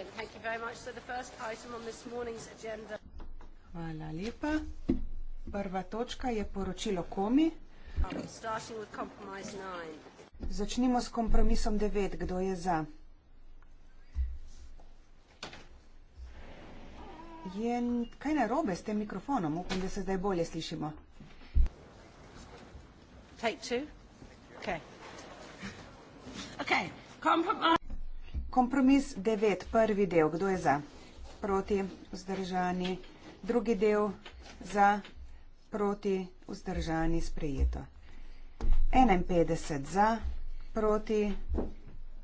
Brilliant. Thank you very much. So the first item on this morning's agenda. Hvala lepa. Prva točka je poročilo komi. Začnimo s kompromisom 9. Kdo je za? Je kaj narobe s tem mikrofonom? Upam, da se zdaj bolje slišimo. Take two. Okay. Okay. Compromise. Kompromis 9, prvi del, kdo je za? Proti, vzdržani. Drugi del, za, proti, vzdržani, sprejeto. 51 za, proti,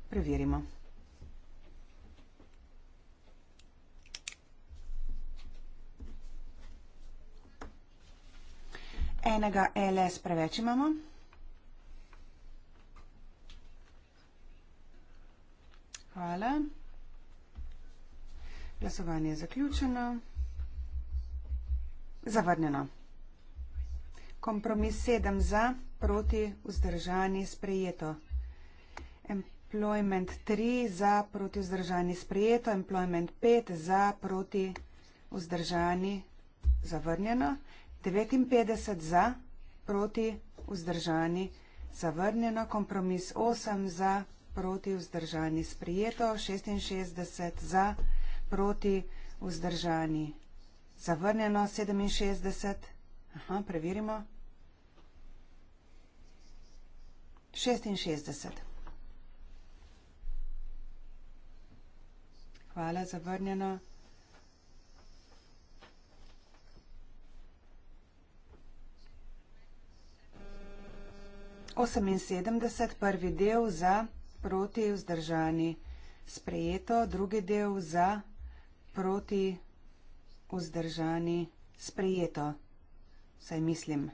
preverimo. Enega LS preveč imamo. Hvala. Glasovanje je zaključeno. Zavrnjeno. Kompromis 7 za, proti vzdržani sprejeto. Employment 3 za, proti vzdržani sprejeto. Employment 5 za, proti vzdržani zavrnjeno. 59 za, proti vzdržani zavrnjeno. Kompromis 8 za, proti vzdržani sprejeto proti, vzdržani. Sprijeto 66 za, proti, vzdržani. Zavrnjeno 67. Aha, preverimo. 66. Hvala, zavrnjeno. Oseminsedemdeset prvi del za proti, vzdržani, sprejeto, drugi del za, proti, vzdržani, sprejeto, saj mislim.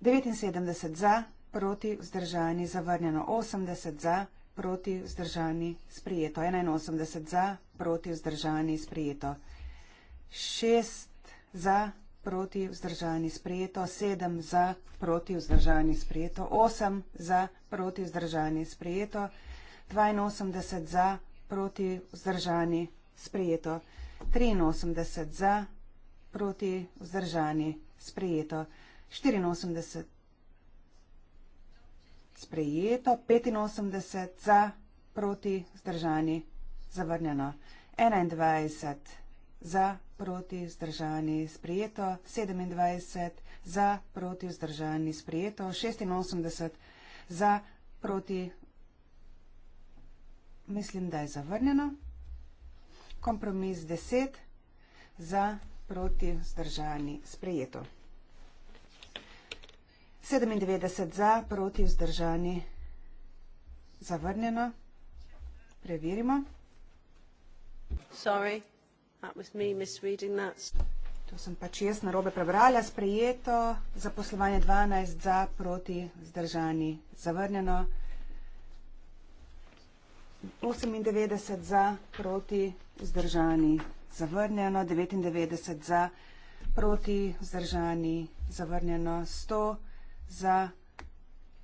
79 za, proti, vzdržani, zavrnjeno, 80 za, proti, vzdržani, sprejeto, 81 za, proti, vzdržani, sprejeto, 6 za, proti vzdržani sprejeto, sedem za proti vzdržani sprejeto, osem za proti vzdržani sprejeto, 82 za proti vzdržani sprejeto, 83 za proti vzdržani sprejeto, 84 sprejeto, 85 za proti vzdržani zavrnjeno, 21 sprejeto za proti vzdržani sprijeto, 27 za proti vzdržani sprijeto, 86 za proti. Mislim, da je zavrnjeno. Kompromis 10 za proti vzdržani sprijeto. 97 za proti vzdržani zavrnjeno. Preverimo. Sorry. That was me misreading that. To sem pač jaz na robe prebrala, sprejeto, zaposlovanje 12 za, proti, zdržani, zavrnjeno. 98 za, proti, zdržani, zavrnjeno. 99 za, proti, zdržani, zavrnjeno. 100 za,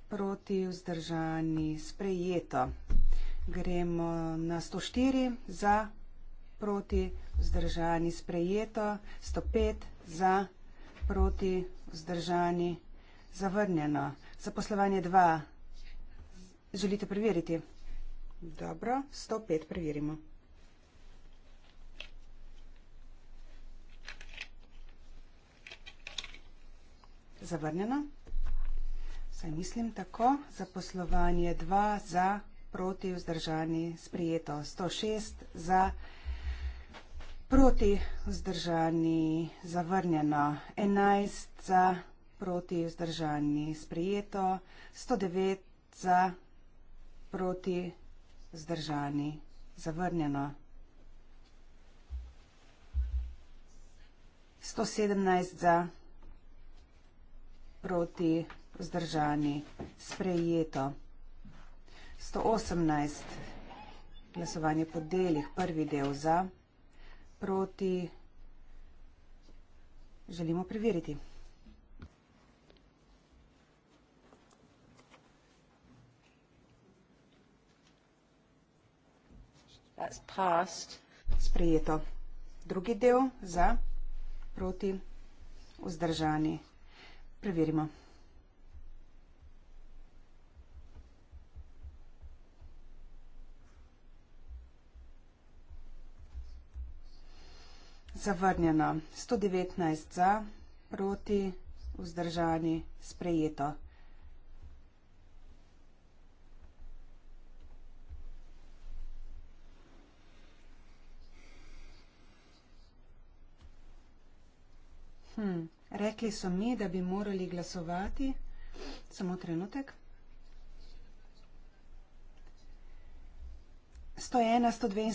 proti, zdržani, sprejeto. Gremo na 104 za, proti, zdržani proti, vzdržani, sprejeto, 105 za, proti, vzdržani, zavrnjeno. Zaposlovanje 2. Želite preveriti? Dobro, 105 preverimo. Zavrnjeno. Saj mislim tako, zaposlovanje 2 za, proti, vzdržani, sprejeto, 106 za, vzdržani, proti, vzdržani, zavrnjeno, 11 za, proti, vzdržani, sprijeto, 109 za, proti, vzdržani, zavrnjeno. 117 za, proti, vzdržani, sprejeto. 118 glasovanje po delih, prvi del za, proti želimo preveriti. Sprejeto. Drugi del za proti vzdržani. Preverimo. zavrnjeno, 119 za, proti, vzdržani, sprejeto. Hm, rekli so mi, da bi morali glasovati, samo trenutek. 101, 102 in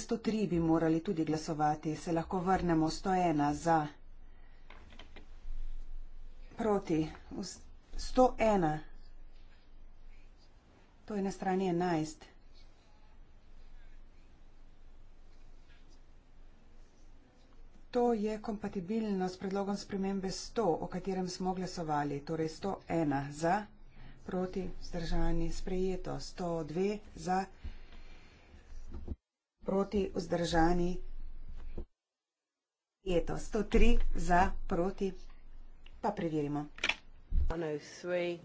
103 bi morali tudi glasovati. Se lahko vrnemo 101 za, proti 101. To je na strani 11. To je kompatibilno s predlogom spremembe 100, o katerem smo glasovali. Torej 101 za, proti, zdržani, sprejeto. 102 za, proti vzdržani. Je to 103 za proti, pa preverimo. 103.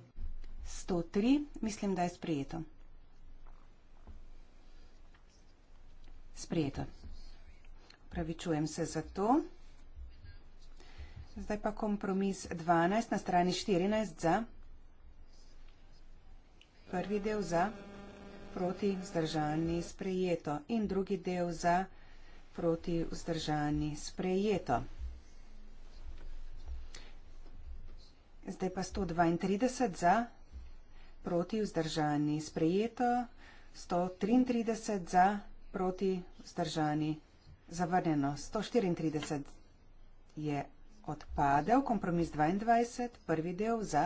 103, mislim, da je sprejeto. Sprejeto. Pravičujem se za to. Zdaj pa kompromis 12 na strani 14 za. Prvi del za proti vzdržani sprejeto in drugi del za proti vzdržani sprejeto. Zdaj pa 132 za proti vzdržani sprejeto, 133 za proti vzdržani zavrnjeno, 134 je odpadel, kompromis 22, prvi del za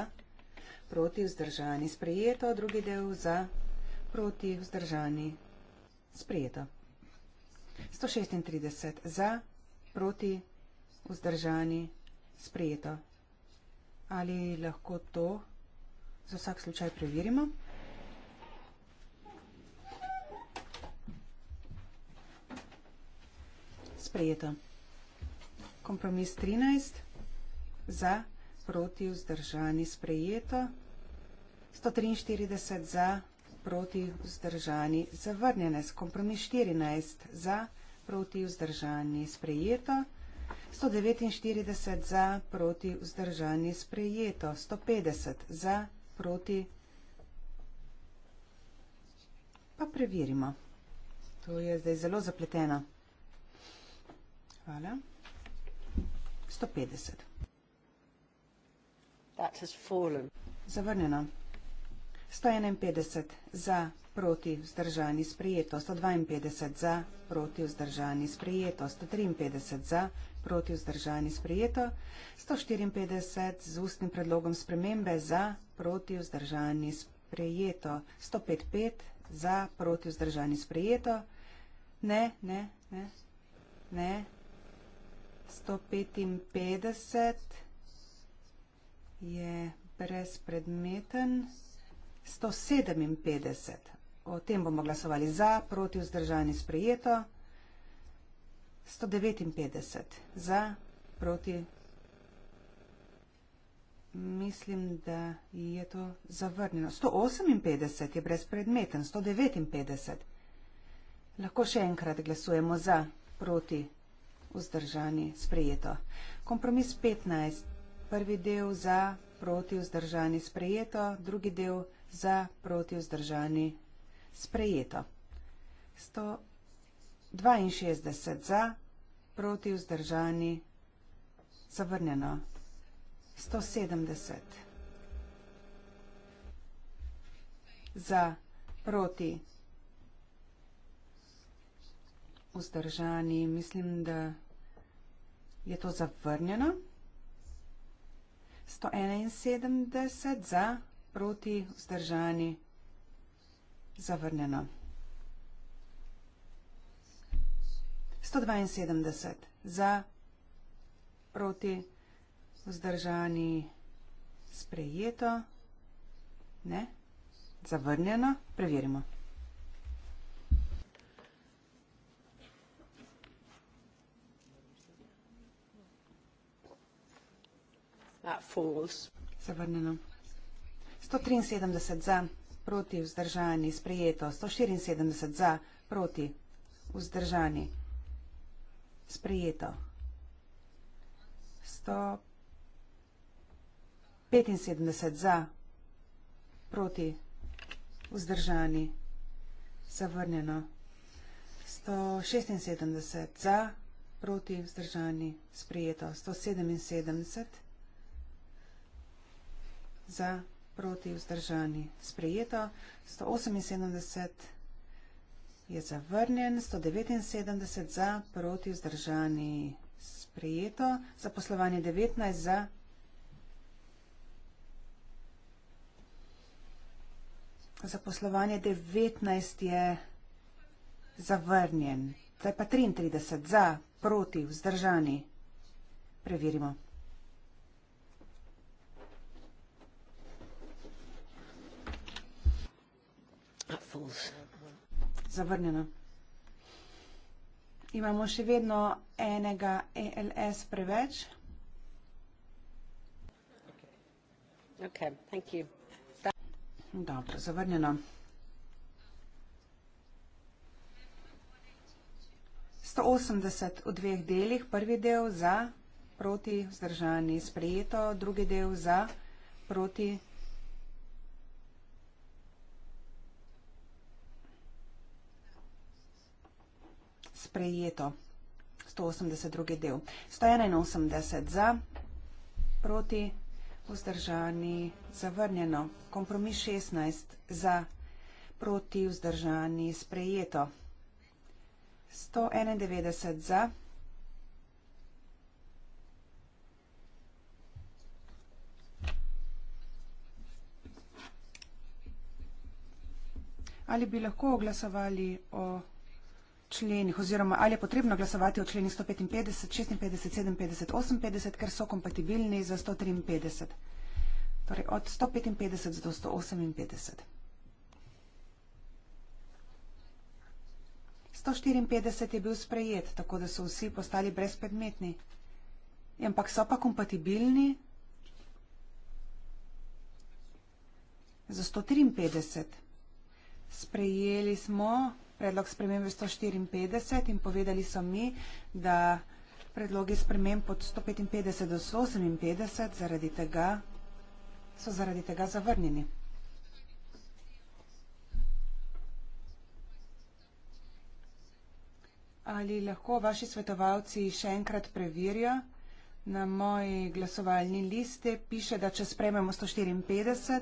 proti vzdržani sprejeto, drugi del za vzdržani sprejeto proti vzdržani. Sprejeto. 136 za, proti vzdržani. Sprejeto. Ali lahko to za vsak slučaj preverimo? Sprejeto. Kompromis 13 za, proti vzdržani. Sprejeto. 143 za, proti vzdržani proti vzdržani zavrnjene. Kompromis 14 za proti vzdržani sprejeto. 149 za proti vzdržani sprejeto. 150 za proti. Pa preverimo. To je zdaj zelo zapleteno. Hvala. 150. Zavrnjeno. 151 za, proti vzdržani sprejeto, 152 za, proti vzdržani sprejeto, 153 za, proti vzdržani sprejeto, 154 z ustnim predlogom spremembe za, proti vzdržani sprejeto, 155 za, proti vzdržani sprejeto, ne, ne, ne, ne, 155 je brezpredmeten, 154 157. O tem bomo glasovali za, proti vzdržani sprejeto. 159 za, proti. Mislim, da je to zavrnjeno. 158 je brezpredmeten, 159. Lahko še enkrat glasujemo za, proti, vzdržani, sprejeto. Kompromis 15. Prvi del za, proti, vzdržani, sprejeto. Drugi del 15 za proti vzdržani sprejeto. 162 za proti vzdržani zavrnjeno. 170 za proti vzdržani, mislim, da je to zavrnjeno. 171 za proti vzdržani proti, vzdržani, zavrnjeno. 172 za, proti, vzdržani, sprejeto, ne, zavrnjeno, preverimo. That falls. Zavrnjeno. 173 za, proti vzdržani, sprejeto. 174 za, proti vzdržani, sprejeto. 175 za, proti vzdržani, zavrnjeno. 176 za, proti vzdržani, sprejeto. 177 za, proti vzdržani, sprejeto proti vzdržani. Sprejeto 178 je zavrnjen, 179 za proti vzdržani. Sprejeto za poslovanje 19 za. Za poslovanje 19 je zavrnjen. Zdaj pa 33 za proti vzdržani. Preverimo. fools. Zavrnjeno. Imamo še vedno enega ELS preveč. Okay, thank you. Dobro, zavrnjeno. Sto osemdeset v dveh delih, prvi del za proti vzdržani sprejeto, drugi del za proti vzdržani sprejeto. sprejeto. 182. del. 181 za, proti, vzdržani, zavrnjeno. Kompromis 16 za, proti, vzdržani, sprejeto. 191 za. Ali bi lahko oglasovali o členih oziroma ali je potrebno glasovati o členih 155, 56, 57, 58, ker so kompatibilni za 153. Torej od 155 do 158. 154 je bil sprejet, tako da so vsi postali brezpredmetni. Ja, ampak so pa kompatibilni za 153. Sprejeli smo predlog spremembe 154 in povedali so mi, da predlogi sprememb od 155 do 158 zaradi tega so zaradi tega zavrnjeni. Ali lahko vaši svetovalci še enkrat preverijo? Na moji glasovalni liste piše, da če sprememo 154,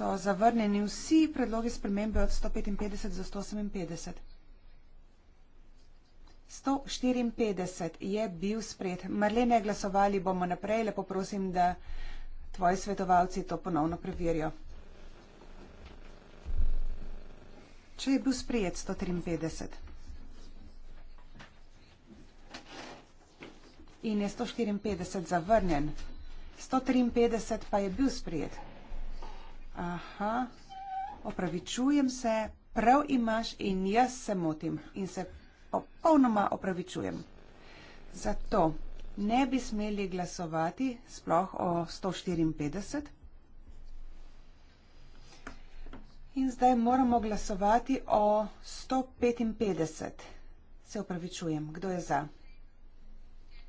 so zavrnjeni vsi predlogi spremembe od 155 do 158. 154 je bil spred. Marlene, glasovali bomo naprej. Lepo prosim, da tvoji svetovalci to ponovno preverijo. Če je bil sprejet 153 in je 154 zavrnjen, 153 pa je bil sprejet. Aha, opravičujem se, prav imaš in jaz se motim in se popolnoma opravičujem. Zato ne bi smeli glasovati sploh o 154. In zdaj moramo glasovati o 155. Se upravičujem, kdo je za?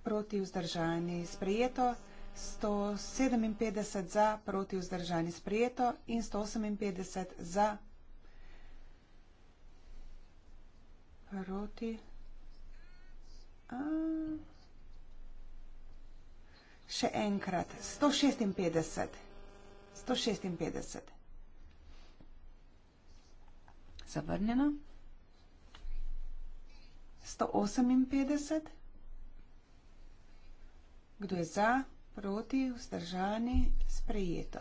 Proti vzdržani, sprejeto. 157 za, proti vzdržani sprejeto in 158 za, proti. Še enkrat, 156, 156. Zavrnjeno. 158. Kdo je za? 158 proti, vzdržani, sprejeto.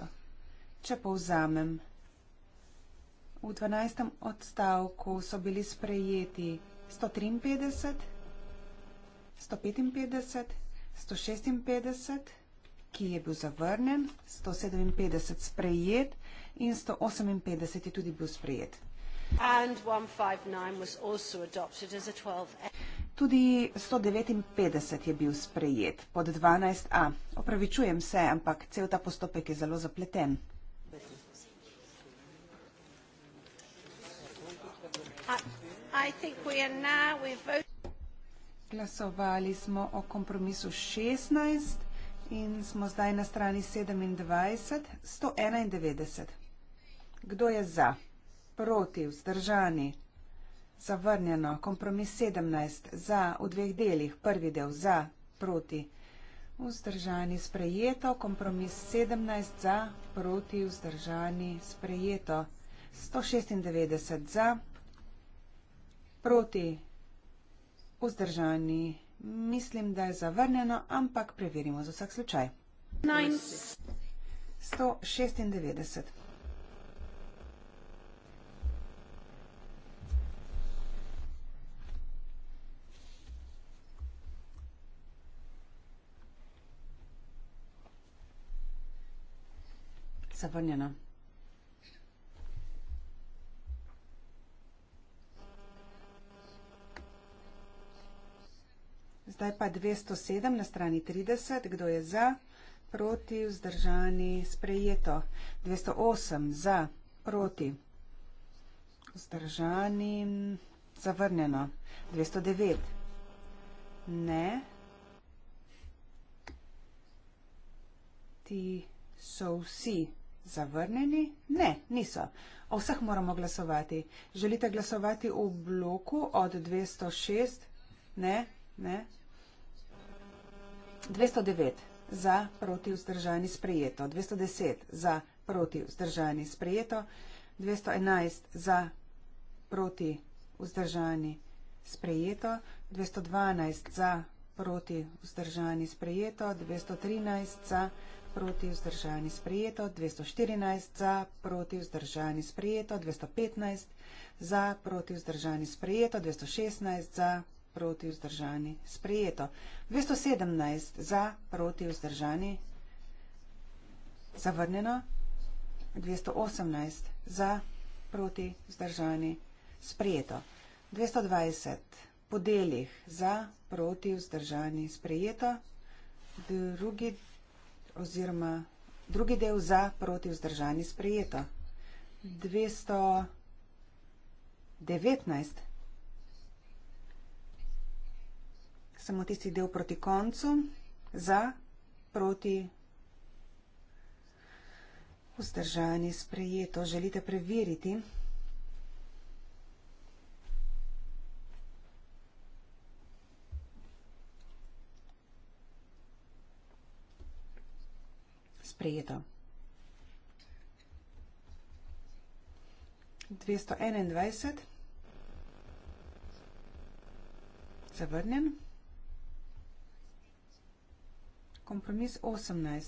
Če povzamem, v 12. odstavku so bili sprejeti 153, 155, 156, ki je bil zavrnen, 157 sprejet in 158 je tudi bil sprejet. And 159 was also adopted as a 12A. Tudi 159 je bil sprejet pod 12a. Opravičujem se, ampak cel ta postopek je zelo zapleten. Glasovali smo o kompromisu 16 in smo zdaj na strani 27, 191. Kdo je za? Proti, vzdržani? zavrnjeno, kompromis 17 za v dveh delih, prvi del za, proti. Vzdržani sprejeto, kompromis 17 za, proti, vzdržani sprejeto. 196 za, proti, vzdržani. Mislim, da je zavrnjeno, ampak preverimo za vsak slučaj. 196. zavrnjeno. Zdaj pa 207 na strani 30, kdo je za, proti, vzdržani, sprejeto. 208 za, proti, vzdržani, zavrnjeno. 209 ne. Ti so vsi. Zavrnjeni? Ne, niso. O vseh moramo glasovati. Želite glasovati v bloku od 206? Ne, ne. 209 za proti vzdržani sprejeto, 210 za proti vzdržani sprejeto, 211 za proti vzdržani sprejeto, 212 za proti vzdržani sprejeto, 213 za proti vzdržani sprejeto proti vzdržani sprejeto, 214 za, proti vzdržani sprejeto, 215 za, proti vzdržani sprejeto, 216 za, proti vzdržani sprejeto, 217 za, proti vzdržani zavrnjeno, 218 za, proti vzdržani sprejeto, 220 po delih za, proti vzdržani sprejeto, drugi oziroma drugi del za proti vzdržani sprejeto. 219. Samo tisti del proti koncu za proti vzdržani sprejeto. Želite preveriti? sprejeto. 221. Zavrnjen. Kompromis 18.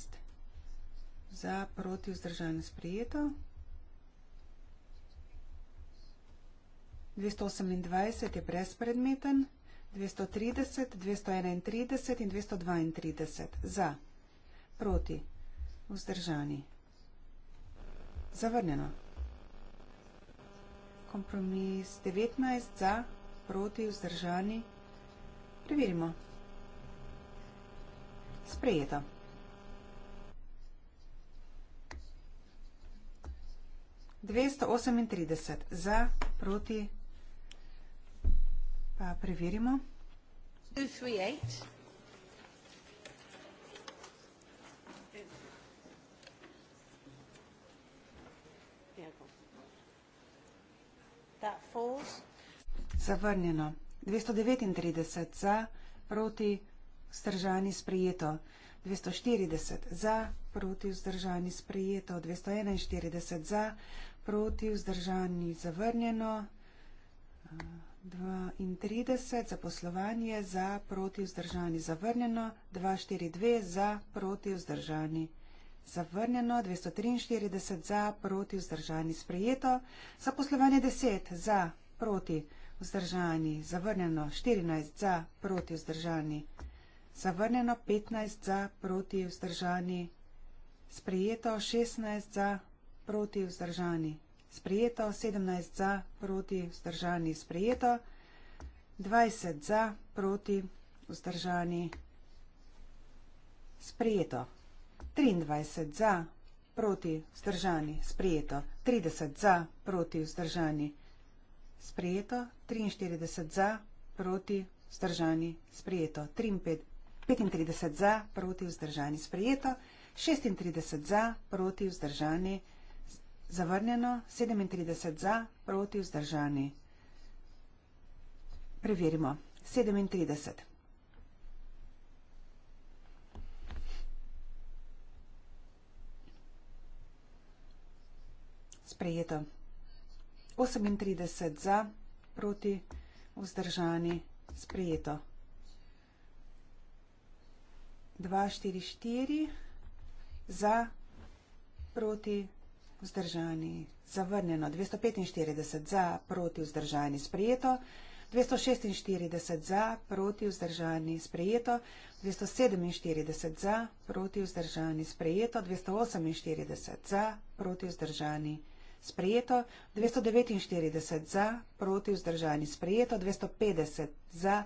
Za proti vzdržanje sprejeto. 228 je brezpredmeten. 230, 231 in 232 za proti vzdržani. Zavrnjeno. Kompromis 19 za, proti, vzdržani. Preverimo. Sprejeto. Dvesto osemintrideset za, proti, pa preverimo. 238. Zavrnjeno. 239 za, proti, zdržani sprejeto. 240 za, proti, vzdržani sprejeto. 241 za, proti, vzdržani zavrnjeno. 32 za poslovanje, za, proti, vzdržani zavrnjeno. 242 za, proti, vzdržani zavrnjeno zavrnjeno, 243 za, proti vzdržani, sprejeto, zaposlovanje 10 za, proti vzdržani, zavrnjeno, 14 za, proti vzdržani, zavrnjeno, 15 za, proti vzdržani, sprejeto, 16 za, proti vzdržani, sprejeto, 17 za, proti vzdržani, sprejeto, 20 za, proti vzdržani, sprejeto. 23 za, proti vzdržani, sprejeto. 30 za, proti vzdržani, sprejeto. 43 za, proti vzdržani, sprejeto. 35 za, proti vzdržani, sprejeto. 36 za, proti vzdržani, zavrnjeno. 37 za, proti vzdržani. Preverimo. 37. sprejeto. 38 za, proti, vzdržani, sprejeto. 244 za, proti, vzdržani, zavrnjeno. 245 za, proti, vzdržani, sprejeto. 246 za, proti, vzdržani, sprejeto. 247 za, proti, vzdržani, sprejeto. 248 za, proti, vzdržani, sprejeto sprejeto, 249 za, proti vzdržani sprejeto, 250 za,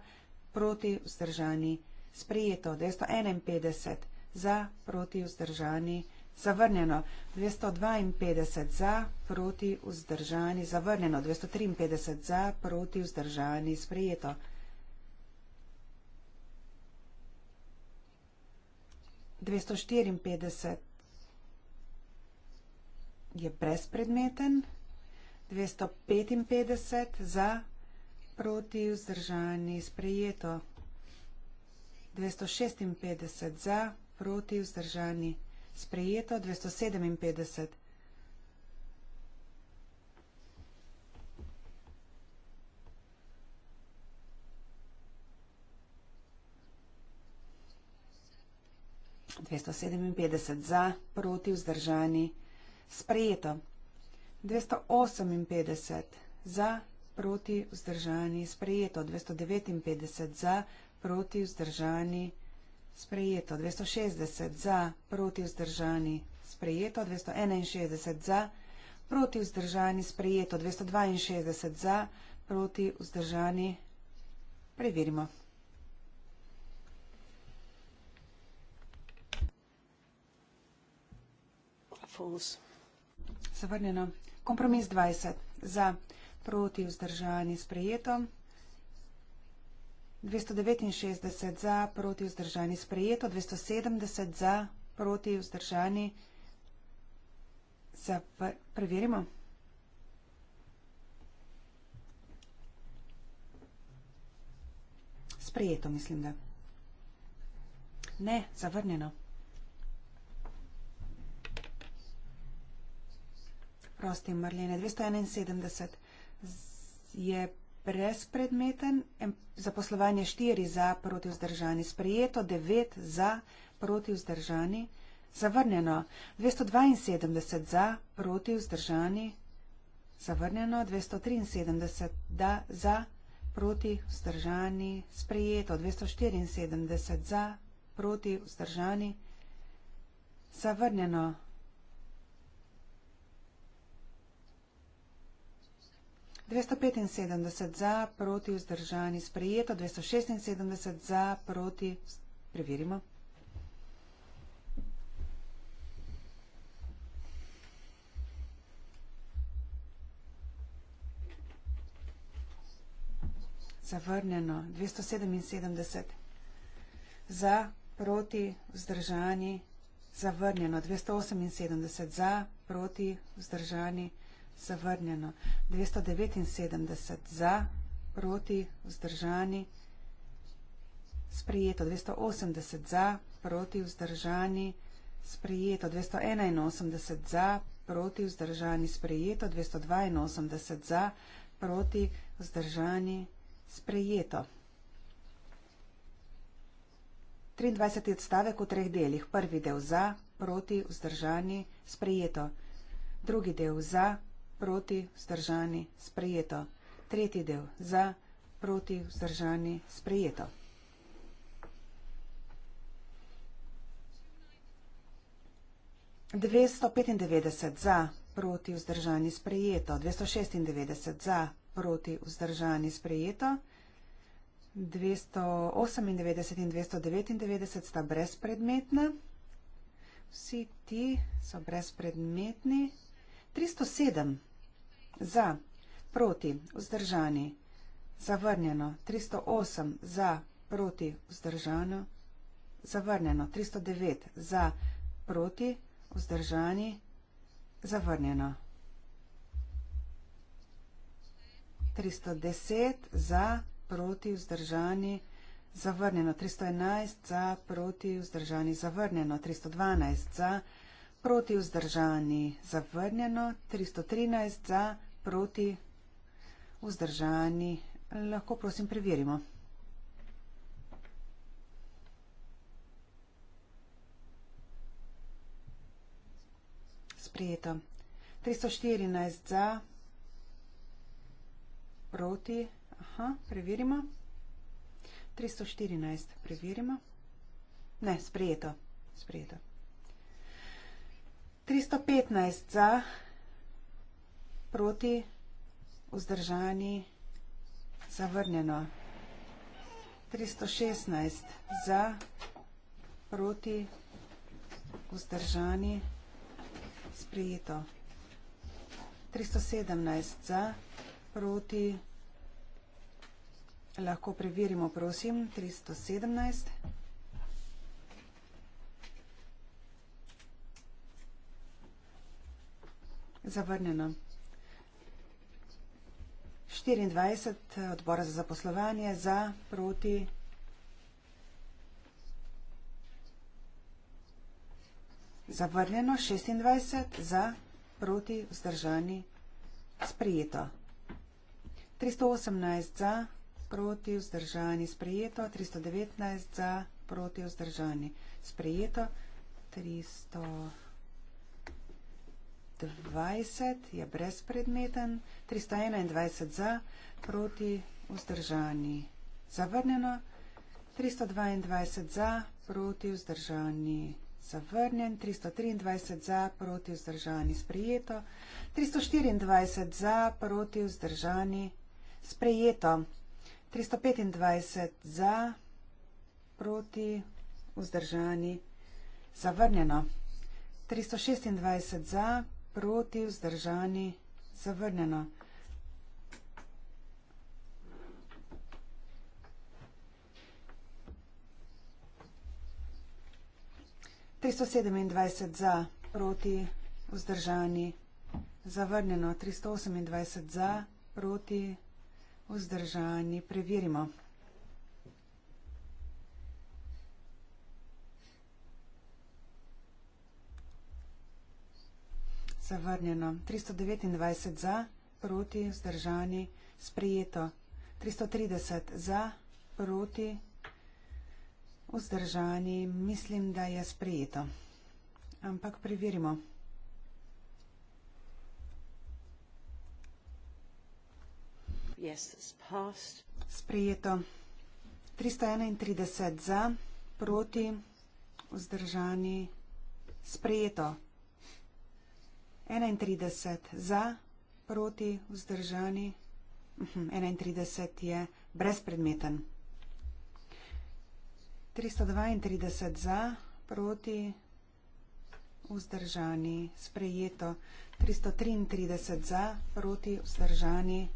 proti vzdržani sprejeto, 251 za, proti vzdržani zavrnjeno, 252 za, proti vzdržani zavrnjeno, 253 za, proti vzdržani sprejeto. dvesto štiriinpetdeset je brezpredmeten, 255 za proti vzdržani sprejeto, 256 za proti vzdržani sprejeto, 257. dvesto sedeminpetdeset za proti vzdržani sprejeto. 258 za, proti, vzdržani, sprejeto. 259 za, proti, vzdržani, sprejeto. 260 za, proti, vzdržani, sprejeto. 261 za, proti, vzdržani, sprejeto. 262 za, proti, vzdržani, preverimo. False. Zavrnjeno. Kompromis 20. Za proti vzdržani sprejeto. 269 za proti vzdržani sprejeto. 270 za proti vzdržani. Zapr preverimo. Sprejeto, mislim, da. Ne, zavrnjeno. rosti in mrljene. 271 je brezpredmeten, zaposlovanje 4 za proti vzdržani, sprejeto 9 za proti vzdržani, zavrnjeno 272 za proti vzdržani, zavrnjeno 273 da, za proti vzdržani, sprejeto 274 za proti vzdržani, zavrnjeno 273. 275 za, proti vzdržani sprejeto, 276 za, proti. Preverimo. Zavrnjeno, 277 za, proti vzdržani, zavrnjeno, 278 za, proti vzdržani sprejeto zavrnjeno. 279 za, proti, vzdržani, sprejeto. 280 za, proti, vzdržani, sprejeto. 281 za, proti, vzdržani, sprejeto. 282 za, proti, vzdržani, sprejeto. 23. odstavek v treh delih. Prvi del za, proti, vzdržani, sprejeto. Drugi del za, proti, vzdržani, sprejeto. Tretji del za, proti, vzdržani, sprejeto. Dvesto petindevetdeset za, proti, vzdržani, sprejeto. Dvesto šestindevetdeset za, proti, vzdržani, sprejeto. Dvesto osemindevetdeset in dvesto devetindevetdeset sta brezpredmetna. Vsi ti so brezpredmetni. 307 za, proti, vzdržani, zavrnjeno, 308 za, proti, vzdržano, zavrnjeno, 309 za, proti, vzdržani, zavrnjeno, 310 za, proti, vzdržani, zavrnjeno, 311 za, proti, vzdržani, zavrnjeno, 312 za, proti, vzdržani, proti vzdržani zavrnjeno, 313 za proti vzdržani. Lahko prosim preverimo. Sprejeto. 314 za proti. Aha, preverimo. 314 preverimo. Ne, sprejeto. Sprejeto. 315 za, proti, vzdržani, zavrnjeno. 316 za, proti, vzdržani, sprejeto. 317 za, proti, lahko preverimo, prosim, 317 za. Zavrnjeno. 24 odbora za zaposlovanje, za, proti. Zavrnjeno 26, za, proti, vzdržani, sprijeto. 318 za, proti, vzdržani, sprijeto. 319 za, proti, vzdržani, sprijeto. 300. 20 je brezpredmeten, 321 za, proti vzdržani zavrnjeno, 322 za, proti vzdržani zavrnjen, 323 za, proti vzdržani sprejeto, 324 za, proti vzdržani sprejeto, 325 za, proti vzdržani zavrnjeno. 326 za, proti vzdržani zavrnjeno. Tristo sedemindvajset za proti vzdržani zavrnjeno, tristo osemindvajset za proti vzdržani preverimo. zavrnjeno. 329 za, proti, vzdržani, sprejeto. 330 za, proti, vzdržani, mislim, da je sprejeto. Ampak preverimo. Sprejeto. 331 za, proti, vzdržani, sprejeto. 31 za, proti, vzdržani, 31 mhm, je brezpredmeten. 332 za, proti, vzdržani, sprejeto. 333 za, proti, vzdržani,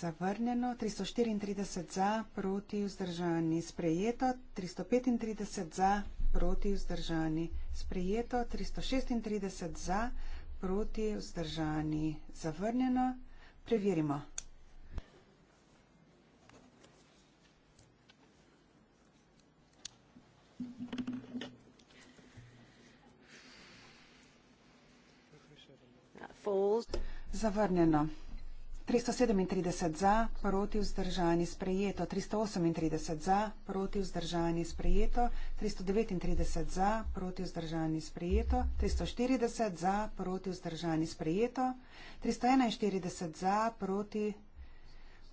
zavrnjeno. 334 za, proti, vzdržani, sprejeto. 335 za, proti vzdržani. Sprejeto 336 za, proti vzdržani. Zavrnjeno. Preverimo. Zavrnjeno. 337 za, proti vzdržani sprejeto, 338 za, proti vzdržani sprejeto, 339 za, proti vzdržani sprejeto, 340 za, proti vzdržani sprejeto, 341 za, proti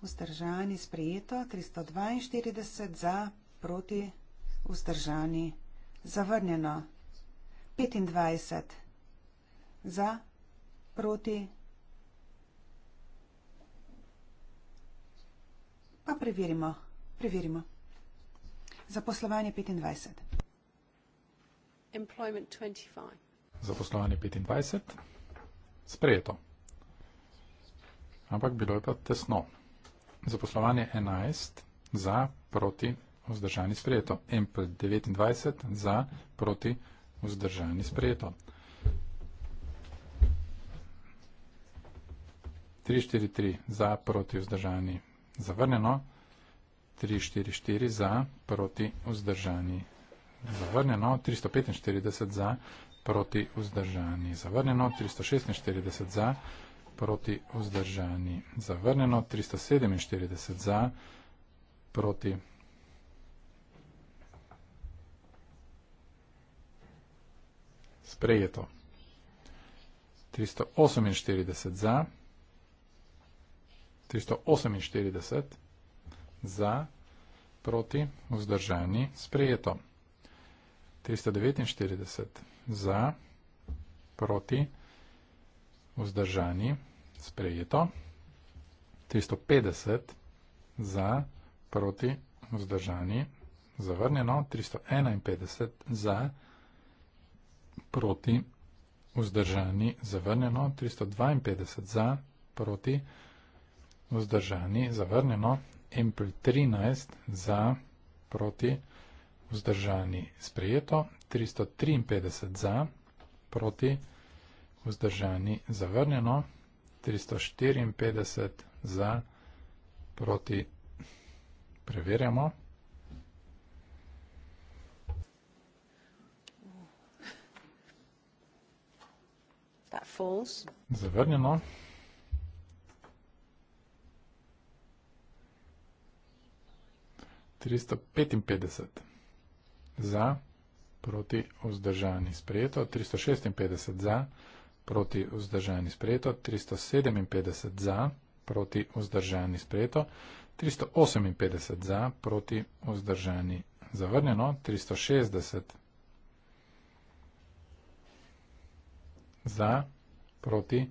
vzdržani sprejeto, 342 za, proti vzdržani zavrnjeno, 25 za, proti vzdržani sprejeto. preverimo. Preverimo. Zaposlovanje 25. Employment 25. Zaposlovanje 25. Sprejeto. Ampak bilo je pa tesno. Zaposlovanje 11 za, proti, vzdržani sprejeto. MP 29 za, proti, vzdržani sprejeto. 343 za, proti, vzdržani zavrneno. 3, 4, 4 za, proti vzdržani. Zavrnjeno 345 za, proti vzdržani. Zavrnjeno 346 za, proti vzdržani. Zavrnjeno 347 za, proti. Sprejeto. 348 za. 348 za, proti, vzdržani, sprejeto. 349 za, proti, vzdržani, sprejeto. 350 za, proti, vzdržani, zavrnjeno. 351 za, proti, vzdržani, zavrnjeno. 352 za, proti, vzdržani, zavrnjeno. Ampli 13 za proti vzdržani sprejeto, 353 za proti vzdržani zavrnjeno, 354 za proti preverjamo. Zavrnjeno. 355 za, proti vzdržani sprejeto, 356 za, proti vzdržani sprejeto, 357 za, proti vzdržani sprejeto, 358 za, proti vzdržani zavrnjeno, 360 za, proti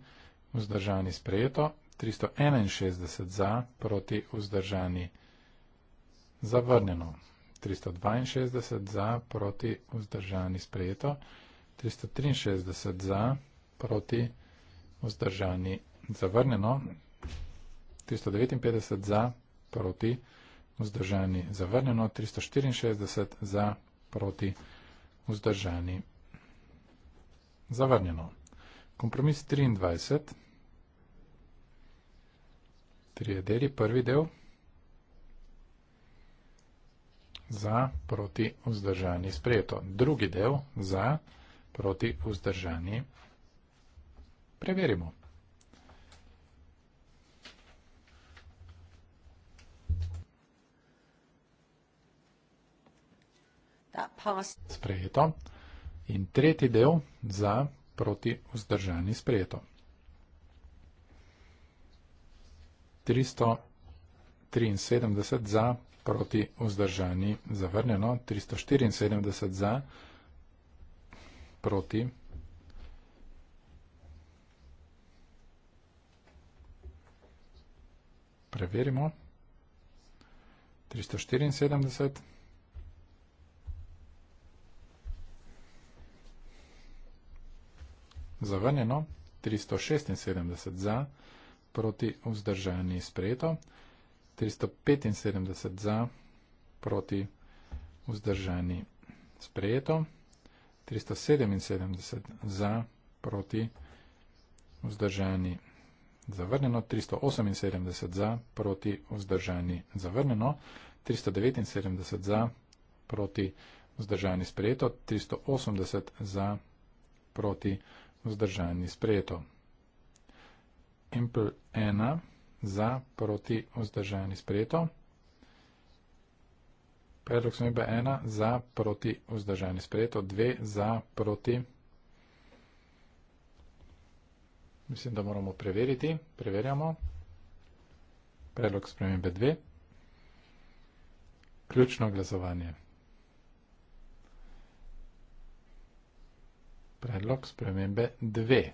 vzdržani sprejeto, 361 za, proti vzdržani zavrnjeno, Zavrnjeno. 362 za, proti vzdržani sprejeto. 363 za, proti vzdržani zavrnjeno. 359 za, proti vzdržani zavrnjeno. 364 za, proti vzdržani zavrnjeno. Kompromis 23. Tri je deli, prvi del. za, proti, vzdržani, sprejeto. Drugi del za, proti, vzdržani. Preverimo. Sprejeto. In tretji del za, proti, vzdržani, sprejeto. 373 za, proti vzdržani zavrnjeno, 374 za, proti. Preverimo. 374. Zavrnjeno. 376 za, proti vzdržani sprejeto. 375 za, proti vzdržani sprejeto, 377 za, proti vzdržani zavrneno, 378 za, proti vzdržani zavrneno, 379 za, proti vzdržani sprejeto, 380 za, proti vzdržani sprejeto. Impl 1 za, proti, vzdržani, sprejeto. Predlog smembe 1, za, proti, vzdržani, sprejeto. 2, za, proti. Mislim, da moramo preveriti. Preverjamo. Predlog smembe 2. Ključno glasovanje. Predlog spremembe 2.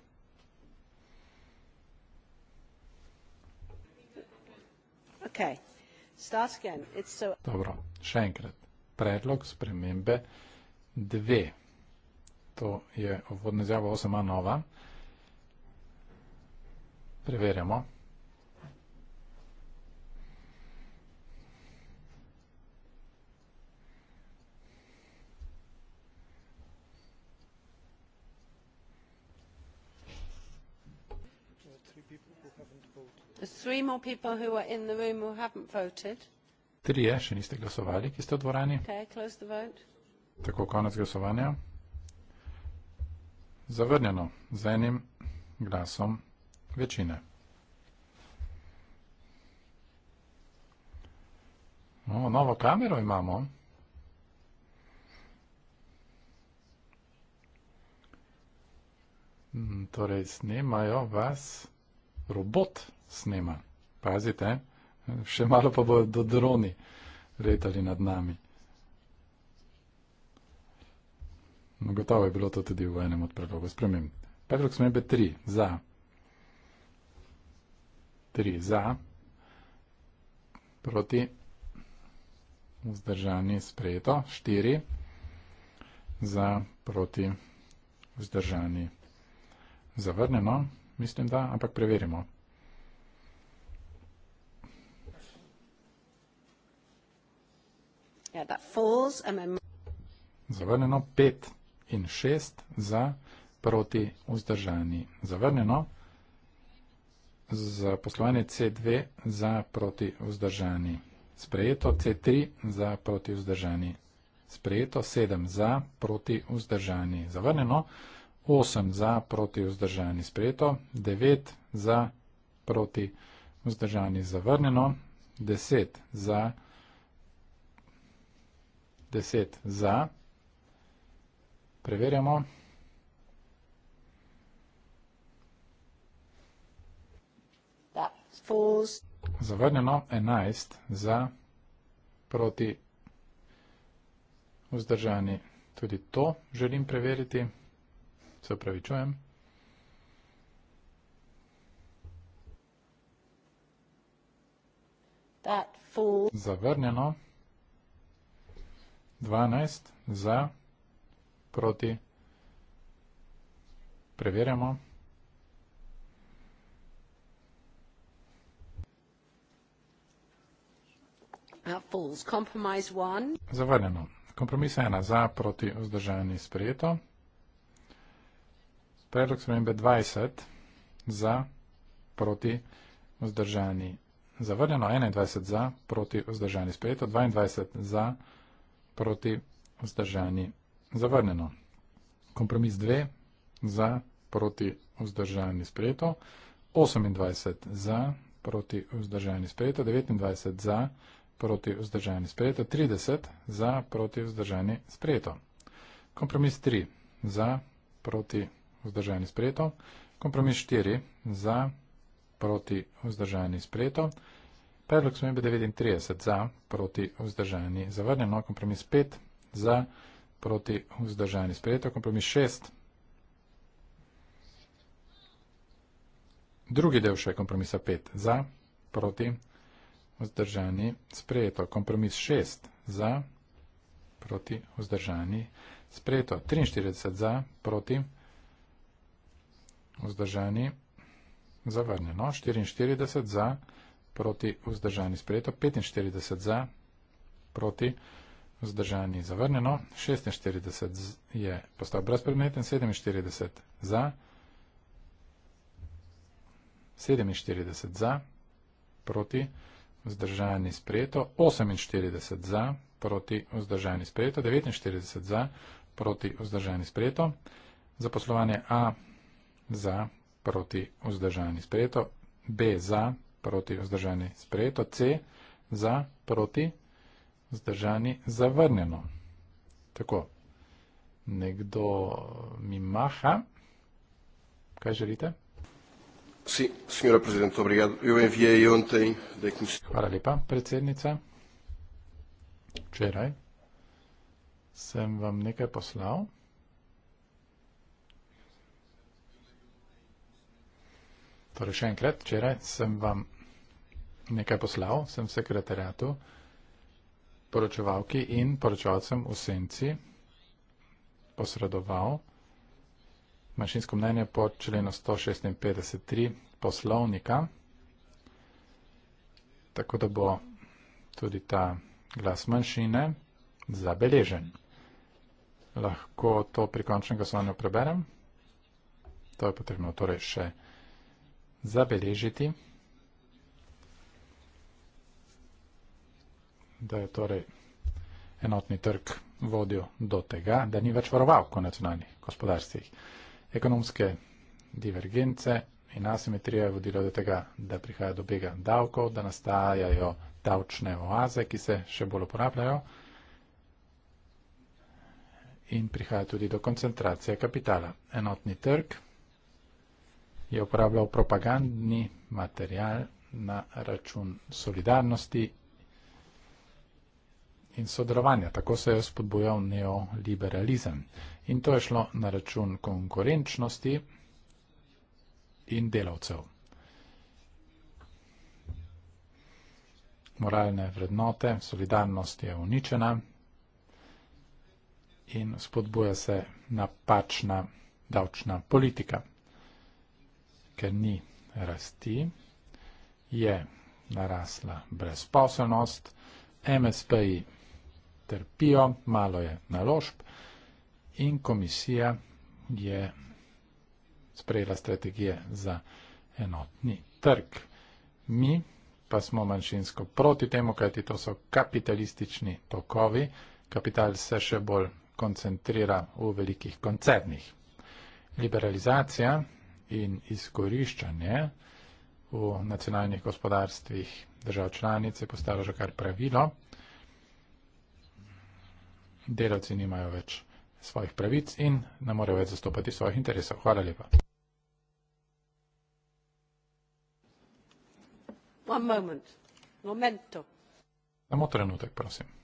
Okay. Start again. It's so... Dobro, še enkrat. Predlog spremembe dve. To je uvodna izjava 8a nova. Preverjamo. three more people who are in the room who haven't voted. Trije še niste glasovali, ki ste v dvorani. Okay, close the vote. Tako konec glasovanja. Zavrnjeno z enim glasom večine. No, novo kamero imamo. Mm, torej, snemajo vas robot, snema. Pazite, eh, še malo pa bodo droni letali nad nami. No, gotovo je bilo to tudi v enem od predlogov. Spremem. Predlog smembe 3 za. 3 za. Proti. Vzdržani sprejeto. 4 za. Proti. Vzdržani zavrnjeno. Mislim, da, ampak preverimo. Zavrnjeno 5 in 6 za proti vzdržani. Zavrnjeno za poslovanje C2 za proti vzdržani. Sprejeto C3 za proti vzdržani. Sprejeto 7 za proti vzdržani. Zavrnjeno 8 za proti vzdržani. Sprejeto 9 za proti vzdržani. Zavrnjeno 10 za proti vzdržani. 10 za. Preverjamo. Zavrnjeno 11 za proti vzdržani. Tudi to želim preveriti. Se upravičujem. Zavrnjeno 11 za proti vzdržani. 12 za, proti, preverjamo. Zavrnjeno. Kompromis ena za, proti, vzdržani, sprejeto. Predlog spremembe 20 za, proti, vzdržani, zavrnjeno. 21 za, proti, vzdržani, sprejeto. 22 za, proti, vzdržani, sprejeto proti vzdržani zavrnjeno. Kompromis 2 za proti vzdržani sprejeto, 28 za proti vzdržani sprejeto, 29 za proti vzdržani sprejeto, 30 za proti vzdržani sprejeto. Kompromis 3 za proti vzdržani sprejeto, kompromis 4 za proti vzdržani sprejeto, Predlog smembe 39 za, proti vzdržani zavrnjeno, kompromis 5 za, proti vzdržani sprejeto, kompromis 6. Drugi del še kompromisa 5 za, proti vzdržani sprejeto, kompromis 6 za, proti vzdržani sprejeto, 43 za, proti vzdržani zavrnjeno, 44 za, proti vzdržani sprejeto, proti vzdržani sprejeto, 45 za, proti vzdržani zavrnjeno, 46 je postal brezpredmeten, 47 za, 47 za, proti vzdržani sprejeto, 48 za, proti vzdržani sprejeto, 49 za, proti vzdržani sprejeto, zaposlovanje A za, proti vzdržani sprejeto, B za, proti vzdržani sprejeto, C za proti vzdržani zavrnjeno. Tako, nekdo mi maha, kaj želite? Sí, senhora Presidente, obrigado. Eu enviei ontem da Comissão. Hvala lepa, predsednica. Včeraj sem vam nekaj poslal. Torej, še enkrat, včeraj sem vam nekaj poslal, sem sekretariatu, poročevalki in poročevalcem v Senci posredoval mašinsko mnenje po členu 156.3 poslovnika, tako da bo tudi ta glas manjšine zabeležen. Lahko to pri končnem glasovanju preberem. To je potrebno torej še vprašati zabeležiti, da je torej enotni trg vodil do tega, da ni več varoval v nacionalnih gospodarstvih. Ekonomske divergence in asimetrija je vodila do tega, da prihaja do bega davkov, da nastajajo davčne oaze, ki se še bolj uporabljajo in prihaja tudi do koncentracije kapitala. Enotni trg je uporabljal propagandni material na račun solidarnosti in sodelovanja. Tako se je spodbojal neoliberalizem. In to je šlo na račun konkurenčnosti in delavcev. Moralne vrednote, solidarnost je uničena in spodbuja se napačna davčna politika ker ni rasti, je narasla brezposobnost, MSP-ji trpijo, malo je naložb in komisija je sprejela strategije za enotni trg. Mi pa smo manjšinsko proti temu, kajti to so kapitalistični tokovi, kapital se še bolj koncentrira v velikih koncernih. Liberalizacija in izkoriščanje v nacionalnih gospodarstvih držav članic je postalo že kar pravilo. Delavci nimajo več svojih pravic in ne morejo več zastopati svojih interesov. Hvala lepa. Samo trenutek, prosim.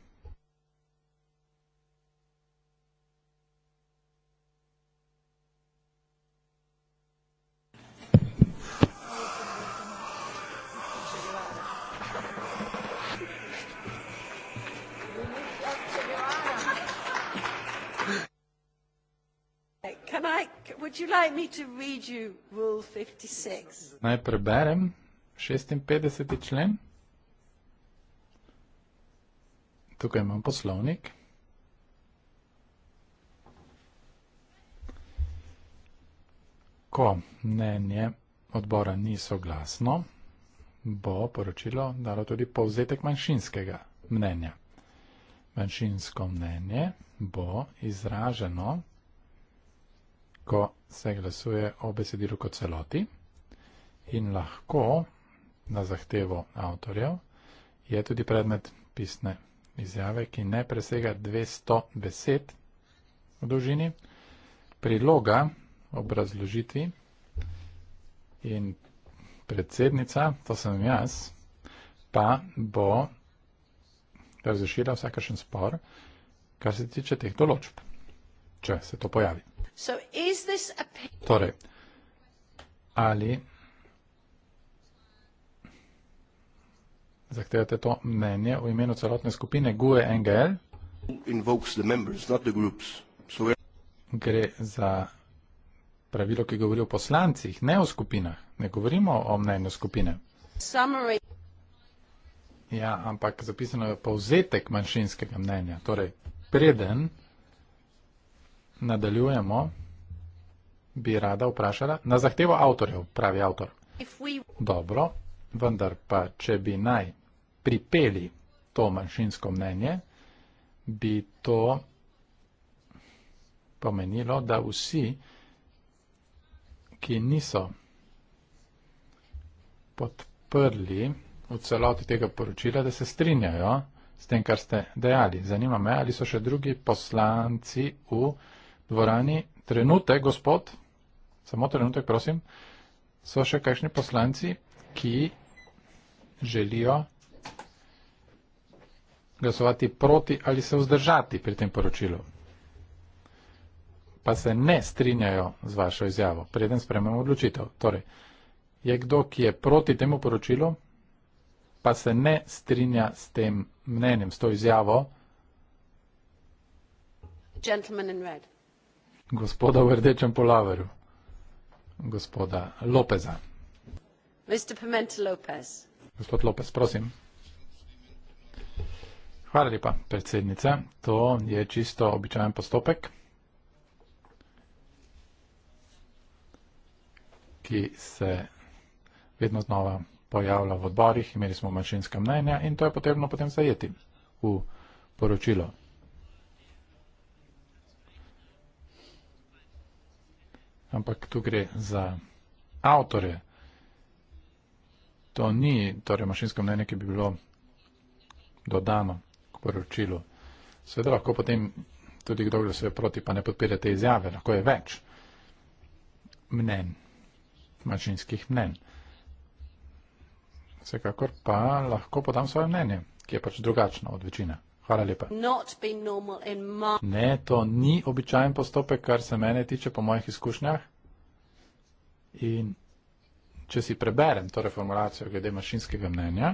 like me to read you rule 56? Naj preberem 56. člen. Tukaj imam poslovnik. Ko mnenje odbora ni soglasno, bo poročilo dalo tudi povzetek manjšinskega mnenja. Manjšinsko mnenje bo izraženo ko se glasuje o besedilu kot celoti in lahko na zahtevo avtorjev je tudi predmet pisne izjave, ki ne presega 200 besed v dolžini, priloga obrazložitvi in predsednica, to sem jaz, pa bo razrešila vsakašen spor, kar se tiče teh določb, če se to pojavi. Torej, ali zahtevate to mnenje v imenu celotne skupine GUE NGL? Gre za pravilo, ki govori o poslancih, ne o skupinah. Ne govorimo o mnenju skupine. Ja, ampak zapisano je povzetek manjšinskega mnenja. Torej, preden Nadaljujemo. Bi rada vprašala na zahtevo avtorjev, pravi avtor. We... Dobro, vendar pa, če bi naj pripeli to manjšinsko mnenje, bi to pomenilo, da vsi, ki niso podprli v celoti tega poročila, da se strinjajo s tem, kar ste dejali. Zanima me, ali so še drugi poslanci v dvorani. Trenutek, gospod, samo trenutek, prosim. So še kakšni poslanci, ki želijo glasovati proti ali se vzdržati pri tem poročilu, pa se ne strinjajo z vašo izjavo, preden sprememo odločitev. Torej, je kdo, ki je proti temu poročilu, pa se ne strinja s tem mnenjem, s to izjavo. Gentleman in red gospoda v rdečem polaveru, gospoda Lopeza. Lopez. Gospod Lopez, prosim. Hvala lepa, predsednica. To je čisto običajen postopek, ki se vedno znova pojavlja v odborih. Imeli smo manjšinska mnenja in to je potrebno potem zajeti v poročilo. ampak tu gre za avtore. To ni, torej mašinsko mnenje, ki bi bilo dodano k poročilu. Seveda lahko potem tudi kdo glasuje proti, pa ne podpira te izjave, lahko je več mnen, mašinskih mnen. Vsekakor pa lahko podam svoje mnenje, ki je pač drugačno od večine. Hvala lepa. Ne, to ni običajen postopek, kar se mene tiče po mojih izkušnjah. In če si preberem to reformulacijo glede manjšinskega mnenja,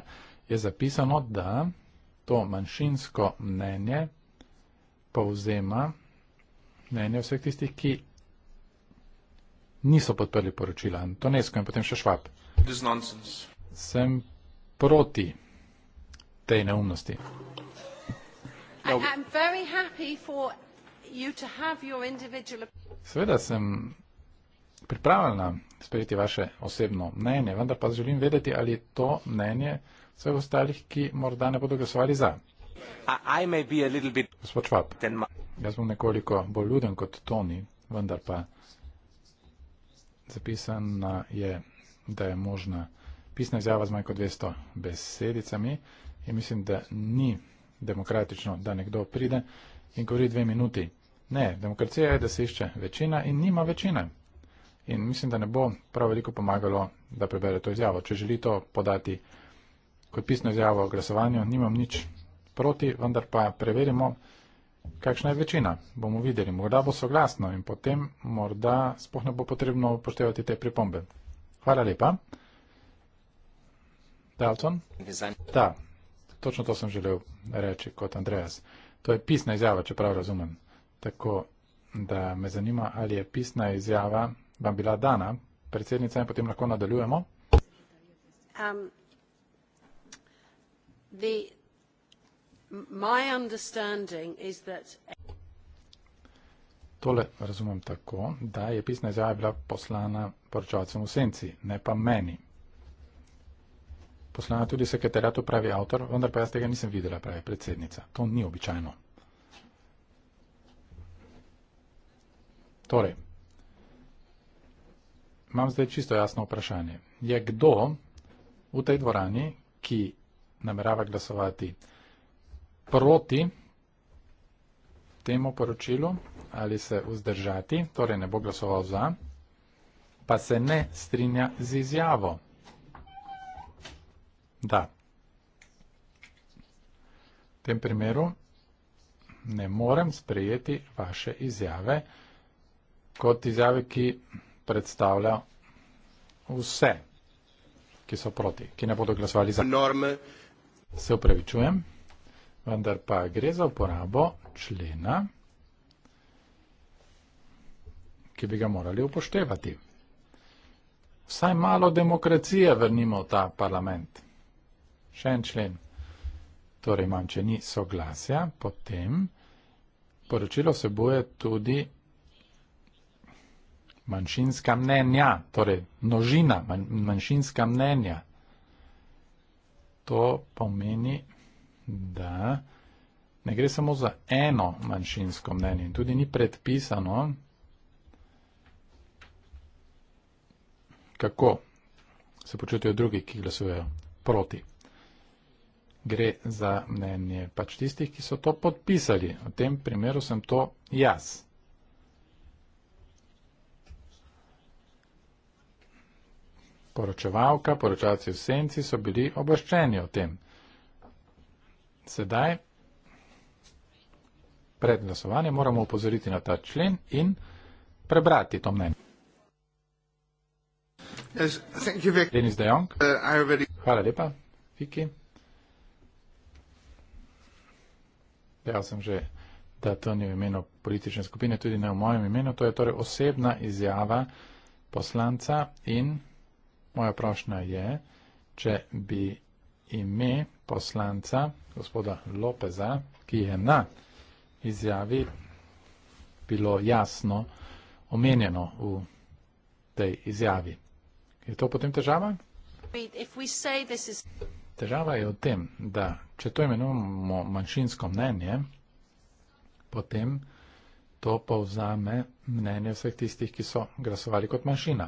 je zapisano, da to manjšinsko mnenje povzema mnenje vseh tistih, ki niso podprli poročila. To ne skojem potem še švab. Sem proti tej neumnosti. Ja, Seveda sem pripravljena sprejeti vaše osebno mnenje, vendar pa želim vedeti, ali je to mnenje vseh ostalih, ki morda ne bodo glasovali za. Gospod Švab, jaz bom nekoliko bolj luden kot Toni, vendar pa zapisana je, da je možna pisna izjava z manj kot 200 besedicami in mislim, da ni demokratično, da nekdo pride in govori dve minuti. Ne, demokracija je, da se išče večina in nima večine. In mislim, da ne bo prav veliko pomagalo, da prebere to izjavo. Če želi to podati kot pisno izjavo o glasovanju, nimam nič proti, vendar pa preverimo, kakšna je večina. Bomo videli, morda bo soglasno in potem morda spoh ne bo potrebno upoštevati te pripombe. Hvala lepa. Dalton? Da točno to sem želel reči kot Andreas. To je pisna izjava, čeprav razumem. Tako da me zanima, ali je pisna izjava vam bila dana, predsednica, in potem lahko nadaljujemo. Um, the, my understanding is that... Tole razumem tako, da je pisna izjava bila poslana poročevalcem v senci, ne pa meni poslana tudi sekretariatu pravi avtor, vendar pa jaz tega nisem videla, pravi predsednica. To ni običajno. Torej, imam zdaj čisto jasno vprašanje. Je kdo v tej dvorani, ki namerava glasovati proti temu poročilu ali se vzdržati, torej ne bo glasoval za, pa se ne strinja z izjavo? da. V tem primeru ne morem sprejeti vaše izjave kot izjave, ki predstavlja vse, ki so proti, ki ne bodo glasovali za norme. Se upravičujem, vendar pa gre za uporabo člena, ki bi ga morali upoštevati. Vsaj malo demokracije vrnimo v ta parlament še en člen. Torej, manj, če ni soglasja, potem poročilo seboje tudi manjšinska mnenja, torej množina manjšinska mnenja. To pomeni, da ne gre samo za eno manjšinsko mnenje in tudi ni predpisano, kako se počutijo drugi, ki glasujejo proti gre za mnenje pač tistih, ki so to podpisali. V tem primeru sem to jaz. Poročevalka, poročavci v senci so bili obaščeni o tem. Sedaj, pred glasovanjem, moramo upozoriti na ta člen in prebrati to mnenje. Yes, thank you, Vicky. Denis De Jong. Uh, I already... Hvala lepa, Viki. Dejal sem že, da to ni v imenu politične skupine, tudi ne v mojem imenu. To je torej osebna izjava poslanca in moja prošnja je, če bi ime poslanca, gospoda Lopeza, ki je na izjavi bilo jasno omenjeno v tej izjavi. Je to potem težava? težava je v tem, da če to imenujemo manjšinsko mnenje, potem to povzame mnenje vseh tistih, ki so glasovali kot manjšina.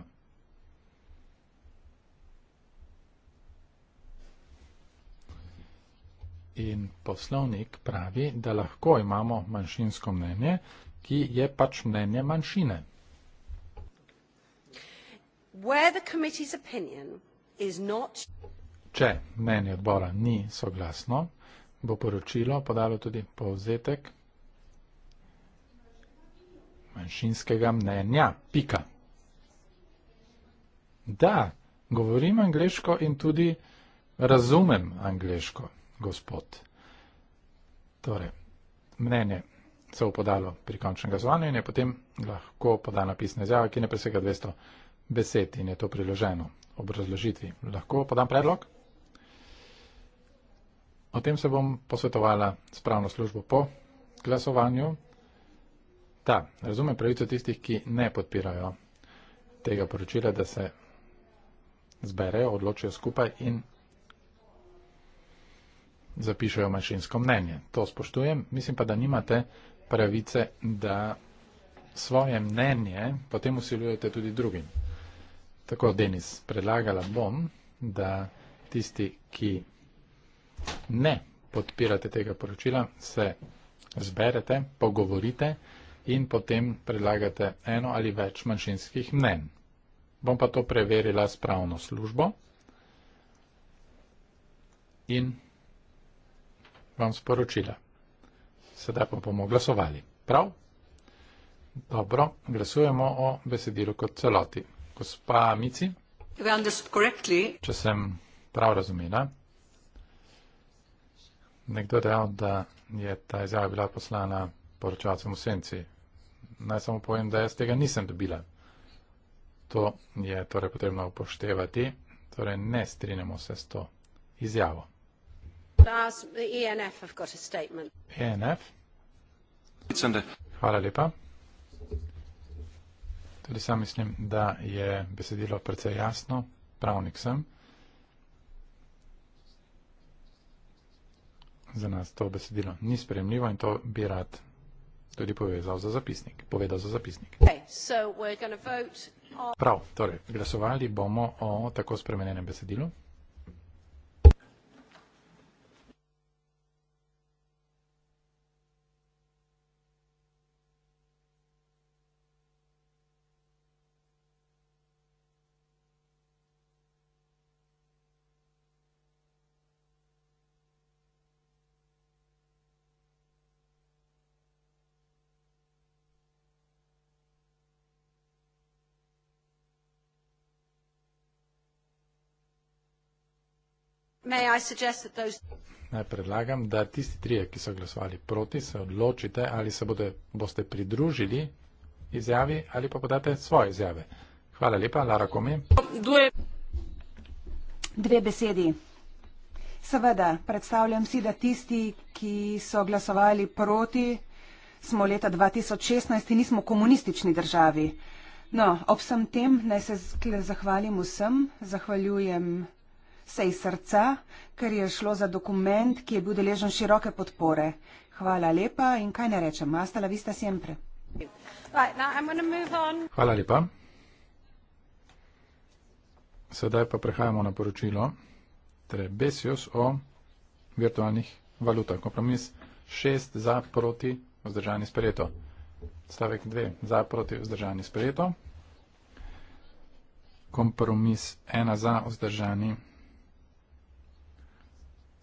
In poslovnik pravi, da lahko imamo manjšinsko mnenje, ki je pač mnenje manjšine. Where the committee's opinion is not Če mnenje odbora ni soglasno, bo poročilo podalo tudi povzetek manjšinskega mnenja. Pika. Da, govorim angliško in tudi razumem angliško, gospod. Torej, mnenje se bo podalo pri končnem glasovanju in je potem lahko podana pisna izjava, ki ne presega 200 besed in je to priloženo ob razložitvi. Lahko podam predlog? O tem se bom posvetovala s pravno službo po glasovanju. Da, razumem pravico tistih, ki ne podpirajo tega poročila, da se zberejo, odločijo skupaj in zapišajo manjšinsko mnenje. To spoštujem, mislim pa, da nimate pravice, da svoje mnenje potem usiljujete tudi drugim. Tako, Denis, predlagala bom, da tisti, ki ne podpirate tega poročila, se zberete, pogovorite in potem predlagate eno ali več manjšinskih mnen. Bom pa to preverila s pravno službo in vam sporočila. Sedaj pa bomo glasovali. Prav? Dobro, glasujemo o besedilu kot celoti. Gospa Mici, če sem prav razumela, nekdo dejal, da je ta izjava bila poslana poročalcem v senci. Naj samo povem, da jaz tega nisem dobila. To je torej potrebno upoštevati, torej ne strinjamo se s to izjavo. E ENF. E Hvala lepa. Tudi sam mislim, da je besedilo precej jasno, pravnik sem. za nas to besedilo ni spremljivo in to bi rad tudi povezal za zapisnik, povedal za zapisnik. Prav, torej, glasovali bomo o tako spremenjenem besedilu. Naj predlagam, da tisti trije, ki so glasovali proti, se odločite, ali se bodo, boste pridružili izjavi ali pa podate svoje izjave. Hvala lepa, Lara Komi. Dve besedi. Seveda, predstavljam si, da tisti, ki so glasovali proti, smo leta 2016 in nismo komunistični državi. No, ob vsem tem naj se zahvalim vsem, zahvaljujem vsej srca, ker je šlo za dokument, ki je bil deležen široke podpore. Hvala lepa in kaj ne rečem, hasta la vista siempre. Hvala lepa. Sedaj pa prehajamo na poročilo Trebesios o virtualnih valutah. Kompromis 6 za proti vzdržanje sprejeto. Stavek 2 za proti vzdržanje sprejeto. Kompromis 1 za vzdržanje sprejeto.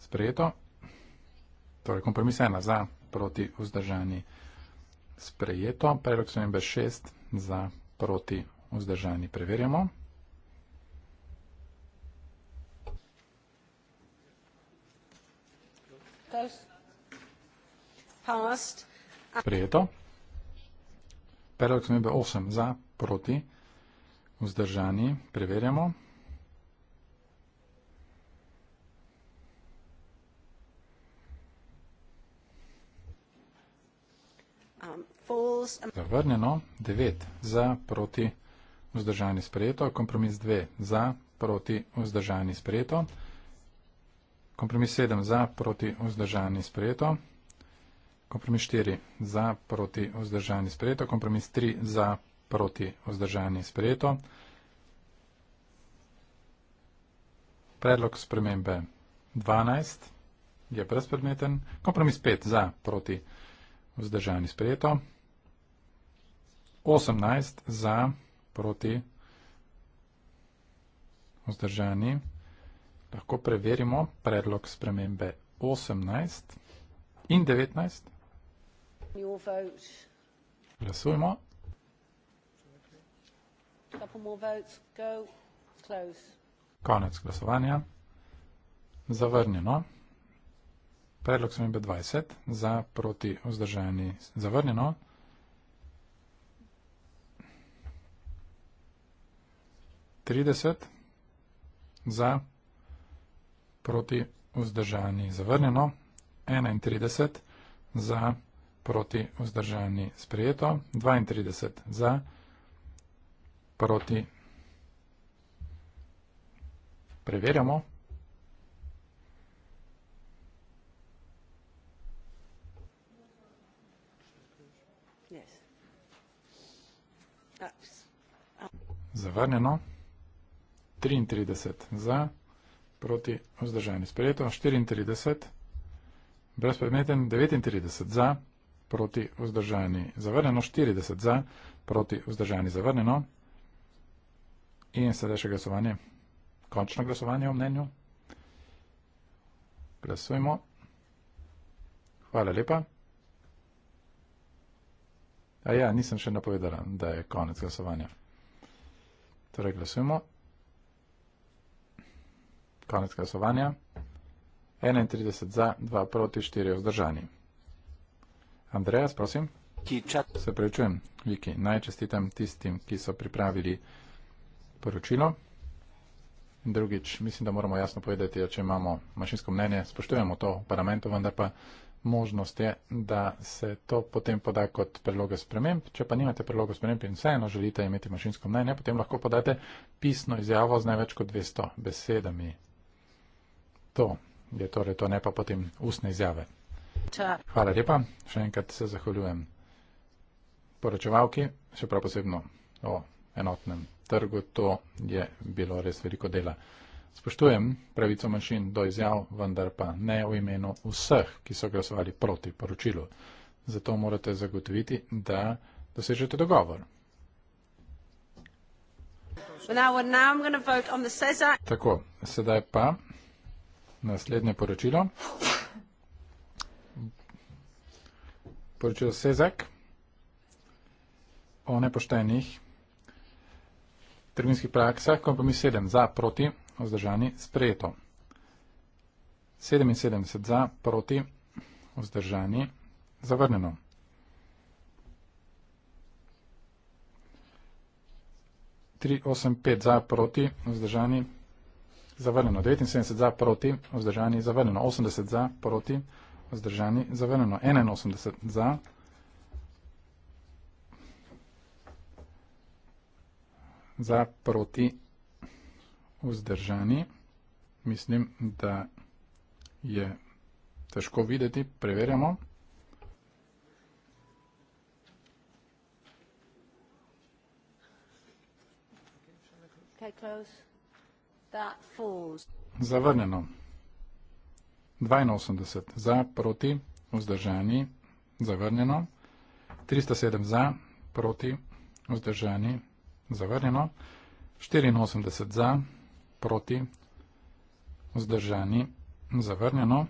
Sprejeto. Torej, kompromis ena za, proti vzdržani. Sprejeto. Predlog spremembe šest za, proti vzdržani. Preverjamo. Prijeto. Predlog spremembe osem za, proti vzdržani. Preverjamo. Zavrnjeno 9 za proti vzdržani sprejeto, kompromis 2 za proti vzdržani sprejeto, kompromis 7 za proti vzdržani sprejeto, kompromis 4 za proti vzdržani sprejeto, kompromis 3 za proti vzdržani sprejeto. Predlog spremembe 12 je brezpredmeten, kompromis 5 za proti vzdržani sprejeto. 18 za, proti, vzdržani. Lahko preverimo predlog spremembe 18 in 19. Glasujmo. Konec glasovanja. Zavrnjeno. Predlog spremembe 20 za, proti, vzdržani. Zavrnjeno. Zavrnjeno. 30 za, proti vzdržani zavrnjeno, 31 za, proti vzdržani sprejeto, 32 za, proti preverjamo. Zavrnjeno. 33 za, proti vzdržani sprejeto, 34 brezpredmeten, 39 za, proti vzdržani zavrneno, 40 za, proti vzdržani zavrneno. In sedaj še glasovanje, končno glasovanje o mnenju. Glasujmo. Hvala lepa. A ja, nisem še napovedala, da je konec glasovanja. Torej glasujmo. Konec glasovanja. 31 za, 2 proti, 4 vzdržani. Andreas, prosim. Kičat. Se prevečujem, Viki. Najčestitam tistim, ki so pripravili poročilo. Drugič, mislim, da moramo jasno povedati, da ja, če imamo mašinsko mnenje, spoštujemo to v parlamentu, vendar pa možnost je, da se to potem poda kot predloge sprememb. Če pa nimate predloge sprememb in vseeno želite imeti mašinsko mnenje, potem lahko podate pisno izjavo z največ kot 200 besedami To je torej to, ne pa potem ustne izjave. Hvala lepa, še enkrat se zahvaljujem poročevalki, še prav posebno o enotnem trgu. To je bilo res veliko dela. Spoštujem pravico manjšin do izjav, vendar pa ne v imenu vseh, ki so glasovali proti poročilu. Zato morate zagotoviti, da dosežete dogovor. Tako, sedaj pa naslednje poročilo. Poročilo Sezek o nepoštenih trgovinskih praksah, kompromis 7 za, proti, vzdržani, sprejeto. 77 za, proti, vzdržani, zavrnjeno. Tri, osem, pet za, proti, vzdržani, zavrnjeno zavrnjeno. 79 za, proti, vzdržani, zavrnjeno. 80 za, proti, vzdržani, zavrnjeno. 81 za. Za, proti, vzdržani. Mislim, da je težko videti. Preverjamo. Okay, close. Zavrnjeno. 82 za, proti, vzdržani, zavrnjeno. 307 za, proti, vzdržani, zavrnjeno. 84 za, proti, vzdržani, zavrnjeno.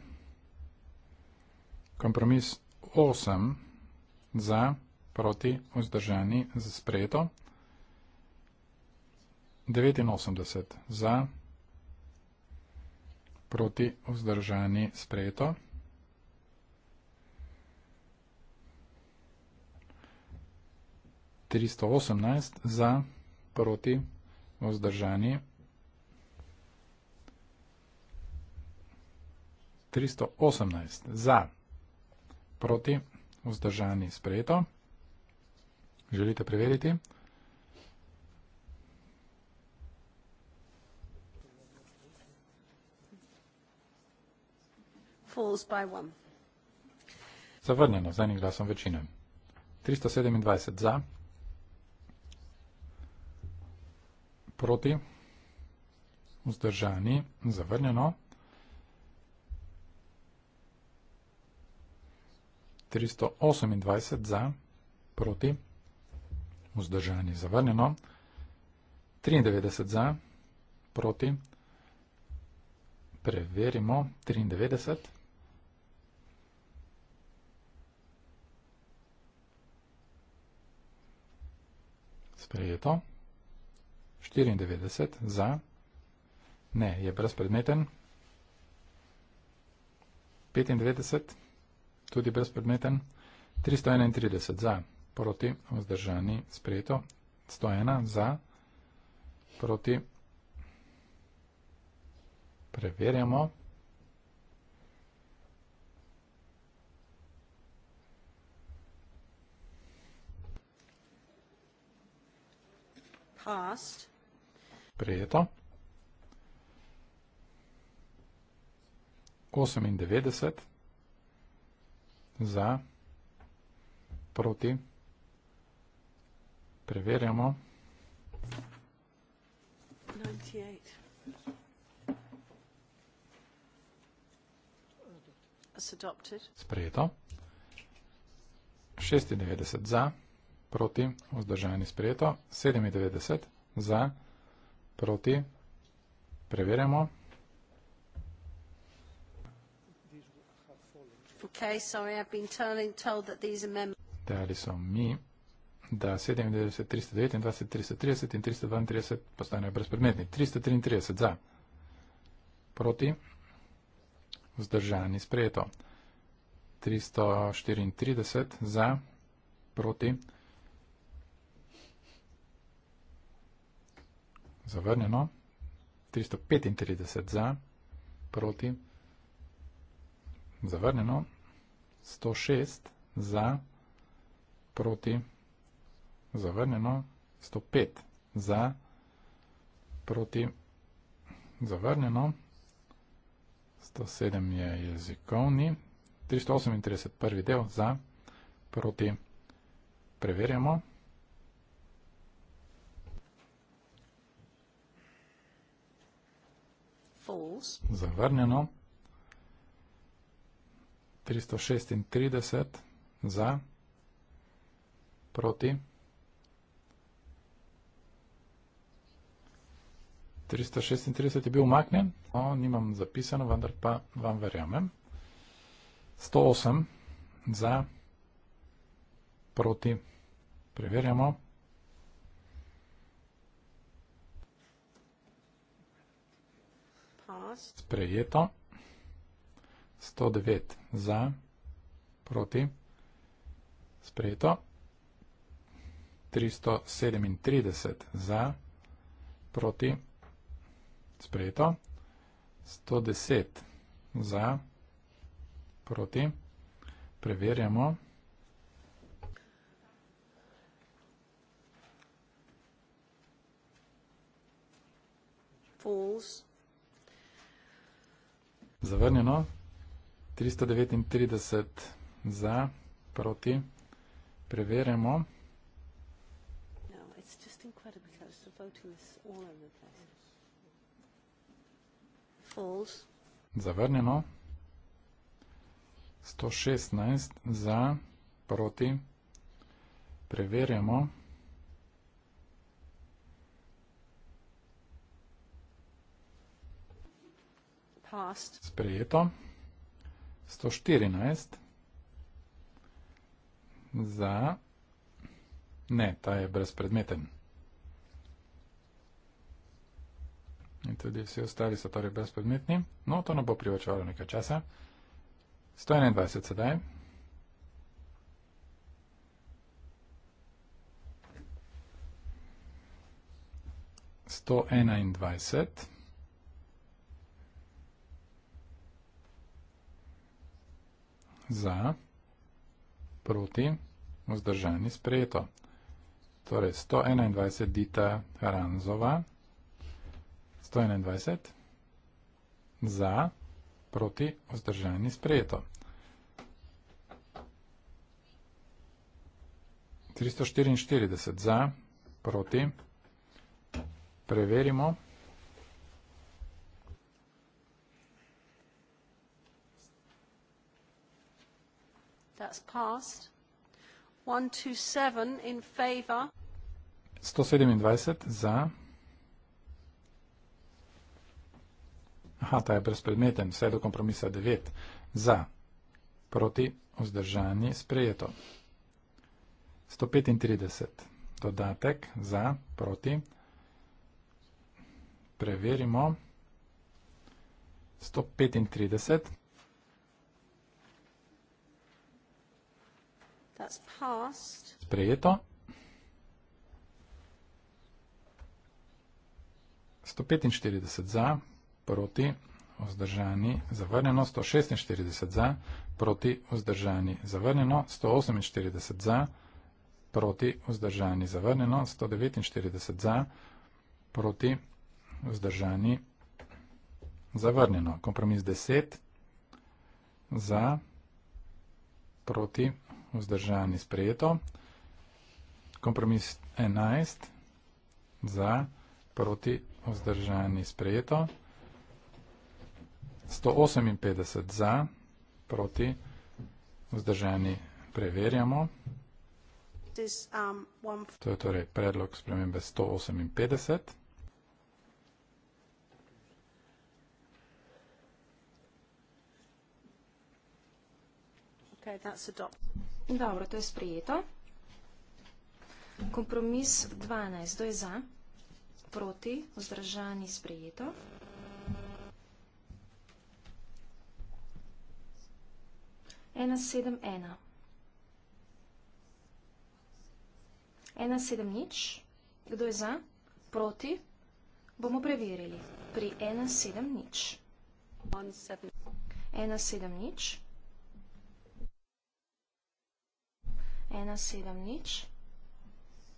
Kompromis 8 za, proti, vzdržani, sprejeto. 89 za, proti vzdržani sprejeto. Tristo osemnajst za, proti, vzdržani. Tristo osemnajst za, proti, vzdržani, sprejeto. Želite preveriti? Želite preveriti? falls by one. Zavrnjeno z enim glasom večine. 327 za, proti, vzdržani, zavrnjeno. 328 za, proti, vzdržani, zavrnjeno. 93 za, proti, preverimo, 93 za. sprejeto. 94 za. Ne, je brezpredmeten. 95, tudi brezpredmeten. 331 za, proti, vzdržani, sprejeto. 101 za, proti. Preverjamo. past. Prijeto. 98 za proti. Preverjamo. 98. Sprejeto. 96 za proti, vzdržani sprejeto, 97 za, proti, preverjamo. Dali so mi, da 97, 329, 330 in 332 postanejo brezpredmetni. 333 za, proti, vzdržani sprejeto, 334 za, proti, preverjamo. zavrnjeno, 335 za, proti, zavrnjeno, 106 za, proti, zavrnjeno, 105 za, proti, zavrnjeno, 107 je jezikovni, 338 prvi del za, proti, preverjamo, 338. Zavrnjeno. 336 za, proti. 336 je bil umaknjen, no, nimam zapisano, vendar pa vam verjamem. 108 za, proti. Preverjamo. Passed. Sprejeto. 109 za, proti. Sprejeto. 337 za, proti. Sprejeto. 110 za, proti. Preverjamo. False zavrnjeno. 339 za, proti, preverjamo. No, zavrnjeno. 116 za, proti, preverjamo. passed. Sprejeto. 114. Za. Ne, ta je brezpredmeten. In tudi vsi ostali so torej brezpredmetni. No, to nam bo privačevalo nekaj časa. 121 sedaj. Sto enaindvajset. za, proti, vzdržani sprejeto. Torej, 121 Dita Ranzova, 121, za, proti, vzdržani sprejeto. 344 za, proti, preverimo, that's passed. 127 in favor. 127 za. Aha, ta je brezpredmeten, vse do kompromisa 9 za, proti vzdržanje sprejeto. 135 dodatek za, proti. Preverimo. 135 Sprejeto. 145 za, proti, vzdržani, zavrnjeno, 146 za, proti, vzdržani, zavrnjeno, 148 za, proti, vzdržani, zavrnjeno, 149 za, proti, vzdržani, zavrnjeno. Kompromis 10 za, proti, vzdržani sprejeto. Kompromis 11 za, proti vzdržani sprejeto. 158 za, proti vzdržani preverjamo. Um, to je torej predlog spremembe 158. Okay, that's adopted. Dobro, to je sprejeto. Kompromis 12. Kdo je za? Proti, vzdržani, sprejeto. Ena sedem ena. Ena sedem nič. Kdo je za? Proti. Bomo preverili. Pri ena sedem nič. Ena sedem nič. Ena sedem nič. 170,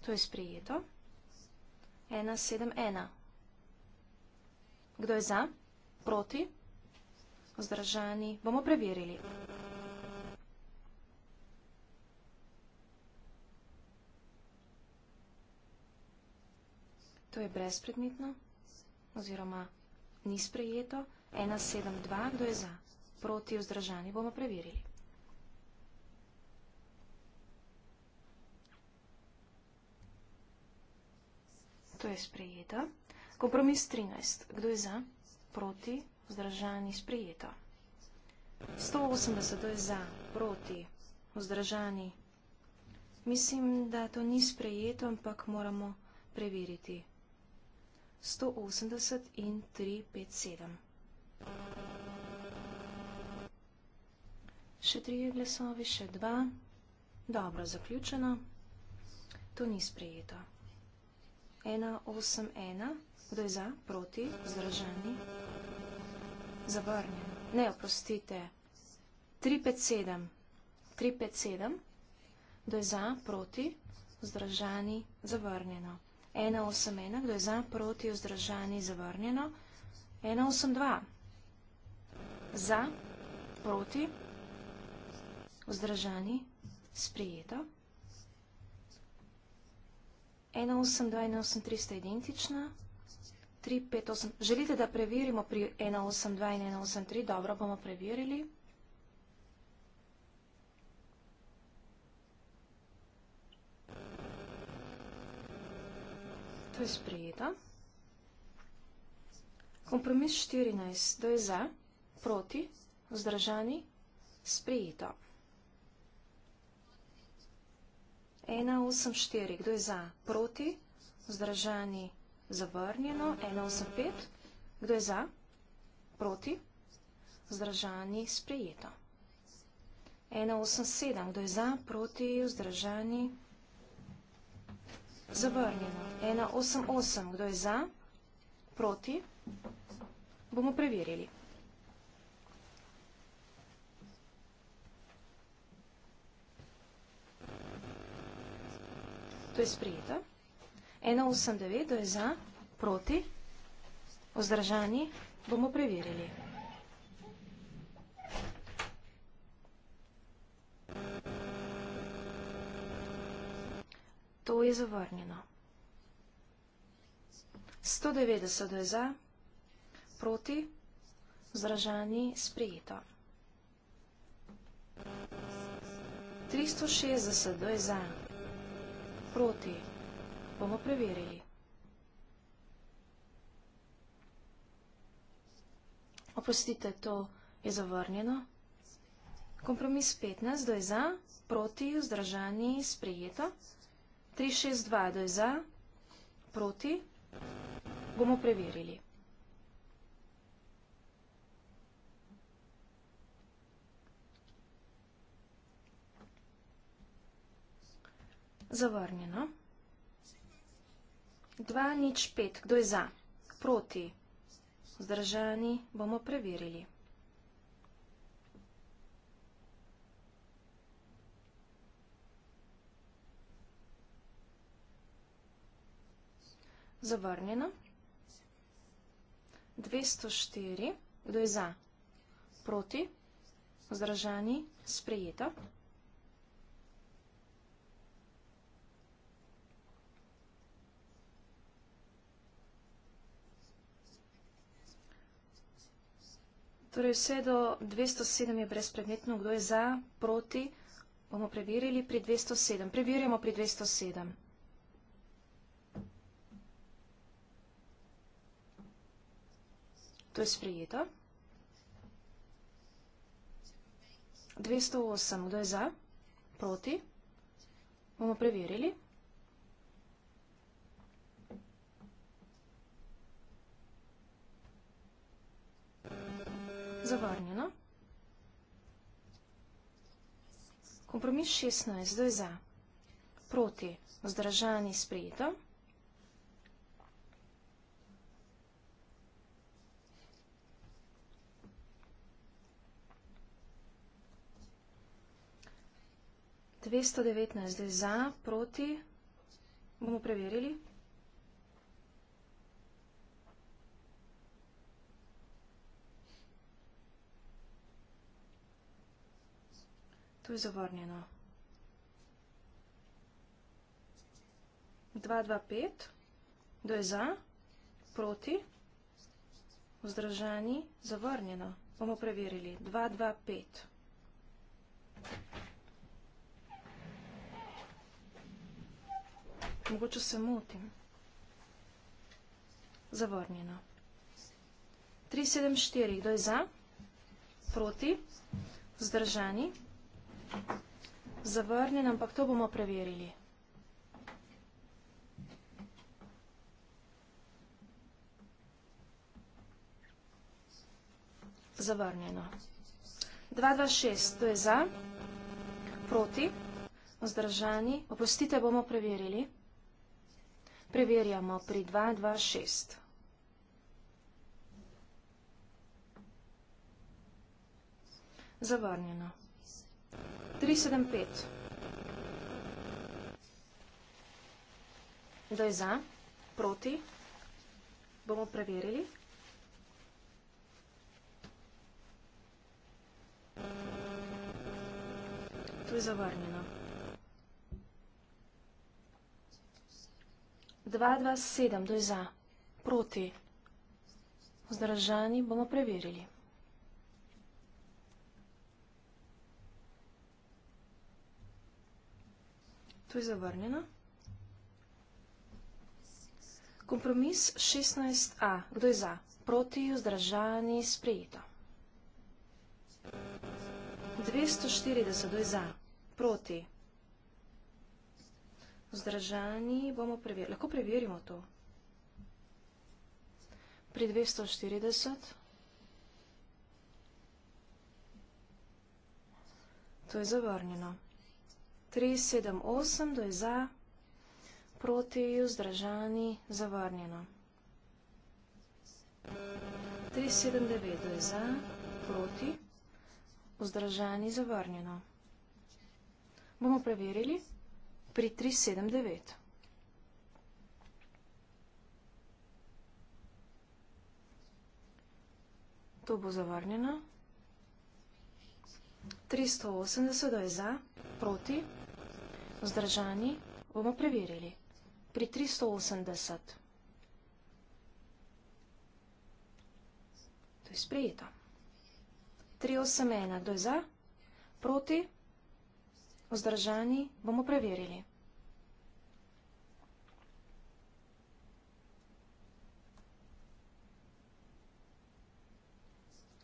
to je sprijeto, 171. Kdo je za? Proti? Zdržani? Bomo preverili. To je brezpredmetno oziroma ni sprejeto. 172, kdo je za? Proti vzdržani bomo preverili. To je sprejeta. Kompromis 13. Kdo je za? Proti. Vzdržani. Sprejeta. 180. Kdo je za? Proti. Vzdržani. Mislim, da to ni sprejeto, ampak moramo preveriti. 180 in 357. Še tri glasovi, še dva. Dobro, zaključeno. To ni sprejeto. 181, kdo je za, proti, zdržani, zavrnjen, ne, oprostite, 357, 357, kdo je za, proti, zdržani, zavrnjeno, 181, kdo je za, proti, zdržani, zavrnjeno, 182, za, proti, zdržani, sprijeto, 183, 1.8.2.1.8.300 identična. 3.5.8. Želite, da preverimo pri 1.8.2 in 1.8.3? Dobro, bomo preverili. To je sprejeto. Kompromis 14. Do je za, proti, vzdržani, sprejeto. 1.8.2 in 1.8.3. 184, kdo je za? Proti, vzdržani, zavrnjeno. 185, kdo je za? Proti, vzdržani, sprejeto. 187, kdo je za? Proti, vzdržani, zavrnjeno. 188, kdo je za? Proti, bomo preverili. To je sprejeto. 189, to je za, proti, vzdržani, bomo preverili. To je zavrnjeno. 190, to je za, proti, vzdržani, sprejeto. 360, to je za, proti, vzdržani, sprejeto. 360 do je za, proti. Bomo preverili. Opustite, to je zavrnjeno. Kompromis 15, doj za, proti, vzdržani, sprejeto. 362, doj za, proti, bomo preverili. zavrnjeno. 2 nič 5, kdo je za? Proti. Zdržani bomo preverili. Zavrnjeno. 204, kdo je za? Proti. Zdržani sprejeto. Torej vse do 207 je brezpredmetno, kdo je za, proti, bomo preverili pri 207. Preverjamo pri 207. To je sprejeto. 208, kdo je za, proti, bomo preverili. 208. zavrnjeno. Kompromis 16, zdaj za. Proti, vzdražani, sprejeto. Dvesto devetnaest, zdaj za, proti, bomo preverili. To je zavrnjeno. 2, 2, 5. Kdo je za? Proti? Vzdržani? Zavrnjeno. Bomo preverili. 2, 2, 5. Mogoče se motim. Zavrnjeno. 3, 7, 4. Kdo je za? Proti? Vzdržani? Zavrnjeno. Zavrnjen, ampak to bomo preverili. Zavrnjeno. 226, to je za, proti, vzdržani, opustite, bomo preverili. Preverjamo pri 226. Zavrnjeno. 227. 375. Kdo je za? Proti? Bomo preverili. To je zavrnjeno. 227. Kdo je za? Proti? Zdržani bomo preverili. To je zavrnjeno. Kompromis 16a. Kdo je za? Proti, vzdržani, sprejeto. 240. Kdo je za? Proti. Vzdržani, bomo preverili. Lahko preverimo to. Pri 240. To je zavrnjeno. 3, 7, 8, da je za, proti, vzdržani, zavrnjeno. 3, 7, 9, da je za, proti, vzdržani, zavrnjeno. Bomo preverili pri 3, 7, 9. To bo zavrnjeno. 380 je za, proti, Zdržani bomo preverili. Pri 380. To je sprejeto. 381, to je za. Proti. Vzdržani bomo preverili.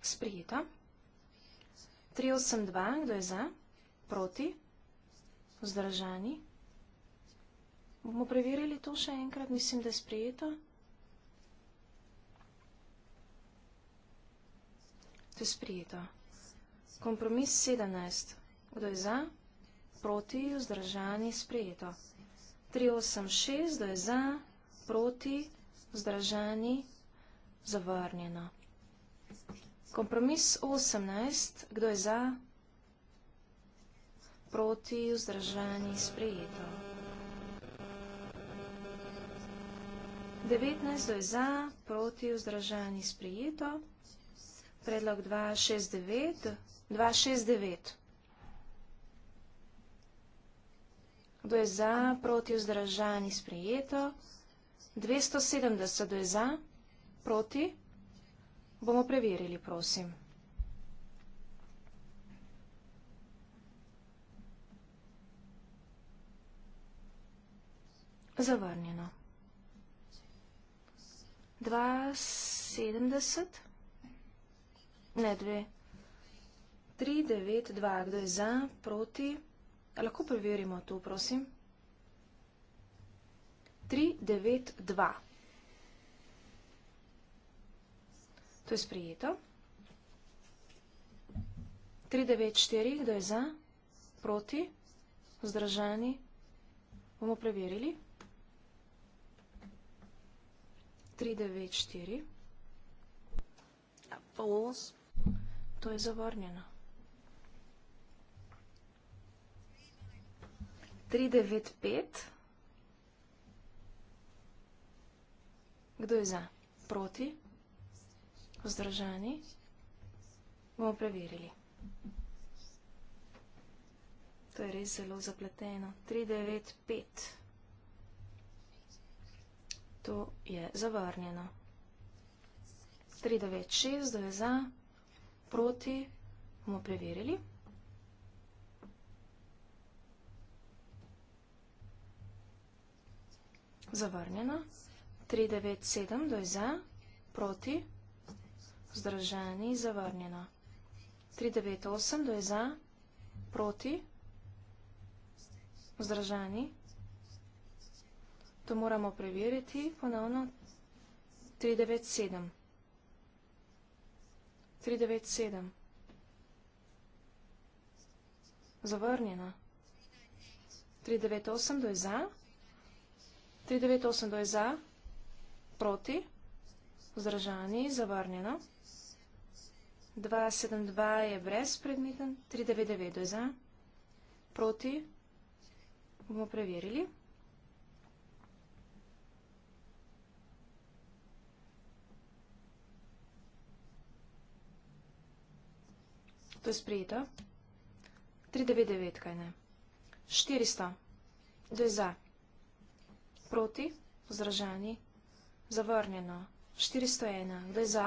Sprijeta. 382, kdo je za? Proti. Vzdržani. Bomo preverili to še enkrat, mislim, da je sprejeto. To je sprejeto. Kompromis 17. Kdo je za? Proti, vzdržani, sprejeto. 386, kdo je za? Proti, vzdržani, zavrnjeno. Kompromis 18. Kdo je za? Proti, vzdržani, sprejeto proti, vzdržani, sprejeto. 19 je za, proti, vzdržani, sprejeto. Predlog 269. 269. Kdo je za, proti, vzdržani, sprejeto. 270 je za, proti. Bomo preverili, prosim. 270. Zavrnjeno. 270. Ne, dve. 3, 9, 2. Kdo je za, proti? Lahko preverimo to, prosim. 3, 9, 2. To je sprijeto. 3, 9, 4. Kdo je za, proti? Zdržani. Bomo preverili. 3, 9, 2. 394. To je zavrnjeno. 395. Kdo je za? Proti? Vzdržani? Bomo preverili. To je res zelo zapleteno. 395. To je zavrnjeno. 3, 9, 6, da je za, proti, bomo preverili. Zavrnjeno. 3, 9, 7, da je za, proti, zdržani, zavrnjeno. 3, 9, 8, da je za, proti, zdržani, zavrnjeno. To moramo preveriti ponovno. 397. 397. Zavrnjeno. 398, do je za. 398, do je za. Proti. Vzdržani, zavrnjeno. 272 je brezpredmeten. 399, do je za. Proti. Bomo preverili. To je sprejeto. 399, kaj ne? 400. To je za. Proti, vzdržani, zavrnjeno. 401, kdo je za?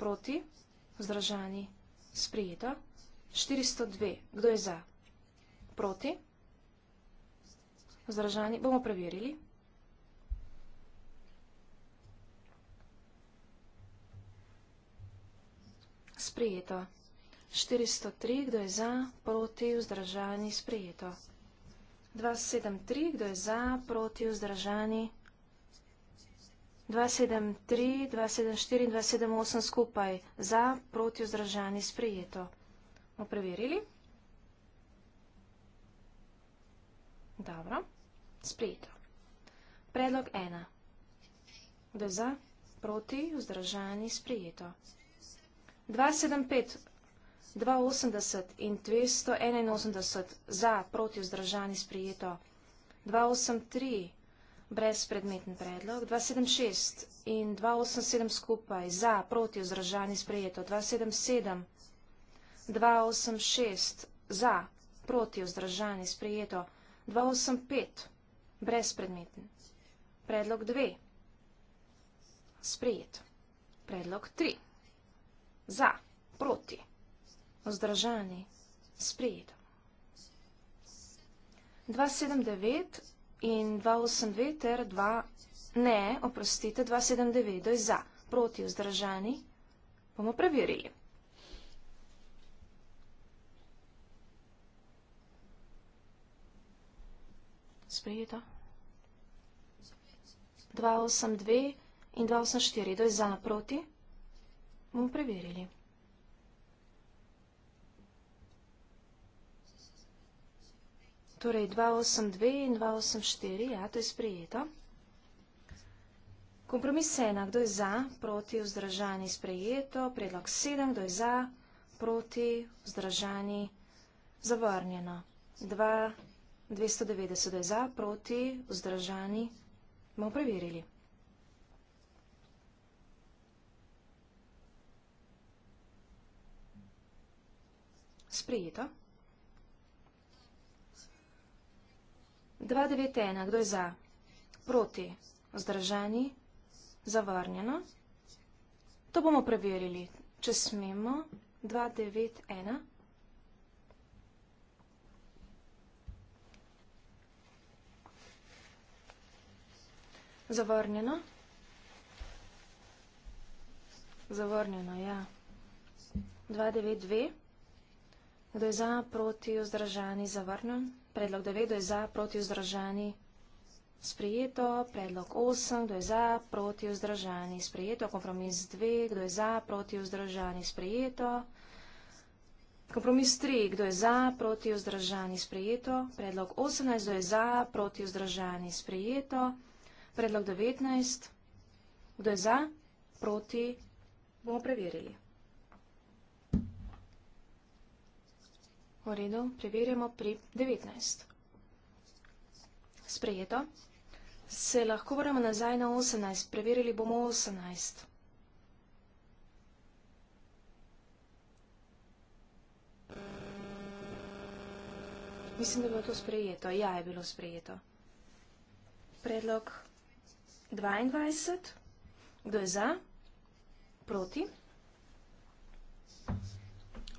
Proti, vzdržani, sprijeto. 402, kdo je za? Proti, vzdržani, bomo preverili. Sprijeto. 403. 403, kdo je za, proti, vzdržani, sprejeto. 273, kdo je za, proti, vzdržani. 273, 274 in 278 skupaj za, proti, vzdržani, sprejeto. Bomo preverili. Dobro, sprejeto. Predlog 1. Kdo je za, proti, vzdržani, sprejeto. 275, 280 in 281 za proti vzdržani sprijeto, 283 brezpredmeten predlog, 276 in 287 skupaj za proti vzdržani sprijeto, 277, 286 za proti vzdržani sprijeto, 285 brezpredmeten, predlog 2 sprijeto, predlog 3 za proti vzdržani sprijeto vzdržani, sprijeto. 2,79 in 2,82 ter 2, ne, oprostite, 2,79, doj za, proti vzdržani, bomo preverili. Sprijeto. 2,82 in 2,84, doj za, proti, bomo preverili. 2,82. Torej, 282 in 284, ja, to je sprejeto. Kompromis 1, kdo je za, proti, vzdržani, sprejeto. Predlog 7, kdo je za, proti, vzdržani, zavrnjeno. 290, kdo je za, proti, vzdržani, bomo preverili. Sprejeto. 291, kdo je za? Proti. Zdržani. Zavrnjeno. To bomo preverili. Če smemo, 291. Zavrnjeno. Zavrnjeno, ja. 292. Kdo je za, proti, vzdržani, zavrnjeno. Predlog 9, kdo je za, proti vzdržani? Sprijeto. Predlog 8, kdo je za, proti vzdržani? Sprijeto. Kompromis 2, kdo je za, proti vzdržani? Sprijeto. Kompromis 3, kdo je za, proti vzdržani? Sprijeto. Predlog 18, kdo je za, proti vzdržani? Sprijeto. Predlog 19, kdo je za, proti? Bomo preverili. po redu preverjamo pri 19. Sprejeto. Se lahko vrnemo nazaj na 18. Preverili bomo 18. Mislim, da je bilo to sprejeto. Ja, je bilo sprejeto. Predlog 22. Kdo je za? Proti.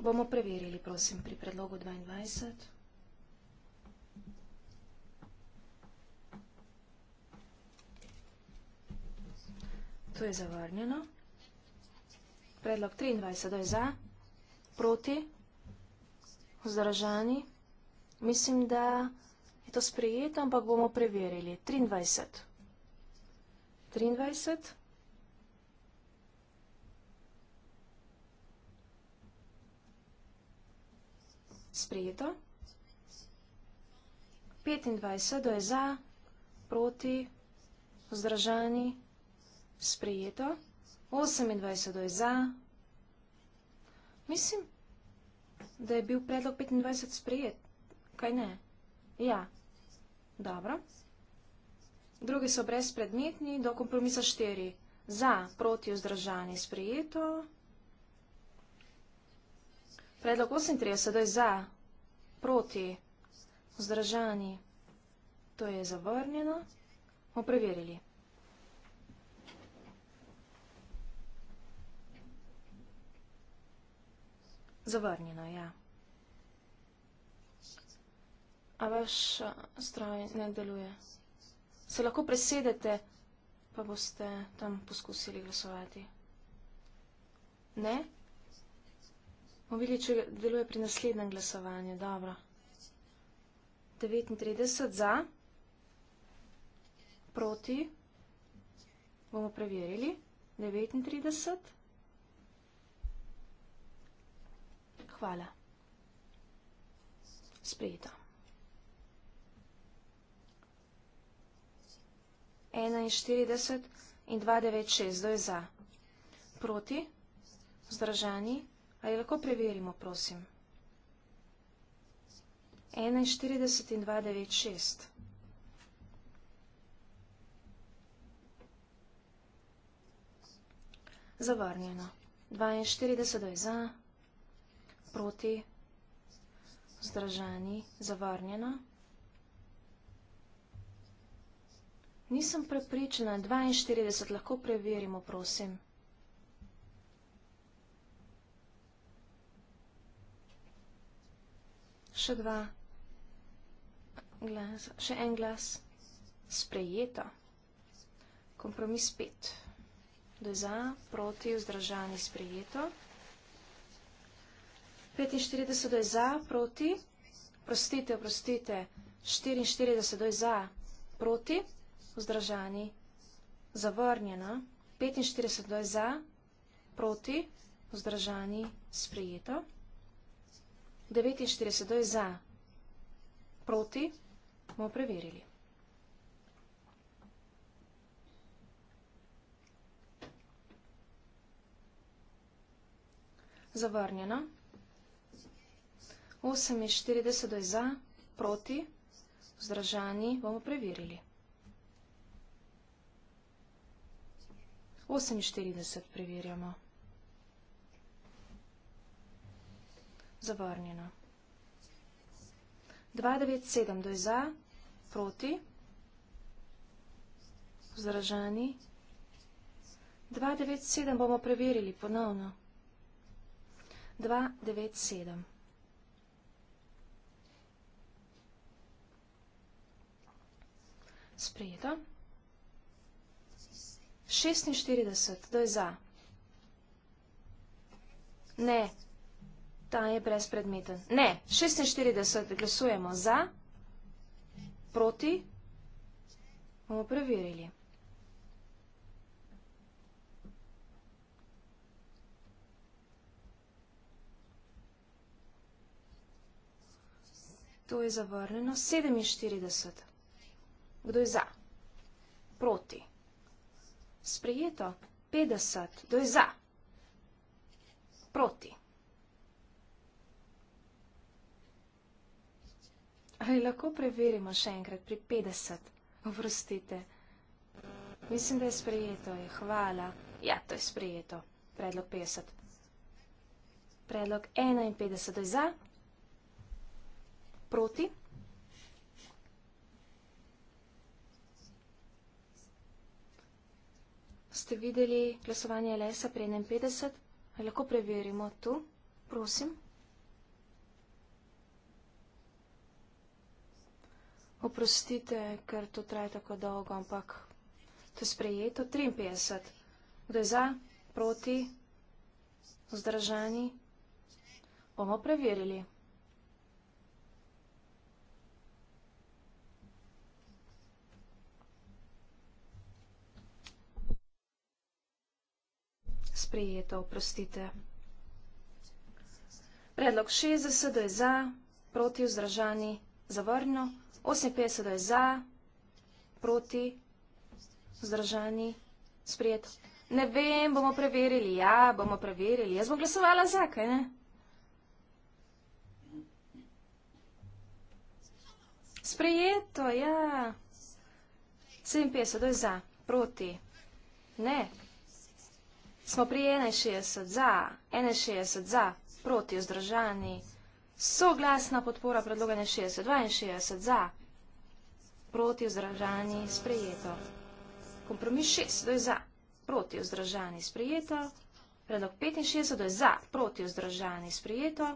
Bomo preverili, prosim, pri predlogu 22. To je zavrnjeno. Predlog 23. je za, proti, vzdražani. Mislim, da je to sprejeto, ampak bomo preverili. 23. 23. sprejeto. 25 je za, proti, vzdržani, sprejeto. 28 je za. Mislim, da je bil predlog 25 sprejet. Kaj ne? Ja. Dobro. Drugi so brezpredmetni, do kompromisa 4. Za, proti, vzdržani, sprejeto. Predlog 38.2a proti vzdržani, to je zavrnjeno, bomo preverili. Zavrnjeno, ja. A vaš stroj ne deluje? Se lahko presedete, pa boste tam poskusili glasovati? Ne? Ne? Bomo videli, če deluje pri naslednjem glasovanju. Dobro. 39 za, proti, bomo preverili. 39. Hvala. Sprejeto. 41 in 296. Zdaj za, proti, vzdržani. Ali lahko preverimo, prosim? 41 in 296. Zavrnjeno. 42 je za, proti, zdržani, zavrnjeno. Nisem prepričana, 42 lahko preverimo, prosim. 42. še dva, glas, še en glas, sprejeto. Kompromis pet. Da je za, proti, vzdržani, sprejeto. 45 je za, proti, prostite, prostite, 44 je za, proti, vzdržani, zavrnjeno, 45 je za, proti, vzdržani, sprejeto. 49, to je za. Proti bomo preverili. Zavrnjeno. 48 je za, proti, vzdržani bomo preverili. 48 preverjamo. 48. zavrnjeno. 297 do za, proti, vzražani. 297 bomo preverili ponovno. 297. Sprejeto. 46 do za. Ne. Ta je brezpredmeten. Ne, 46 glasujemo za, proti, bomo preverili. To je zavrneno, 47. Kdo je za? Proti. Sprejeto, 50. Kdo je za? Proti. Ali lahko preverimo še enkrat pri 50? Oprostite. Mislim, da je sprejeto. Je. Hvala. Ja, to je sprejeto. Predlog 50. Predlog 51 je za. Proti. Ste videli glasovanje LS-a pri 51? Ali lahko preverimo tu? Prosim. Oprostite, ker to traje tako dolgo, ampak to je sprejeto. 53. Kdo je za, proti, vzdržani, bomo preverili. Sprejeto, oprostite. Predlog 60 je za, proti, vzdržani, zavrnjeno. 58 je za, proti, vzdržani, sprijeto. Ne vem, bomo preverili, ja, bomo preverili. Jaz bom glasovala za, kaj ne? Sprijeto, ja. 57 je za, proti, ne. Smo pri 61 za, 61 za, proti, vzdržani, vzdržani. Soglasna podpora predlogane 60, 62 za, proti vzdržani sprejeto. Kompromis 6, to je za, proti vzdržani sprejeto. Predlog 65, to je za, proti vzdržani sprejeto.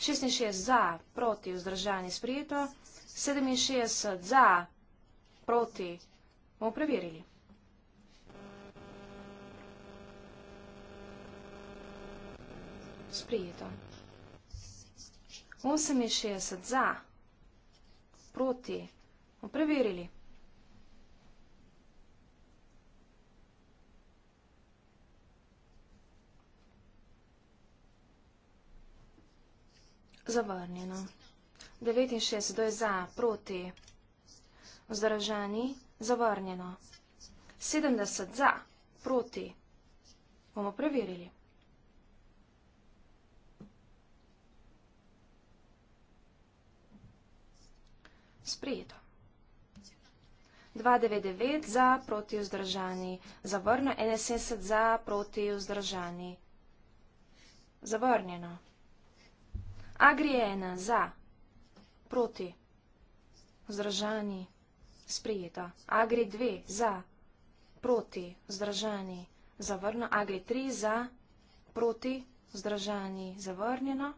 66 za, proti vzdržani sprejeto. 67 za, proti, bomo preverili. Sprejeto. 68 za, proti, bomo preverili. Zavrnjeno. 69 je za, proti, vzdraženi, zavrnjeno. 70 za, proti, bomo preverili. sprejeto. 299 za proti vzdržani, zavrno, 71 za proti vzdržani, zavrnjeno. Agrijena za proti vzdržani, sprejeto. Agri 2 za proti vzdržani, zavrno. Agri 3 za proti vzdržani, zavrnjeno.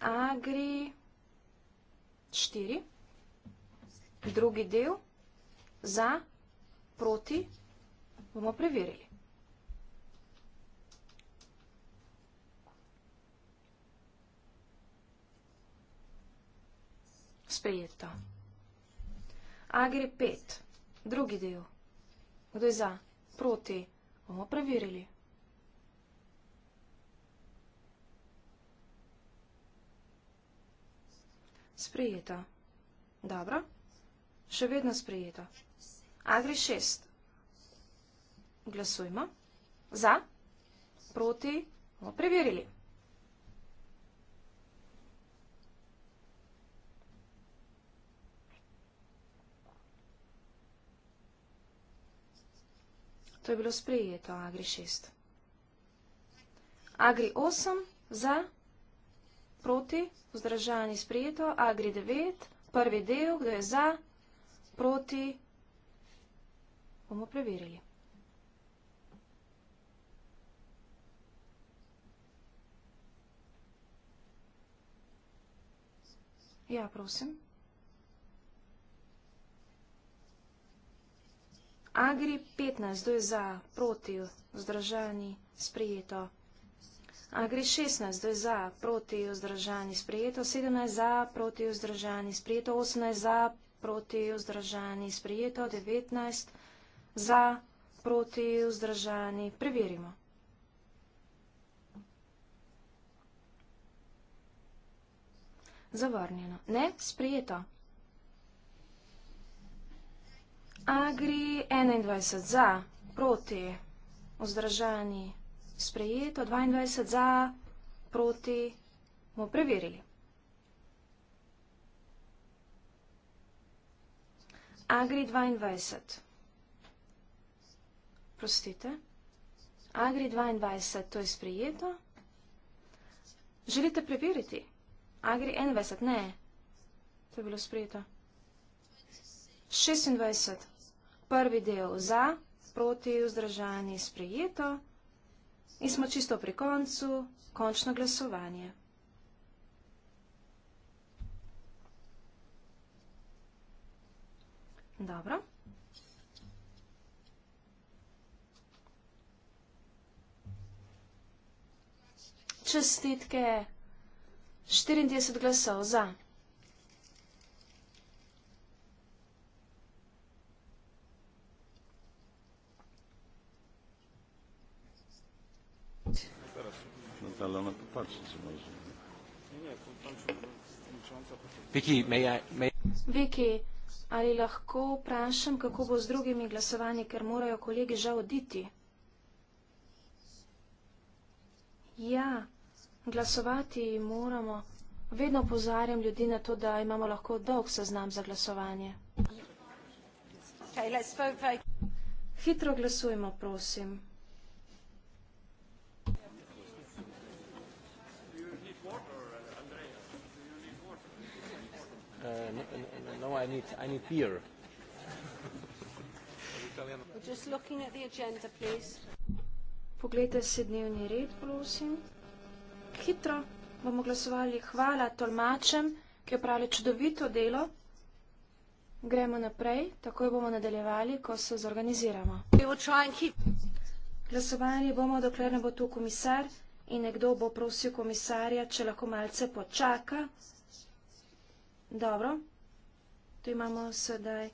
Agri 4 štiri, drugi del, za, proti, bomo preverili. Sprejeto. A gre pet, drugi del, kdo je za, proti, bomo preverili. Sprejeto. Dobro. Še vedno sprejeto. Agri šest. Glasujmo. Za. Proti. Bomo preverili. To je bilo sprejeto, Agri 6. Agri 8 za proti, vzdržani sprejeto, agri 9, prvi del, kdo je za, proti, bomo preverili. Ja, prosim. Agri 15, kdo je za, proti, vzdržani sprejeto, agri 9. A gre 16, to je za, proti vzdržani sprejeto, 17 za, proti vzdržani sprejeto, 18 za, proti vzdržani sprejeto, 19 za, proti vzdržani. Preverimo. Zavrnjeno. Ne, sprejeto. A gre 21 za, proti vzdržani sprejeto sprejeto, 22 za, proti, bomo preverili. Agri 22. Prostite. Agri 22, to je sprejeto. Želite preveriti? Agri 21, ne. To je bilo sprejeto. 26. Prvi del za, proti, vzdržani, sprejeto. In smo čisto pri koncu, končno glasovanje. Dobro. Čestitke. 34 glasov za. ale ona popatrzy, co może. Nie, nie, pan przewodnicząca. Vicky, may I, may... Vicky, ali lahko vprašam, kako bo z drugimi glasovanji, ker morajo kolegi že oditi? Ja, glasovati moramo. Vedno pozarjam ljudi na to, da imamo lahko dolg seznam za glasovanje. Okay, let's vote, Hitro glasujemo, prosim. No, no, no, I need I need beer. Just looking at the agenda, please. Poglejte si dnevni red, prosim. Hitro bomo glasovali hvala tolmačem, ki opravljajo čudovito delo. Gremo naprej, takoj bomo nadaljevali, ko se zorganiziramo. Glasovanje bomo, dokler ne bo tu komisar in nekdo bo prosil komisarja, če lahko malce počaka. Dobro. Tu imamo sedaj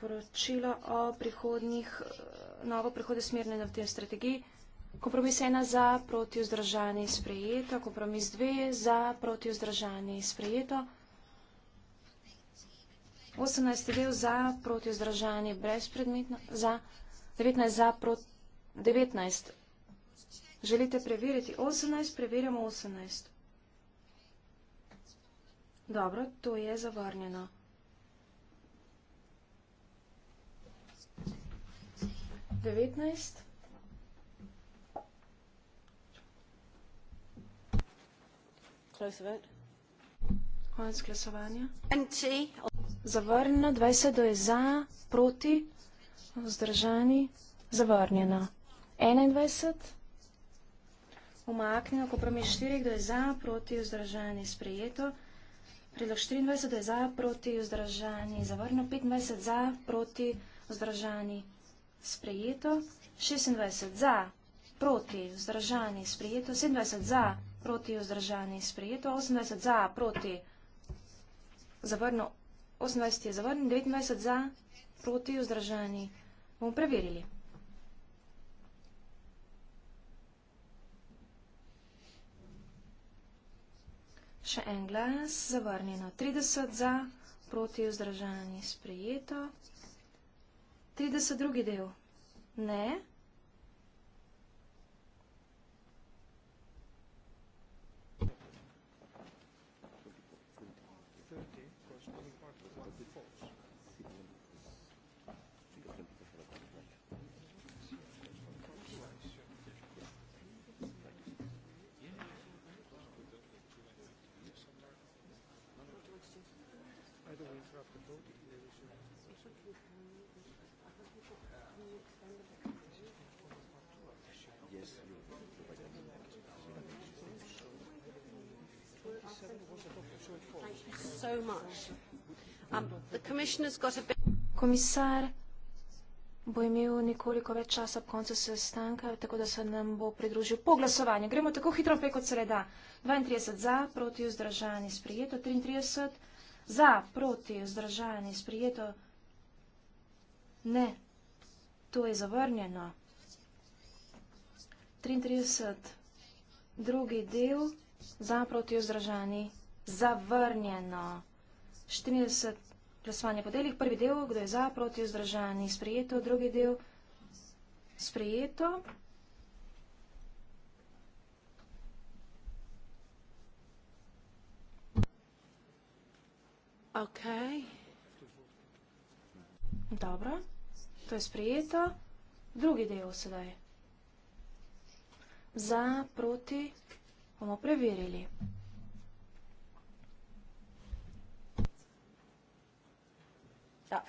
poročilo o prihodnih, eh, novo prihode smerne na tej strategiji. Kompromis ena za proti vzdržanje sprejeto, kompromis dve za proti vzdržanje sprejeto. 18 del za proti vzdržanje brezpredmetno, za 19 za proti 19. Želite preveriti 18, preverjamo 18. Dobro, to je zavrnjeno. Devetnaest. Close vote. Konec glasovanja. Zavrnjeno, 20 do je za, proti, vzdržani, zavrnjeno. 21. Omaknjeno, ko prav mi je 4, kdo je za, proti, vzdržani, sprejeto. 22. Prilog 24 je za, proti, vzdržani, zavrno, 25 za, proti, vzdržani, sprejeto, 26 za, proti, vzdržani, sprejeto, 27 za, proti, vzdržani, sprejeto, 28 za, proti, zavrno, 28 je zavrno, 29 za, proti, vzdržani, bomo preverili. Še en glas, zavrnjeno 30 za, proti vzdržanje sprejeto. 32. del. Ne. Komisar bo imel nekoliko več časa ob koncu sestanka, tako da se nam bo pridružil po glasovanju. Gremo tako hitro, preko se le da. 32 za, proti vzdržani sprijeto, 33 za, proti vzdržani sprijeto, 33. Ne, to je zavrnjeno. 33. Drugi del, zaproti vzdržani, zavrnjeno. 40. Glasovanje po delih, prvi del, kdo je zaproti vzdržani, sprejeto, drugi del, sprejeto. Okay. Dobro, to je sprejeto. Drugi del sedaj. Za, proti, bomo preverili. Ja,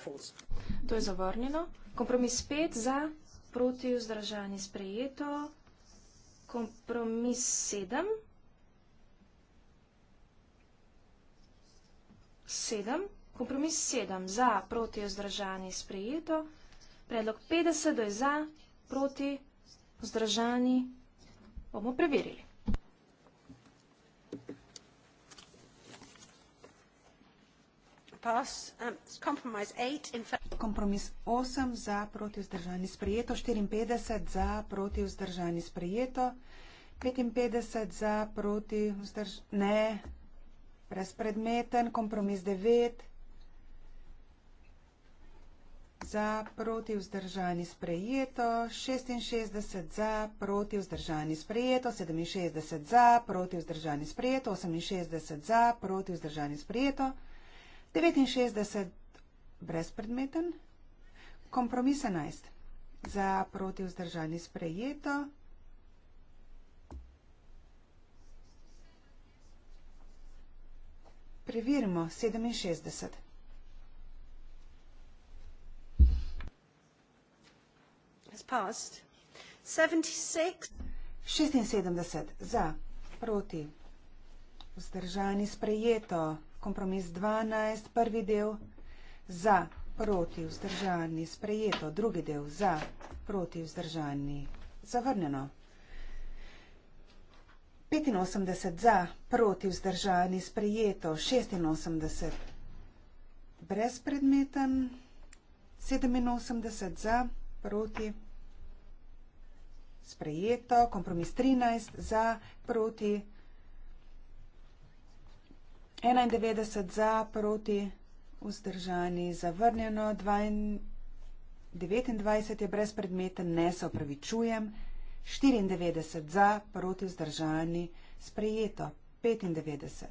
to je zavrnjeno. Kompromis pet za, proti, vzdržanje sprejeto. Kompromis sedem. Sedem. Kompromis 7 za, proti vzdržani sprejeto. Predlog 50 je za, proti vzdržani bomo preverili. Um, kompromis 8 za proti vzdržani sprejeto, 54 za proti vzdržani sprejeto, 55 za proti vzdržani ne, brezpredmeten, kompromis 9 za za, proti vzdržani sprejeto, 66 za, proti vzdržani sprejeto, 67 za, proti vzdržani sprejeto, 68 za, proti vzdržani sprejeto, 69 brezpredmeten, kompromis 11 za, proti vzdržani sprejeto. Preverimo 67. has passed. 76. 76 za, proti. Vzdržani sprejeto. Kompromis 12, prvi del. Za, proti, vzdržani sprejeto. Drugi del za, proti, vzdržani zavrnjeno. 85 za, proti, vzdržani sprejeto. 86 brezpredmeten. 87 za, proti, vzdržani sprejeto sprejeto, kompromis 13 za, proti 91 za, proti vzdržani, zavrnjeno, 29 je brez predmeta, ne se opravičujem, 94 za, proti vzdržani, sprejeto, 95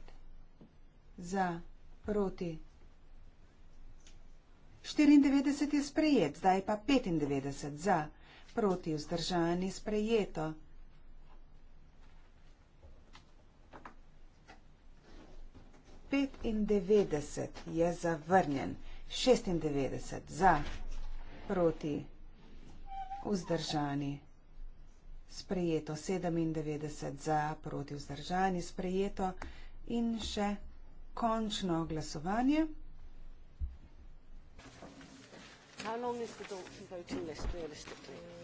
za, proti. 94 je sprejet, zdaj pa 95 za proti vzdržani sprejeto. Petindevedeset je zavrnjen, šestindevedeset za, proti vzdržani sprejeto, sedemindevedeset za, proti vzdržani sprejeto in še končno glasovanje. How long is the dog? Voting list, realistically.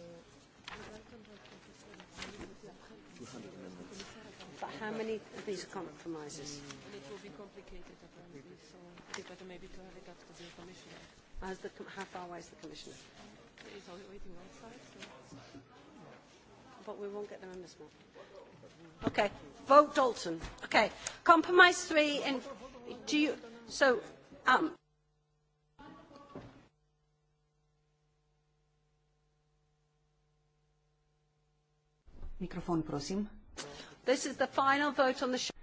how many of these compromises? Mm. And it will be complicated, apparently, so it would better maybe to have it up to the commissioner. As the com how far away is the commissioner? He's only waiting outside. So. But we won't get them in this month. Okay. Vote Dalton. Okay. Compromise three in... Do you... So... Um, Mikrofon, prosim. This is the final vote on the share.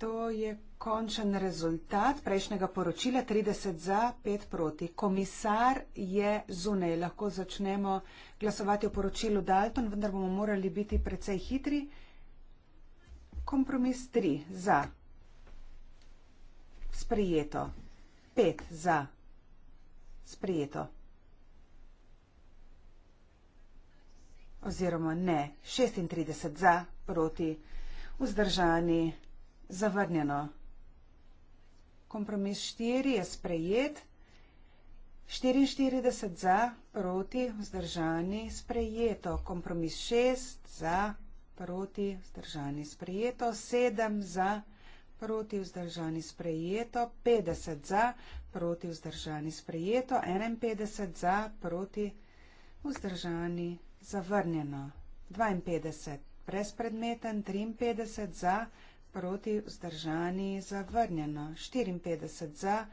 To je končen rezultat prejšnjega poročila, 30 za, 5 proti. Komisar je zunaj. Lahko začnemo glasovati o poročilu Dalton, vendar bomo morali biti precej hitri. Kompromis 3 za. Sprijeto. 5 za. Sprijeto. oziroma ne, 36 za, proti, vzdržani, zavrnjeno. Kompromis 4 je sprejet, 44 za, proti, vzdržani, sprejeto. Kompromis 6 za, proti, vzdržani, sprejeto, 7 za, proti, vzdržani, sprejeto, 50 za, proti, vzdržani, sprejeto, 51 za, proti, vzdržani, sprejeto zavrnjeno, 52 brezpredmeten, 53 za, proti vzdržani, zavrnjeno, 54 za,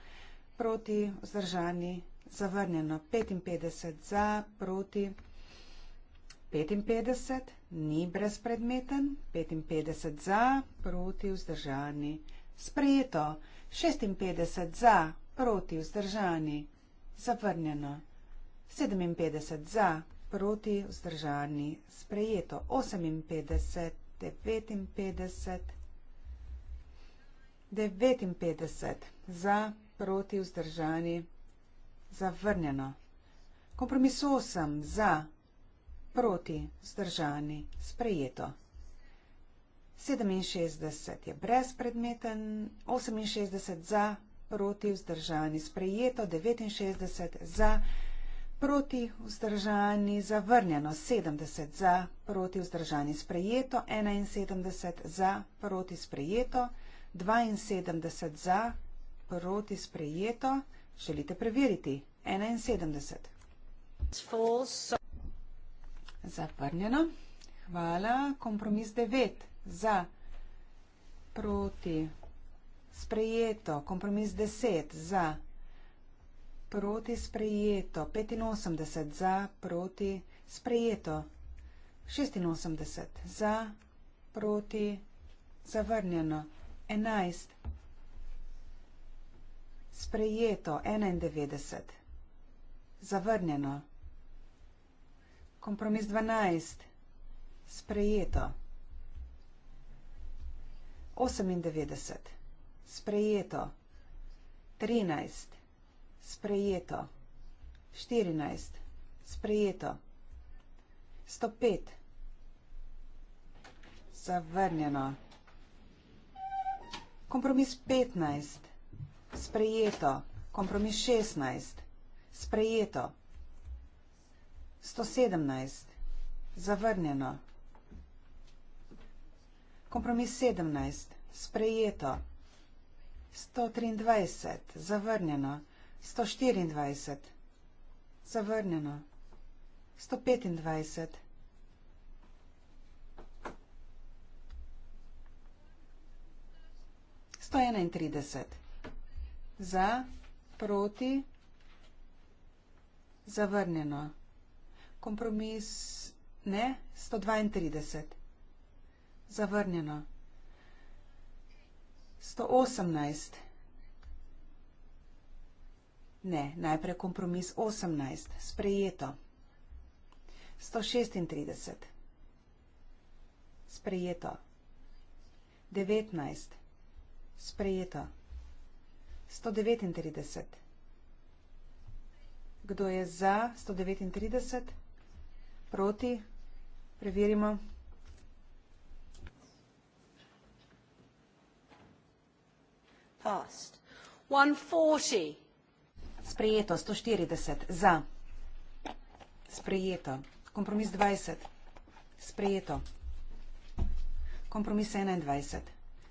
proti vzdržani, zavrnjeno, 55 za, proti 55 ni brezpredmeten, 55 za, proti vzdržani. Sprejeto, 56 za, proti vzdržani, zavrnjeno, 57 za, proti vzdržani sprejeto 58, 59, 59 za proti vzdržani zavrnjeno. Kompromis 8 za proti vzdržani sprejeto. 67 je brezpredmeten, 68 za proti vzdržani sprejeto, 69 za vzdržani proti vzdržani zavrnjeno 70 za, proti vzdržani sprejeto 71 za, proti sprejeto 72 za, proti sprejeto. Želite preveriti 71. Zavrnjeno. Hvala. Kompromis 9 za, proti sprejeto. Kompromis 10 za, proti sprejeto proti sprejeto, 85 za proti sprejeto, 86 za proti zavrnjeno, 11 sprejeto, 91 zavrnjeno, kompromis 12 sprejeto, 98 sprejeto, 13 sprejeto. 14, sprejeto. 105, zavrnjeno. Kompromis 15, sprejeto. Kompromis 16, sprejeto. 117, zavrnjeno. Kompromis 17, sprejeto. 123, zavrnjeno. 124. Zavrnjeno. 125. Sto enaintrideset. Za, proti, zavrnjeno. Kompromis ne, sto dvaintrideset. Zavrnjeno. Sto osemnajst. Ne, najprej kompromis 18, sprejeto. 136, sprejeto. 19, sprejeto. 139. Kdo je za 139? Proti? Preverimo. Past. 140 sprejeto, 140 za. Sprejeto. Kompromis 20. Sprejeto. Kompromis 21.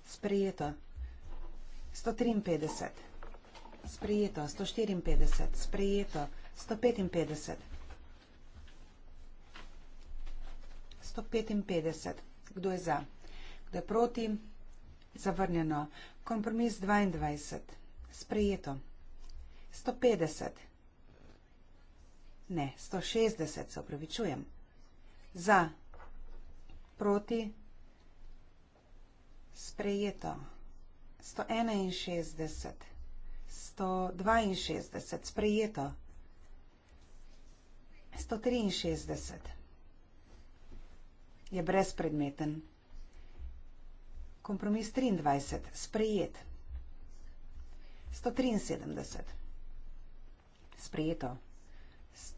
Sprejeto. 153. Sprejeto. 154. Sprejeto. 155. 155. Kdo je za? Kdo je proti? Zavrnjeno. Kompromis 22. Sprejeto. 150. Ne, 160, se upravičujem. Za, proti, sprejeto. 161, 162, sprejeto. 163 je brezpredmeten. Kompromis 23, sprejet. 173 sprejeto.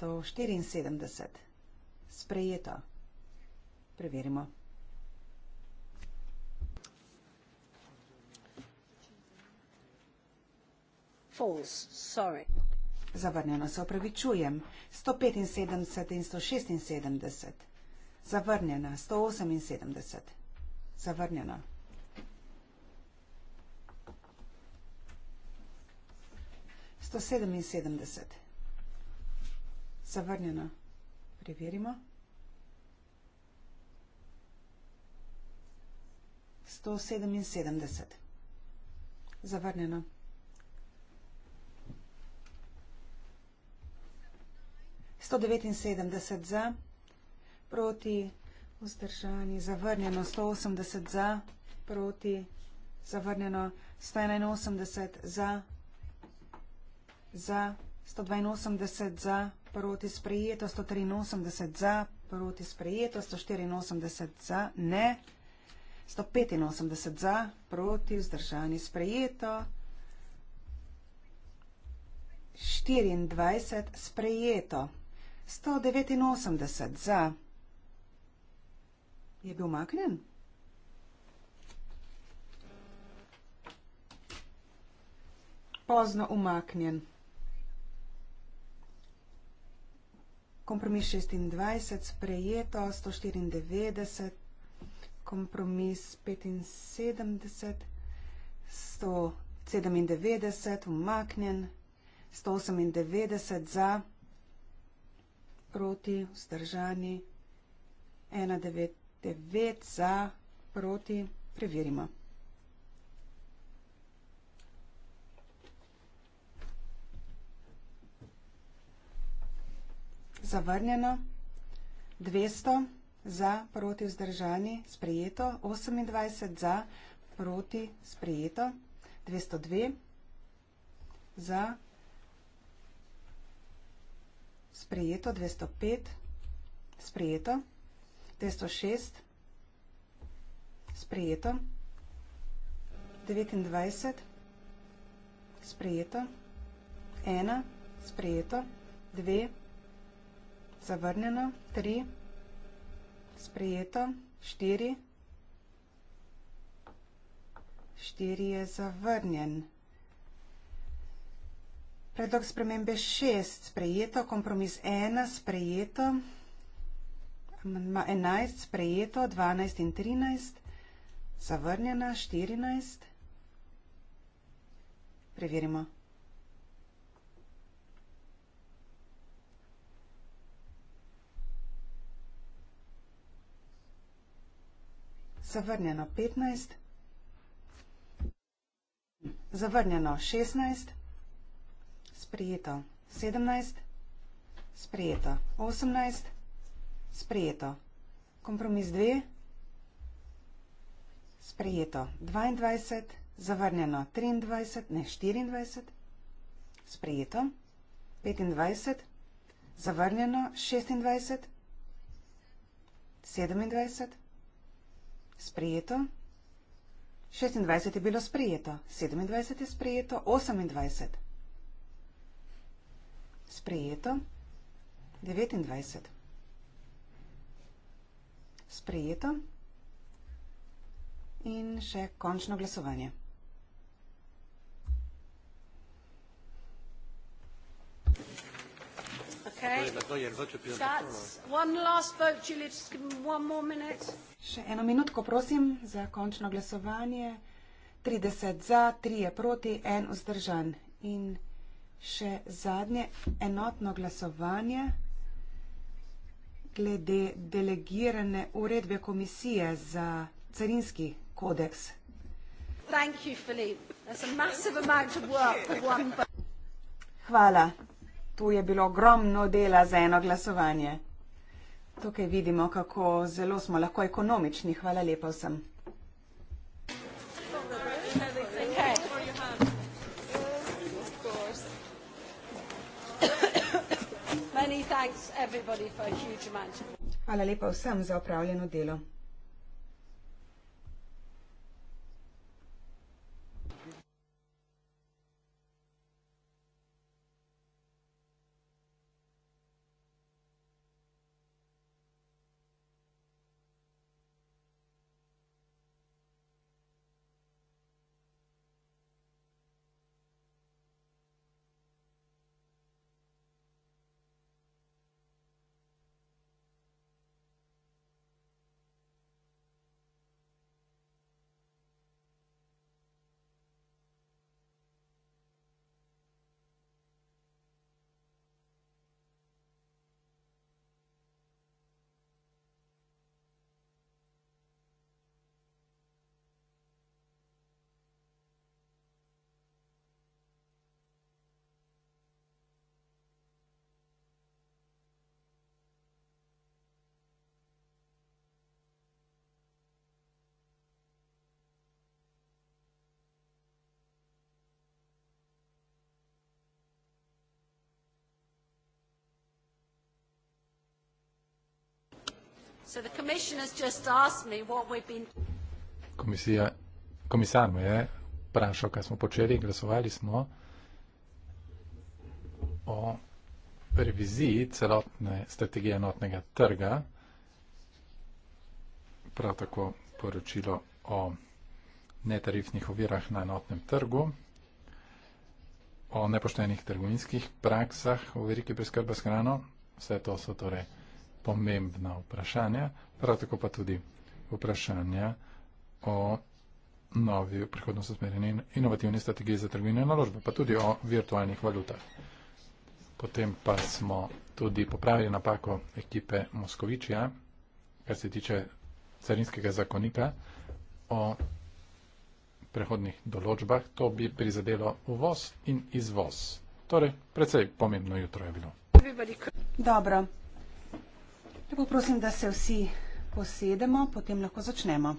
174, sprejeto. Preverimo. False, sorry. Zavrnjeno se opravičujem. 175 in 176. Zavrnjena, 178. Zavrnjena. 177. Zavrnjeno. Preverimo. 177. Zavrnjeno. Sto devetinsedemdeset za, proti vzdržani, zavrnjeno, sto osemdeset za, proti, zavrnjeno, sto enajnosemdeset za, za, 182 za, proti sprejeto, 183 za, proti sprejeto, 184 za, ne, 185 za, proti vzdržani sprejeto, 24 sprejeto, 189 za, je bil maknen? Pozno umaknjen. kompromis 26, sprejeto 194, kompromis 75, 197, umaknjen, 198 za, proti, vzdržani, 199 za, proti, preverimo. zavrnjeno, 200 za, proti vzdržani, sprejeto, 28 za, proti sprejeto, 202 za, sprejeto, 205 sprejeto, 206 sprejeto, 29 sprejeto, 1 sprejeto, 2 sprejeto, Zavrnjeno. Tri. Sprejeto. Štiri. Štiri je zavrnjen. Predlog spremembe šest. Sprejeto. Kompromis ena. Sprejeto. Enajst. Sprejeto. Dvanajst in trinajst. Zavrnjena. Štirinajst. Preverimo. 14. zavrnjeno 15, zavrnjeno 16, sprejeto 17, sprejeto 18, sprejeto kompromis 2, sprejeto 22, zavrnjeno 23, ne 24, sprejeto 25, zavrnjeno 26, 27, 27, Sprejeto. 26 je bilo sprejeto. 27 je sprejeto. 28. Sprejeto. 29. Sprejeto. In še končno glasovanje. Okay. Torej, Shots. One last vote, Julie. Just give me one more minute. Še eno minutko, prosim, za končno glasovanje. 30 za, 3 je proti, 1 vzdržan. In še zadnje enotno glasovanje glede delegirane uredbe komisije za carinski kodeks. Hvala. To je bilo ogromno dela za eno glasovanje. Tukaj vidimo, kako zelo smo lahko ekonomični. Hvala lepa vsem. Hvala lepa vsem za opravljeno delo. So the commission has just asked me what we've been Komisija, komisar me je vprašal, kaj smo počeli, glasovali smo o reviziji celotne strategije enotnega trga, prav tako poročilo o netarifnih ovirah na enotnem trgu, o nepoštenih trgovinskih praksah v veriki preskrbi s hrano, vse to so torej pomembna vprašanja, prav tako pa tudi vprašanja o novi prihodnost usmerjeni inovativni strategiji za trgovino in naložbe, pa tudi o virtualnih valutah. Potem pa smo tudi popravili napako ekipe Moskovičja, kar se tiče carinskega zakonika o prehodnih določbah, to bi prizadelo uvoz in izvoz. Torej, precej pomembno jutro je bilo. Dobro. Lepo prosim, da se vsi posedemo, potem lahko začnemo.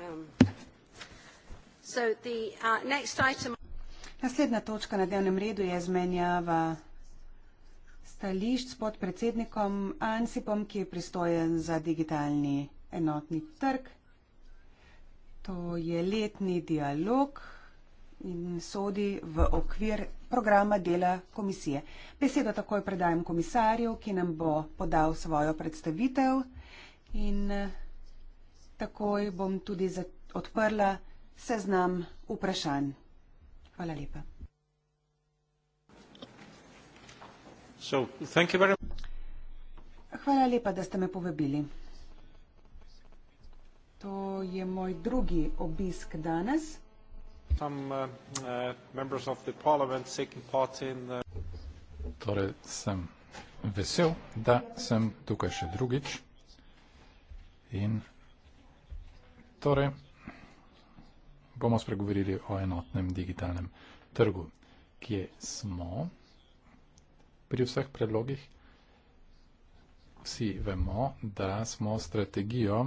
Um, uh, Naslednja točka na dnevnem redu je zmenjava stališč s podpredsednikom Ansipom, ki je pristojen za digitalni enotni trg. To je letni dialog in sodi v okvir programa dela komisije. Besedo takoj predajem komisarju, ki nam bo podal svojo predstavitev in eh, takoj bom tudi odprla seznam vprašanj. Hvala lepa. Hvala lepa, da ste me povabili. To je moj drugi obisk danes some uh, uh, members of the parliament taking part in the... Uh, torej, sem vesel, da sem tukaj še drugič. In torej, bomo spregovorili o enotnem digitalnem trgu, kje smo pri vseh predlogih. Vsi vemo, da smo strategijo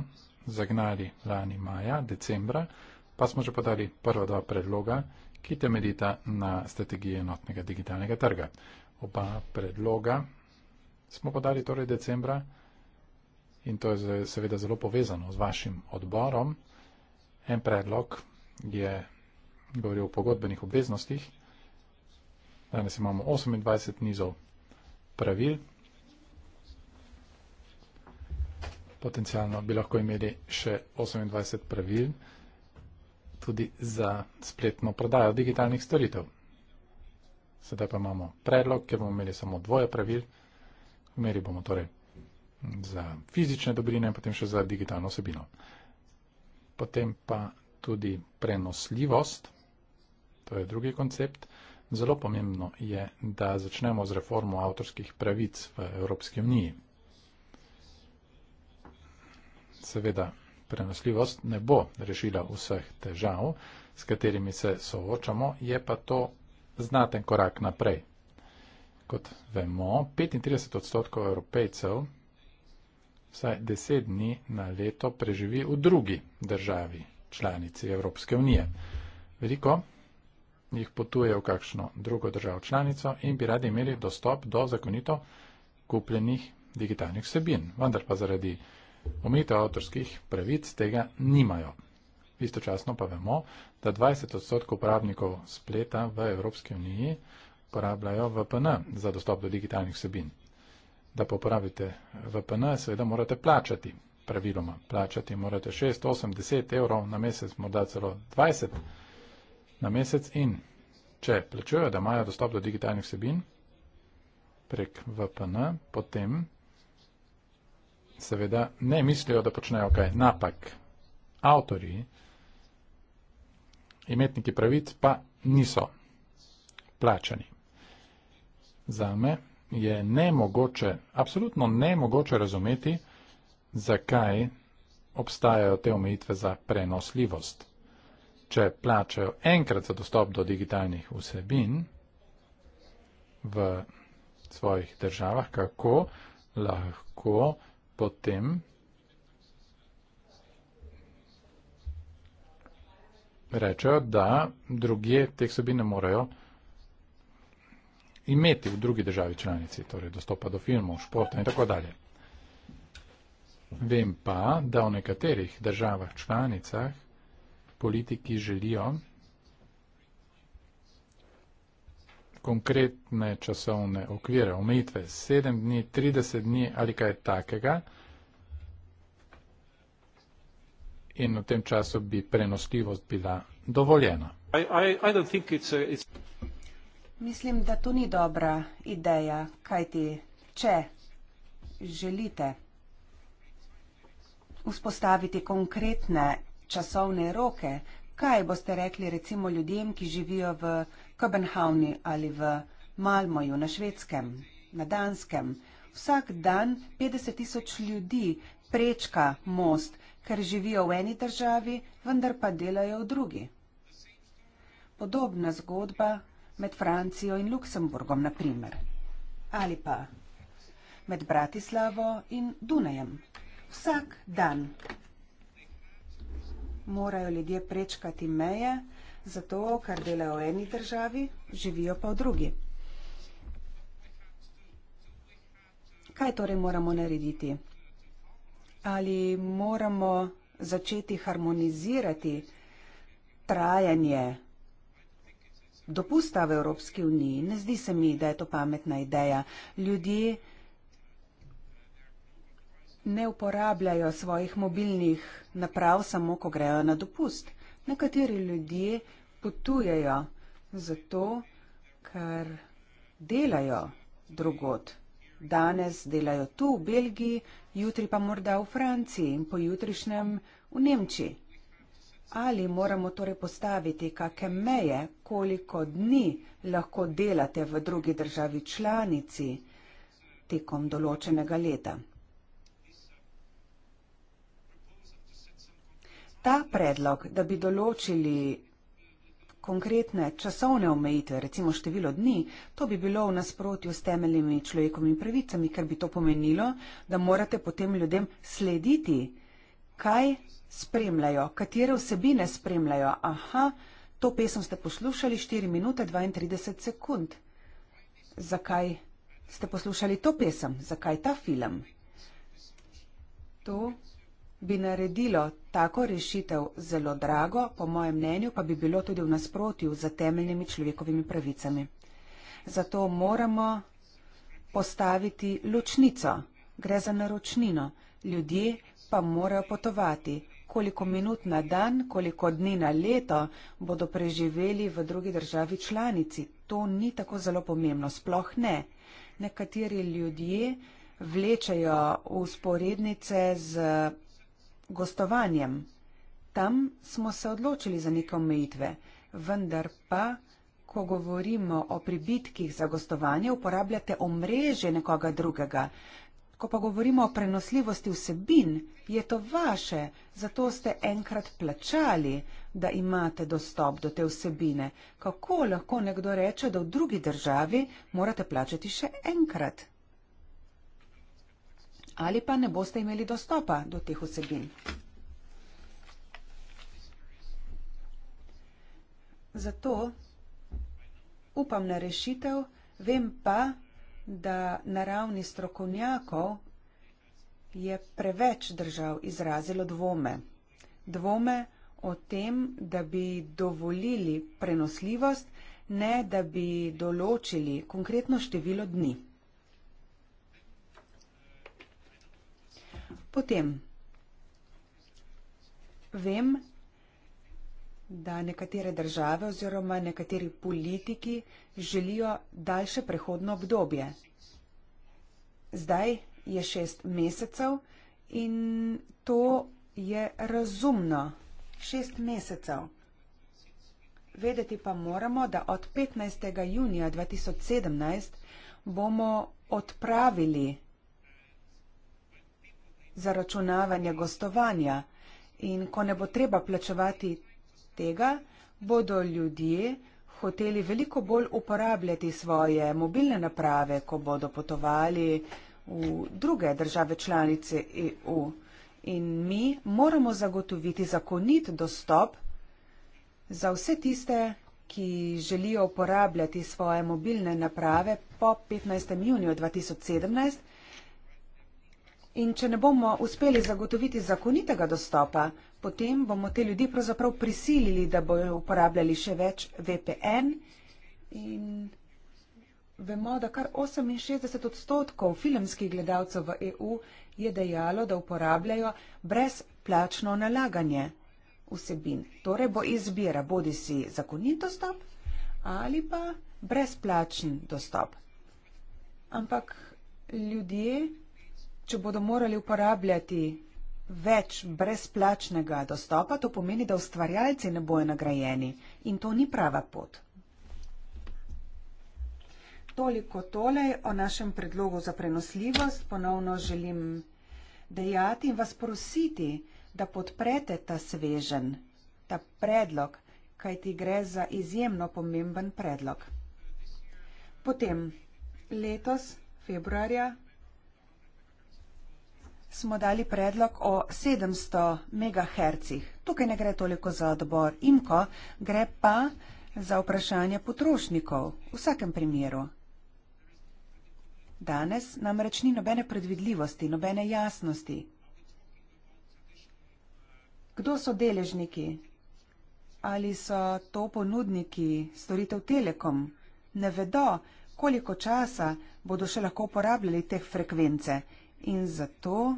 zagnali lani maja, decembra, pa smo že podali prva dva predloga, ki temeljita na strategiji enotnega digitalnega trga. Oba predloga smo podali torej decembra in to je seveda zelo povezano z vašim odborom. En predlog je govoril o pogodbenih obveznostih. Danes imamo 28 nizov pravil. Potencialno bi lahko imeli še 28 pravil tudi za spletno prodajo digitalnih storitev. Sedaj pa imamo predlog, ker bomo imeli samo dvoje pravil. Meri bomo torej za fizične dobrine in potem še za digitalno osebino. Potem pa tudi prenosljivost, to je drugi koncept. Zelo pomembno je, da začnemo z reformo avtorskih pravic v Evropski uniji. Seveda, prenosljivost ne bo rešila vseh težav, s katerimi se soočamo, je pa to znaten korak naprej. Kot vemo, 35 odstotkov evropejcev vsaj deset dni na leto preživi v drugi državi, članici Evropske unije. Veliko jih potuje v kakšno drugo državo članico in bi radi imeli dostop do zakonito kupljenih digitalnih vsebin. Vendar pa zaradi Omejitev avtorskih pravic tega nimajo. Istočasno pa vemo, da 20 odstotkov uporabnikov spleta v Evropski uniji uporabljajo VPN za dostop do digitalnih vsebin. Da pa uporabite VPN, seveda morate plačati praviloma. Plačati morate 6, 8, 10 evrov na mesec, morda celo 20 na mesec in če plačujejo, da imajo dostop do digitalnih vsebin prek VPN, potem seveda ne mislijo, da počnejo kaj napak. Avtori, imetniki pravic pa niso plačani. Za me je nemogoče, apsolutno nemogoče razumeti, zakaj obstajajo te omejitve za prenosljivost. Če plačajo enkrat za dostop do digitalnih vsebin v svojih državah, kako lahko potem rečejo, da druge teh sobi ne morejo imeti v drugi državi članici, torej dostopa do filmov, športa in tako dalje. Vem pa, da v nekaterih državah članicah politiki želijo konkretne časovne okvire, omejitve, 7 dni, 30 dni ali kaj takega. In v tem času bi prenosljivost bila dovoljena. I, I, I it's a, it's... Mislim, da to ni dobra ideja, kajti če želite vzpostaviti konkretne časovne roke, kaj boste rekli recimo ljudem, ki živijo v Kopenhavni ali v Malmoju na švedskem, na danskem. Vsak dan 50 tisoč ljudi prečka most, ker živijo v eni državi, vendar pa delajo v drugi. Podobna zgodba med Francijo in Luksemburgom, na primer. Ali pa med Bratislavo in Dunajem. Vsak dan morajo ljudje prečkati meje, zato kar delajo v eni državi, živijo pa v drugi. Kaj torej moramo narediti? Ali moramo začeti harmonizirati trajanje dopusta v Evropski uniji? Ne zdi se mi, da je to pametna ideja. Ljudje ne uporabljajo svojih mobilnih naprav samo, ko grejo na dopust. Nekateri ljudje potujejo zato, ker delajo drugot. Danes delajo tu v Belgiji, jutri pa morda v Franciji in pojutrišnjem v Nemčiji. Ali moramo torej postaviti kakšne meje, koliko dni lahko delate v drugi državi članici tekom določenega leta? Ta predlog, da bi določili konkretne časovne omejitve, recimo število dni, to bi bilo v nasprotju s temeljnimi človekovimi pravicami, ker bi to pomenilo, da morate potem ljudem slediti, kaj spremljajo, katere vsebine spremljajo. Aha, to pesem ste poslušali 4 minute 32 sekund. Zakaj ste poslušali to pesem? Zakaj ta film? To bi naredilo tako rešitev zelo drago, po mojem mnenju pa bi bilo tudi v nasprotju z temeljnimi človekovimi pravicami. Zato moramo postaviti ločnico, gre za naročnino, ljudje pa morajo potovati, koliko minut na dan, koliko dni na leto bodo preživeli v drugi državi članici. To ni tako zelo pomembno, sploh ne. Nekateri ljudje vlečajo usporednice z gostovanjem. Tam smo se odločili za neke omejitve, vendar pa, ko govorimo o pribitkih za gostovanje, uporabljate omrežje nekoga drugega. Ko pa govorimo o prenosljivosti vsebin, je to vaše, zato ste enkrat plačali, da imate dostop do te vsebine. Kako lahko nekdo reče, da v drugi državi morate plačati še enkrat? ali pa ne boste imeli dostopa do teh vsebin. Zato upam na rešitev, vem pa, da na ravni strokovnjakov je preveč držav izrazilo dvome. Dvome o tem, da bi dovolili prenosljivost, ne da bi določili konkretno število dni. Potem, vem, da nekatere države oziroma nekateri politiki želijo daljše prehodno obdobje. Zdaj je šest mesecev in to je razumno. Šest mesecev. Vedeti pa moramo, da od 15. junija 2017 bomo odpravili zaračunavanje gostovanja. In ko ne bo treba plačevati tega, bodo ljudje hoteli veliko bolj uporabljati svoje mobilne naprave, ko bodo potovali v druge države članice EU. In mi moramo zagotoviti zakonit dostop za vse tiste, ki želijo uporabljati svoje mobilne naprave po 15. juniju 2017, In če ne bomo uspeli zagotoviti zakonitega dostopa, potem bomo te ljudi pravzaprav prisilili, da bojo uporabljali še več VPN. In vemo, da kar 68 odstotkov filmskih gledalcev v EU je dejalo, da uporabljajo brezplačno nalaganje vsebin. Torej bo izbira bodi si zakonit dostop ali pa brezplačen dostop. Ampak ljudje če bodo morali uporabljati več brezplačnega dostopa, to pomeni, da ustvarjalci ne bojo nagrajeni in to ni prava pot. Toliko tole o našem predlogu za prenosljivost. Ponovno želim dejati in vas prositi, da podprete ta svežen, ta predlog, kaj ti gre za izjemno pomemben predlog. Potem letos, februarja, smo dali predlog o 700 MHz. Tukaj ne gre toliko za odbor IMKO, gre pa za vprašanje potrošnikov. V vsakem primeru. Danes namreč ni nobene predvidljivosti, nobene jasnosti. Kdo so deležniki? Ali so to ponudniki storitev Telekom? Ne vedo, koliko časa bodo še lahko uporabljali teh frekvence in zato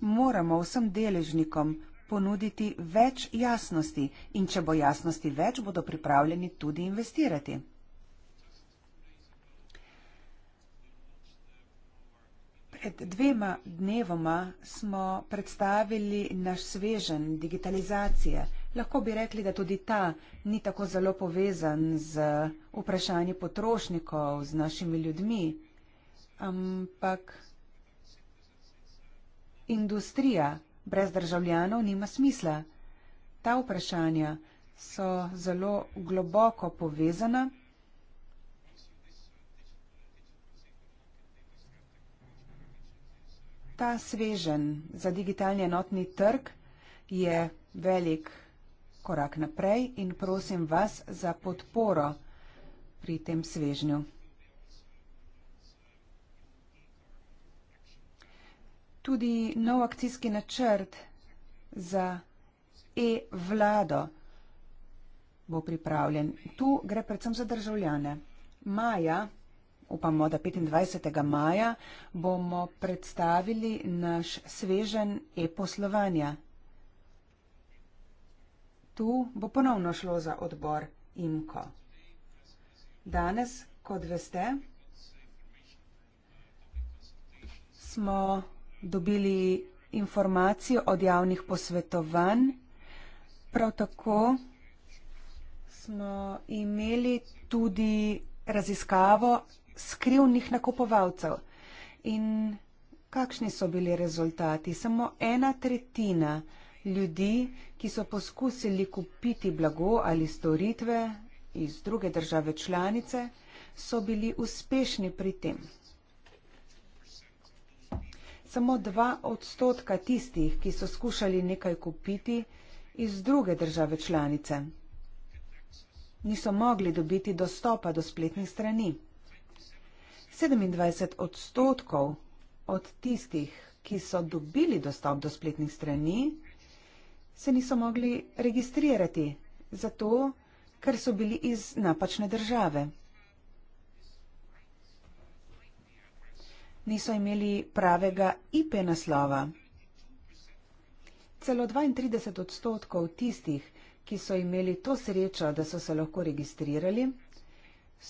moramo vsem deležnikom ponuditi več jasnosti in če bo jasnosti več, bodo pripravljeni tudi investirati. Pred dvema dnevoma smo predstavili naš svežen digitalizacije. Lahko bi rekli, da tudi ta ni tako zelo povezan z vprašanji potrošnikov, z našimi ljudmi, ampak. Um, industrija brez državljanov nima smisla. Ta vprašanja so zelo globoko povezana. Ta svežen za digitalni enotni trg je velik korak naprej in prosim vas za podporo pri tem svežnju. tudi nov akcijski načrt za e-vlado bo pripravljen. Tu gre predvsem za državljane. Maja, upamo, da 25. maja, bomo predstavili naš svežen e-poslovanja. Tu bo ponovno šlo za odbor IMKO. Danes, kot veste, smo dobili informacijo od javnih posvetovanj. Prav tako smo imeli tudi raziskavo skrivnih nakupovalcev. In kakšni so bili rezultati? Samo ena tretjina ljudi, ki so poskusili kupiti blago ali storitve iz druge države članice, so bili uspešni pri tem samo dva odstotka tistih, ki so skušali nekaj kupiti iz druge države članice. Niso mogli dobiti dostopa do spletnih strani. 27 odstotkov od tistih, ki so dobili dostop do spletnih strani, se niso mogli registrirati, zato ker so bili iz napačne države. niso imeli pravega IP naslova. Celo 32 odstotkov tistih, ki so imeli to srečo, da so se lahko registrirali,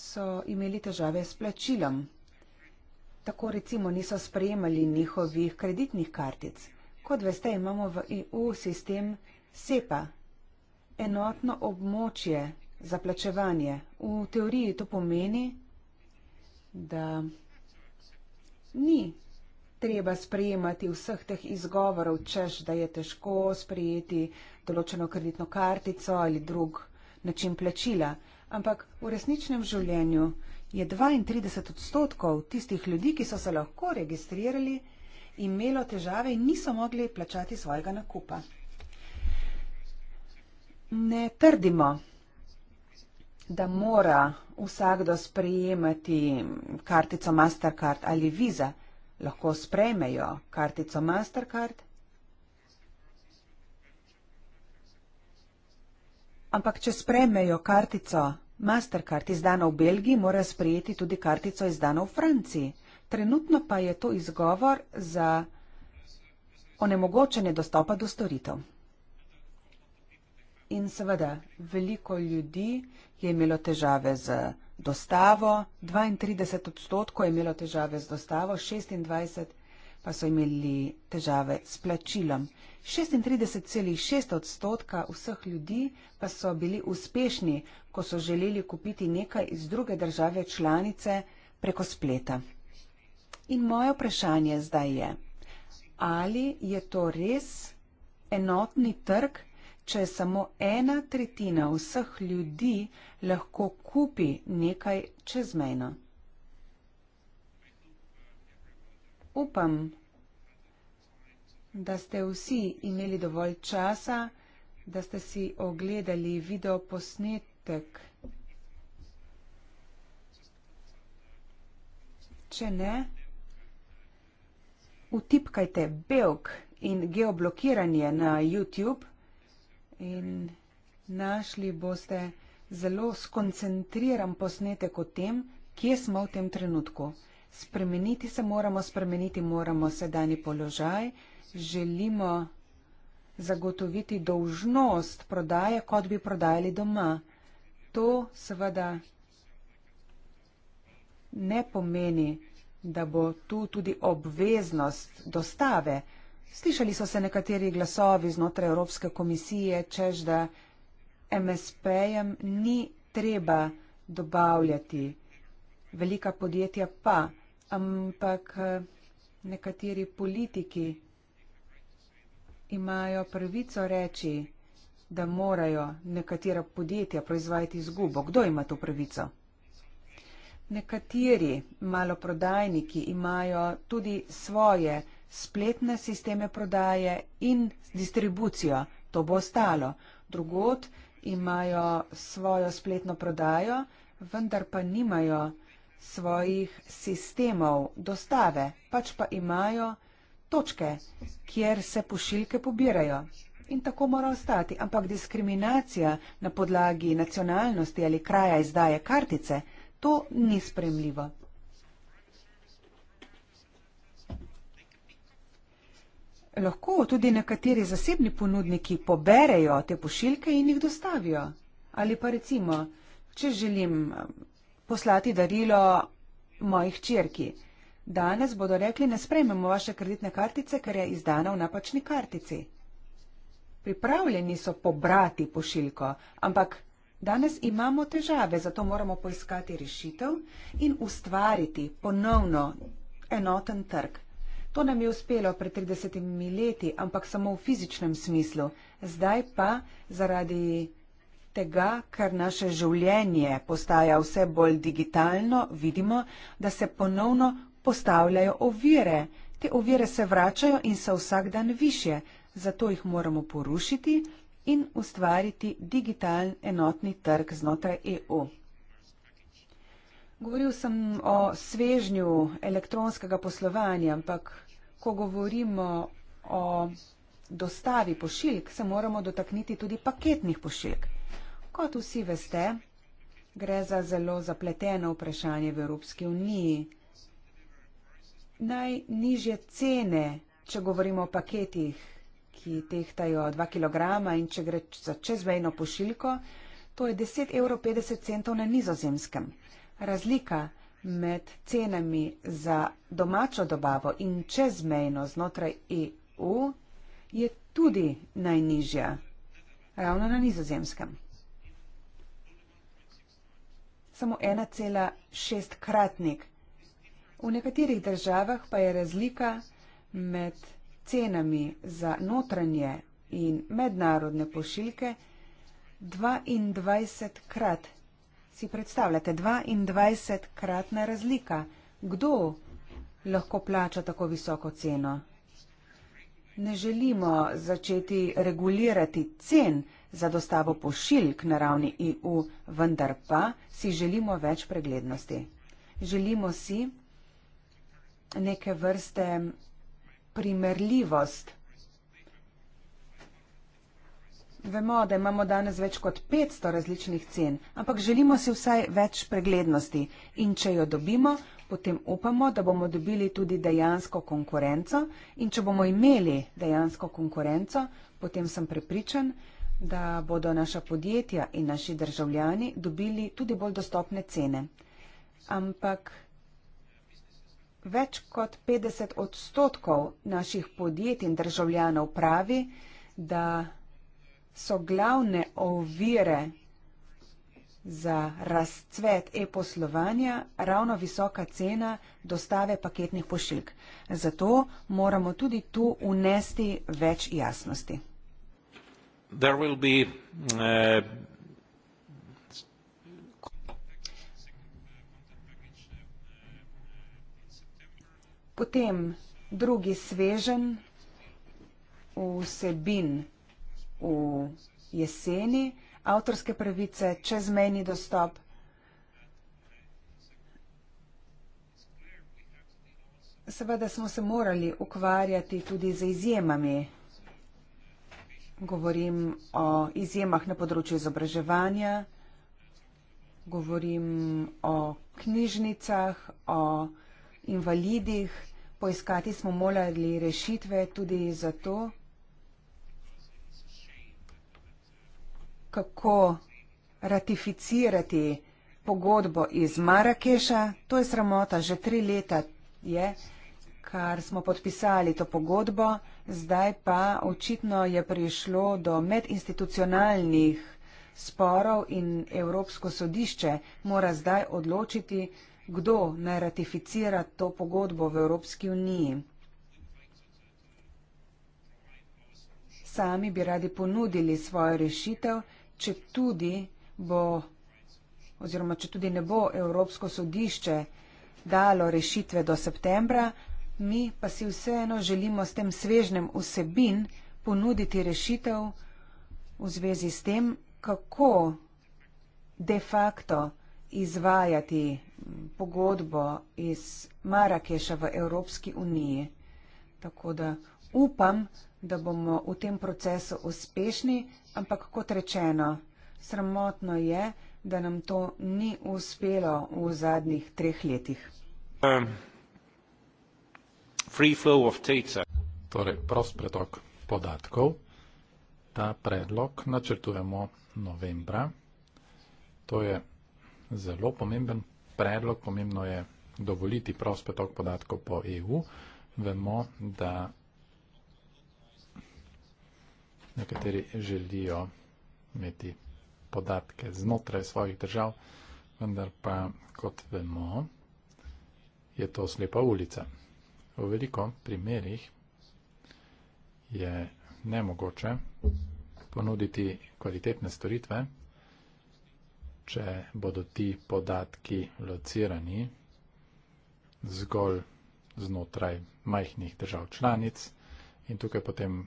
so imeli težave s plačilom. Tako recimo niso sprejemali njihovih kreditnih kartic. Kot veste, imamo v EU sistem SEPA, enotno območje za plačevanje. V teoriji to pomeni, da ni treba sprejemati vseh teh izgovorov, češ, da je težko sprejeti določeno kreditno kartico ali drug način plačila. Ampak v resničnem življenju je 32 odstotkov tistih ljudi, ki so se lahko registrirali, imelo težave in niso mogli plačati svojega nakupa. Ne trdimo, da mora vsakdo sprejemati kartico Mastercard ali Visa, lahko sprejmejo kartico Mastercard. Ampak, če sprejmejo kartico Mastercard izdano v Belgiji, mora sprejeti tudi kartico izdano v Franciji. Trenutno pa je to izgovor za onemogočene dostopa do storitev. In seveda, veliko ljudi je imelo težave z dostavo, 32 odstotkov je imelo težave z dostavo, 26 pa so imeli težave s plačilom. 36,6 odstotka vseh ljudi pa so bili uspešni, ko so želeli kupiti nekaj iz druge države članice preko spleta. In moje vprašanje zdaj je, ali je to res enotni trg, če samo ena tretjina vseh ljudi lahko kupi nekaj čezmejno. Upam, da ste vsi imeli dovolj časa, da ste si ogledali video posnetek. Če ne, utipkajte belk in geoblokiranje na YouTube in našli boste zelo skoncentriran posnetek o tem, kje smo v tem trenutku. Spremeniti se moramo, spremeniti moramo sedajni položaj, želimo zagotoviti dolžnost prodaje, kot bi prodajali doma. To seveda ne pomeni, da bo tu tudi obveznost dostave. Slišali so se nekateri glasovi znotraj Evropske komisije, čež da MSP-jem ni treba dobavljati, velika podjetja pa, ampak nekateri politiki imajo prvico reči, da morajo nekatera podjetja proizvajati izgubo. Kdo ima to prvico? Nekateri maloprodajniki imajo tudi svoje prvice spletne sisteme prodaje in distribucijo. To bo ostalo. Drugod imajo svojo spletno prodajo, vendar pa nimajo svojih sistemov dostave, pač pa imajo točke, kjer se pošiljke pobirajo. In tako mora ostati. Ampak diskriminacija na podlagi nacionalnosti ali kraja izdaje kartice, to ni spremljivo. lahko tudi nekateri zasebni ponudniki poberejo te pošiljke in jih dostavijo. Ali pa recimo, če želim um, poslati darilo mojih črki. Danes bodo rekli, ne sprejmemo vaše kreditne kartice, ker je izdana v napačni kartici. Pripravljeni so pobrati pošiljko, ampak danes imamo težave, zato moramo poiskati rešitev in ustvariti ponovno enoten trg. To nam je uspelo pred 30 leti, ampak samo v fizičnem smislu. Zdaj pa zaradi tega, ker naše življenje postaja vse bolj digitalno, vidimo, da se ponovno postavljajo ovire. Te ovire se vračajo in so vsak dan više, zato jih moramo porušiti in ustvariti digitalen enotni trg znotraj EU. Govoril sem o svežnju elektronskega poslovanja, ampak ko govorimo o dostavi pošiljk, se moramo dotakniti tudi paketnih pošiljk. Kot vsi veste, gre za zelo zapleteno vprašanje v Evropski uniji. Najnižje cene, če govorimo o paketih, ki tehtajo 2 kg in če gre za čezvejno pošiljko, to je 10,50 evrov na nizozemskem razlika med cenami za domačo dobavo in čezmejno znotraj EU je tudi najnižja, ravno na nizozemskem. Samo 1,6 kratnik. V nekaterih državah pa je razlika med cenami za notranje in mednarodne pošiljke 22 krat si predstavljate 22-kratna razlika. Kdo lahko plača tako visoko ceno? Ne želimo začeti regulirati cen za dostavo pošiljk na ravni EU, vendar pa si želimo več preglednosti. Želimo si neke vrste primerljivost Vemo, da imamo danes več kot 500 različnih cen, ampak želimo si vsaj več preglednosti in če jo dobimo, potem upamo, da bomo dobili tudi dejansko konkurenco in če bomo imeli dejansko konkurenco, potem sem prepričan, da bodo naša podjetja in naši državljani dobili tudi bolj dostopne cene. Ampak več kot 50 odstotkov naših podjetij in državljanov pravi, da so glavne ovire za razcvet e-poslovanja ravno visoka cena dostave paketnih pošiljk. Zato moramo tudi tu unesti več jasnosti. Eh, Potem drugi svežen vsebin v jeseni avtorske pravice čezmejni dostop. Seveda smo se morali ukvarjati tudi z izjemami. Govorim o izjemah na področju izobraževanja, govorim o knjižnicah, o invalidih. Poiskati smo morali rešitve tudi zato, kako ratificirati pogodbo iz Marakeša. To je sramota, že tri leta je, kar smo podpisali to pogodbo, zdaj pa očitno je prišlo do medinstitucionalnih sporov in Evropsko sodišče mora zdaj odločiti, kdo naj ratificira to pogodbo v Evropski uniji. Sami bi radi ponudili svojo rešitev če tudi bo oziroma če tudi ne bo Evropsko sodišče dalo rešitve do septembra, mi pa si vseeno želimo s tem svežnem vsebin ponuditi rešitev v zvezi s tem, kako de facto izvajati pogodbo iz Marakeša v Evropski uniji. Tako da upam, da bomo v tem procesu uspešni, ampak kot rečeno, sramotno je, da nam to ni uspelo v zadnjih treh letih. Um, torej, prost pretok podatkov. Ta predlog načrtujemo novembra. To je zelo pomemben predlog. Pomembno je dovoliti prost pretok podatkov po EU. Vemo, da nekateri želijo imeti podatke znotraj svojih držav, vendar pa, kot vemo, je to slepa ulica. V veliko primerih je nemogoče ponuditi kvalitetne storitve, če bodo ti podatki locirani zgolj znotraj majhnih držav članic in tukaj potem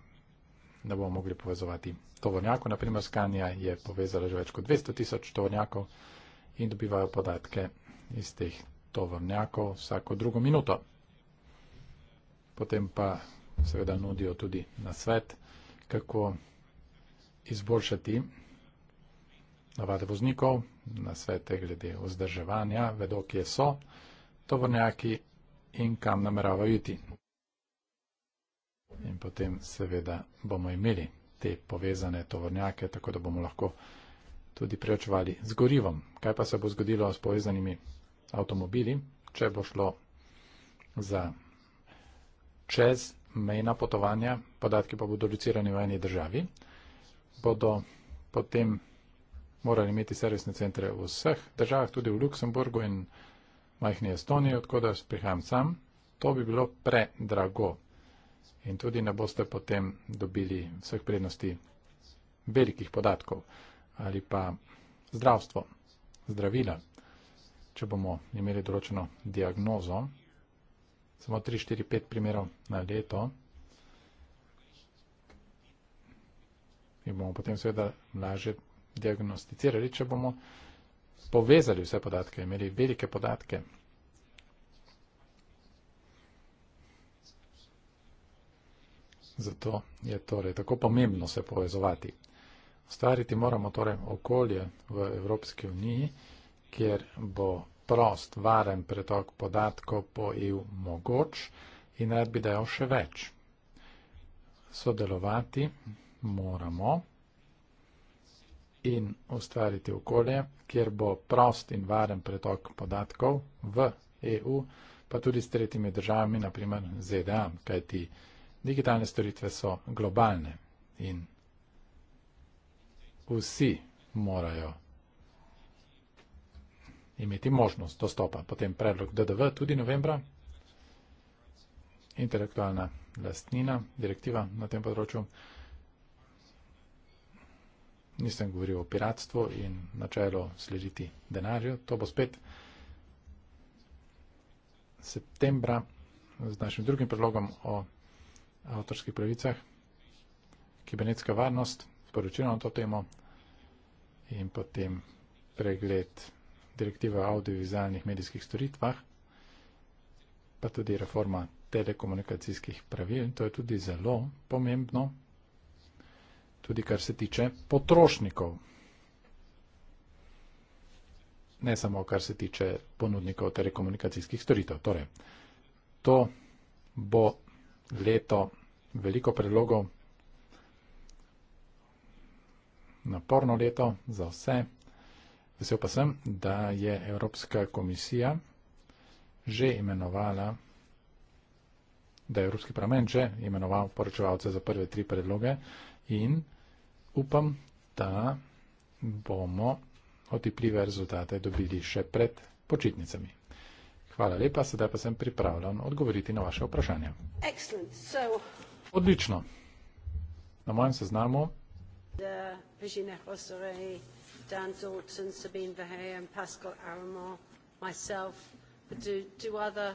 da bomo mogli povezovati tovornjakov. Naprimer, Skanja je povezala že več kot 200 tisoč tovornjakov in dobivajo podatke iz teh tovornjakov vsako drugo minuto. Potem pa seveda nudijo tudi na svet, kako izboljšati navade voznikov, na svete glede vzdrževanja, vedo, kje so tovornjaki in kam nameravajo iti in potem seveda bomo imeli te povezane tovornjake, tako da bomo lahko tudi preočevali z gorivom. Kaj pa se bo zgodilo s povezanimi avtomobili, če bo šlo za čez mejna potovanja, podatki pa bodo ducirani v eni državi, bodo potem morali imeti servisne centre v vseh državah, tudi v Luksemburgu in majhni Estoniji, odkud jaz prihajam sam, to bi bilo predrago in tudi ne boste potem dobili vseh prednosti velikih podatkov ali pa zdravstvo, zdravila. Če bomo imeli določeno diagnozo, samo 3, 4, 5 primerov na leto, in bomo potem seveda lažje diagnosticirali, če bomo povezali vse podatke, imeli velike podatke Zato je torej tako pomembno se povezovati. Ustvariti moramo torej okolje v Evropski uniji, kjer bo prost, varen pretok podatkov po EU mogoč in rad bi dajal še več. Sodelovati moramo in ustvariti okolje, kjer bo prost in varen pretok podatkov v EU, pa tudi s tretjimi državami, naprimer ZDA, kajti Digitalne storitve so globalne in vsi morajo imeti možnost dostopa. Potem predlog DDV, tudi novembra, intelektualna lastnina, direktiva na tem področju. Nisem govoril o piratstvu in načelo slediti denarju. To bo spet septembra z našim drugim predlogom o denarju avtorskih pravicah, kibernetska varnost, sporočilo na to temo in potem pregled direktive o audiovizualnih medijskih storitvah, pa tudi reforma telekomunikacijskih pravil. To je tudi zelo pomembno, tudi kar se tiče potrošnikov. Ne samo kar se tiče ponudnikov telekomunikacijskih storitev. Torej, to bo leto, veliko predlogov, naporno leto za vse. Vesel pa sem, da je Evropska komisija že imenovala, da je Evropski parlament že imenoval poročevalce za prve tri predloge in upam, da bomo otipljive rezultate dobili še pred počitnicami. Hvala lepa, sedaj pa sem pripravljen odgovoriti na vaše vprašanje. So... Odlično. Na mojem seznamu.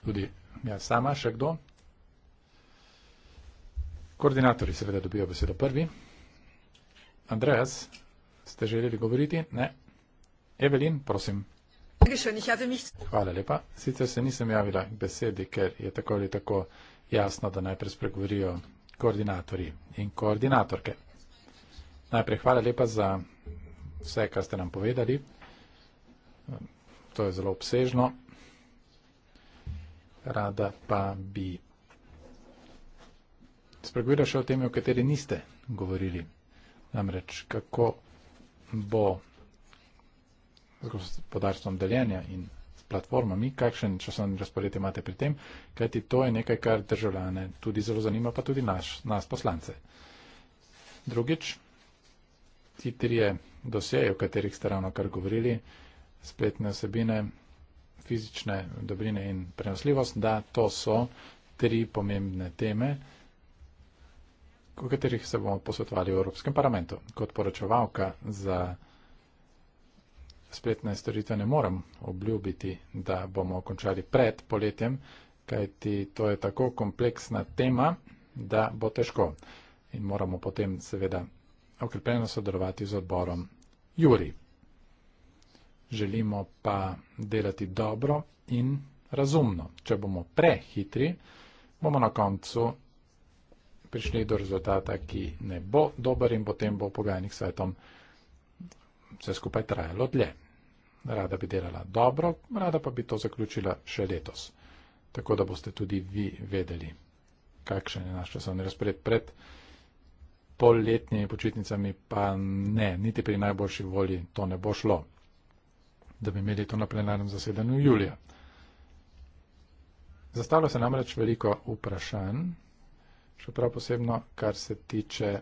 Tudi jaz sama, še kdo? Koordinatorji seveda dobijo besedo prvi. Andreas, ste želeli govoriti? Ne. Evelin, prosim. Hvala lepa. Sicer se nisem javila k besedi, ker je tako ali tako jasno, da najprej spregovorijo koordinatorji in koordinatorke. Najprej hvala lepa za vse, kar ste nam povedali. To je zelo obsežno. Rada pa bi spregovorila še o temi, o kateri niste govorili. Namreč, kako bo z gospodarstvom deljenja in s platformami, kakšen časovni razpored imate pri tem, kajti to je nekaj, kar državljane tudi zelo zanima, pa tudi naš, nas poslance. Drugič, ti trije doseje, o katerih ste ravno kar govorili, spletne osebine, fizične dobrine in prenosljivost, da to so tri pomembne teme, o katerih se bomo posvetovali v Evropskem parlamentu. Kot poročevalka za spletne storitve ne morem obljubiti, da bomo končali pred poletjem, kajti to je tako kompleksna tema, da bo težko. In moramo potem seveda okrepljeno sodelovati z odborom Juri. Želimo pa delati dobro in razumno. Če bomo prehitri, bomo na koncu prišli do rezultata, ki ne bo dober in potem bo v pogajnih svetom vse skupaj trajalo dlje rada bi delala dobro, rada pa bi to zaključila še letos. Tako da boste tudi vi vedeli, kakšen je naš časovni razpored. Pred polletnimi počitnicami pa ne, niti pri najboljši volji to ne bo šlo, da bi imeli to na plenarnem zasedanju julija. Zastavlja se namreč veliko vprašanj, še prav posebno, kar se tiče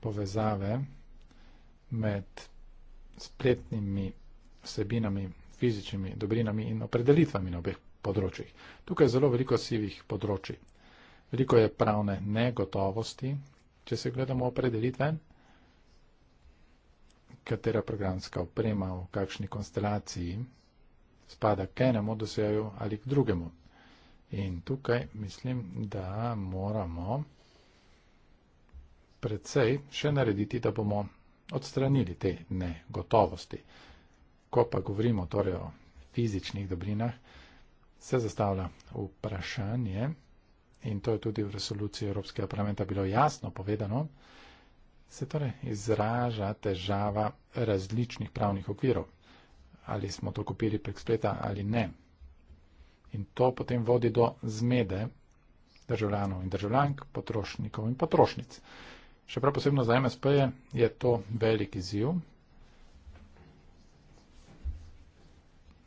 povezave med spletnimi vsebinami, fizičnimi dobrinami in opredelitvami na obeh področjih. Tukaj je zelo veliko sivih področji. Veliko je pravne negotovosti, če se gledamo opredelitve, katera programska oprema v kakšni konstelaciji spada k enemu dosegu ali k drugemu. In tukaj mislim, da moramo predvsej še narediti, da bomo odstranili te negotovosti. Ko pa govorimo torej o fizičnih dobrinah, se zastavlja vprašanje, in to je tudi v resoluciji Evropskega parlamenta bilo jasno povedano, se torej izraža težava različnih pravnih okvirov, ali smo to kupili prek spleta ali ne. In to potem vodi do zmede državljanov in državljank, potrošnikov in potrošnic. Še prav posebno za MSP je to velik izziv,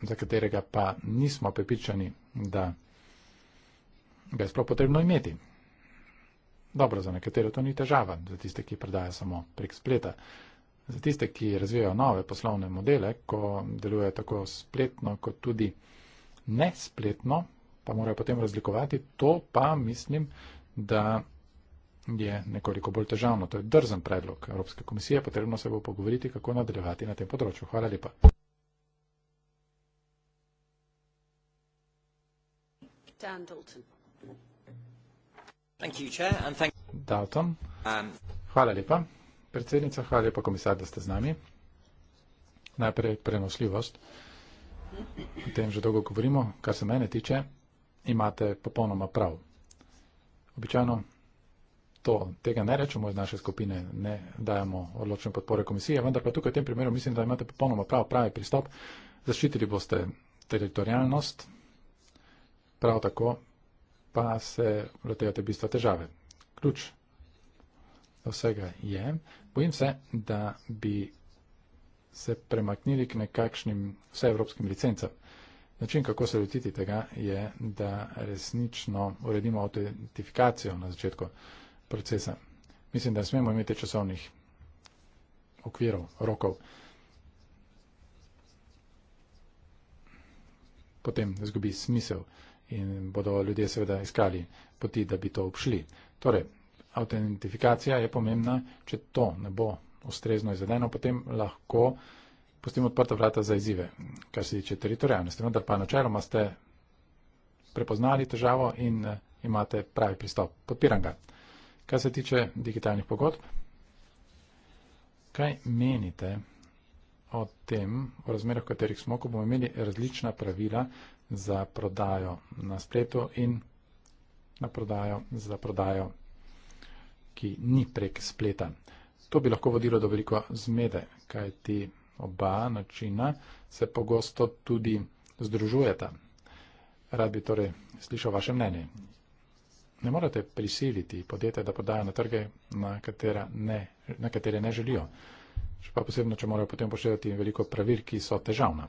za katerega pa nismo prepričani, da ga je sploh potrebno imeti. Dobro, za nekatere to ni težava, za tiste, ki prodajajo samo prek spleta. Za tiste, ki razvijajo nove poslovne modele, ko delujejo tako spletno, kot tudi nespletno, pa morajo potem razlikovati, to pa mislim, da je nekoliko bolj težavno. To je drzen predlog Evropske komisije, potrebno se bo pogovoriti, kako nadaljevati na tem področju. Hvala lepa. Dan Dalton. Thank you, chair, and thank Dalton. Um, hvala lepa, predsednica, hvala lepa, komisar, da ste z nami. Najprej prenosljivost. O tem že dolgo govorimo, kar se mene tiče, imate popolnoma prav. Običajno to, tega ne rečemo iz naše skupine, ne dajemo odločne podpore komisije, vendar pa tukaj v tem primeru mislim, da imate popolnoma prav, pravi pristop. Zaščitili boste teritorijalnost, Prav tako pa se letejo te bistva težave. Ključ vsega je, bojim se, da bi se premaknili k nekakšnim vseevropskim licencam. Način, kako se lotiti tega, je, da resnično uredimo autentifikacijo na začetku procesa. Mislim, da smemo imeti časovnih okvirov, rokov. Potem izgubi smisel in bodo ljudje seveda iskali poti, da bi to obšli. Torej, autentifikacija je pomembna, če to ne bo ustrezno izvedeno, potem lahko pustimo odprta vrata za izzive, kar se tiče teritorijalnosti. Vendar pa načeloma ste prepoznali težavo in eh, imate pravi pristop. Podpiram ga. Kar se tiče digitalnih pogodb, kaj menite o tem, o razmerah, v katerih smo, ko bomo imeli različna pravila, za prodajo na spletu in na prodajo za prodajo, ki ni prek spleta. To bi lahko vodilo do veliko zmede, kaj ti oba načina se pogosto tudi združujeta. Rad bi torej slišal vaše mnenje. Ne morate prisiliti podjetja, da prodajo na trge, na, ne, na katere ne želijo. Še pa posebno, če morajo potem poštevati veliko pravil, ki so težavna.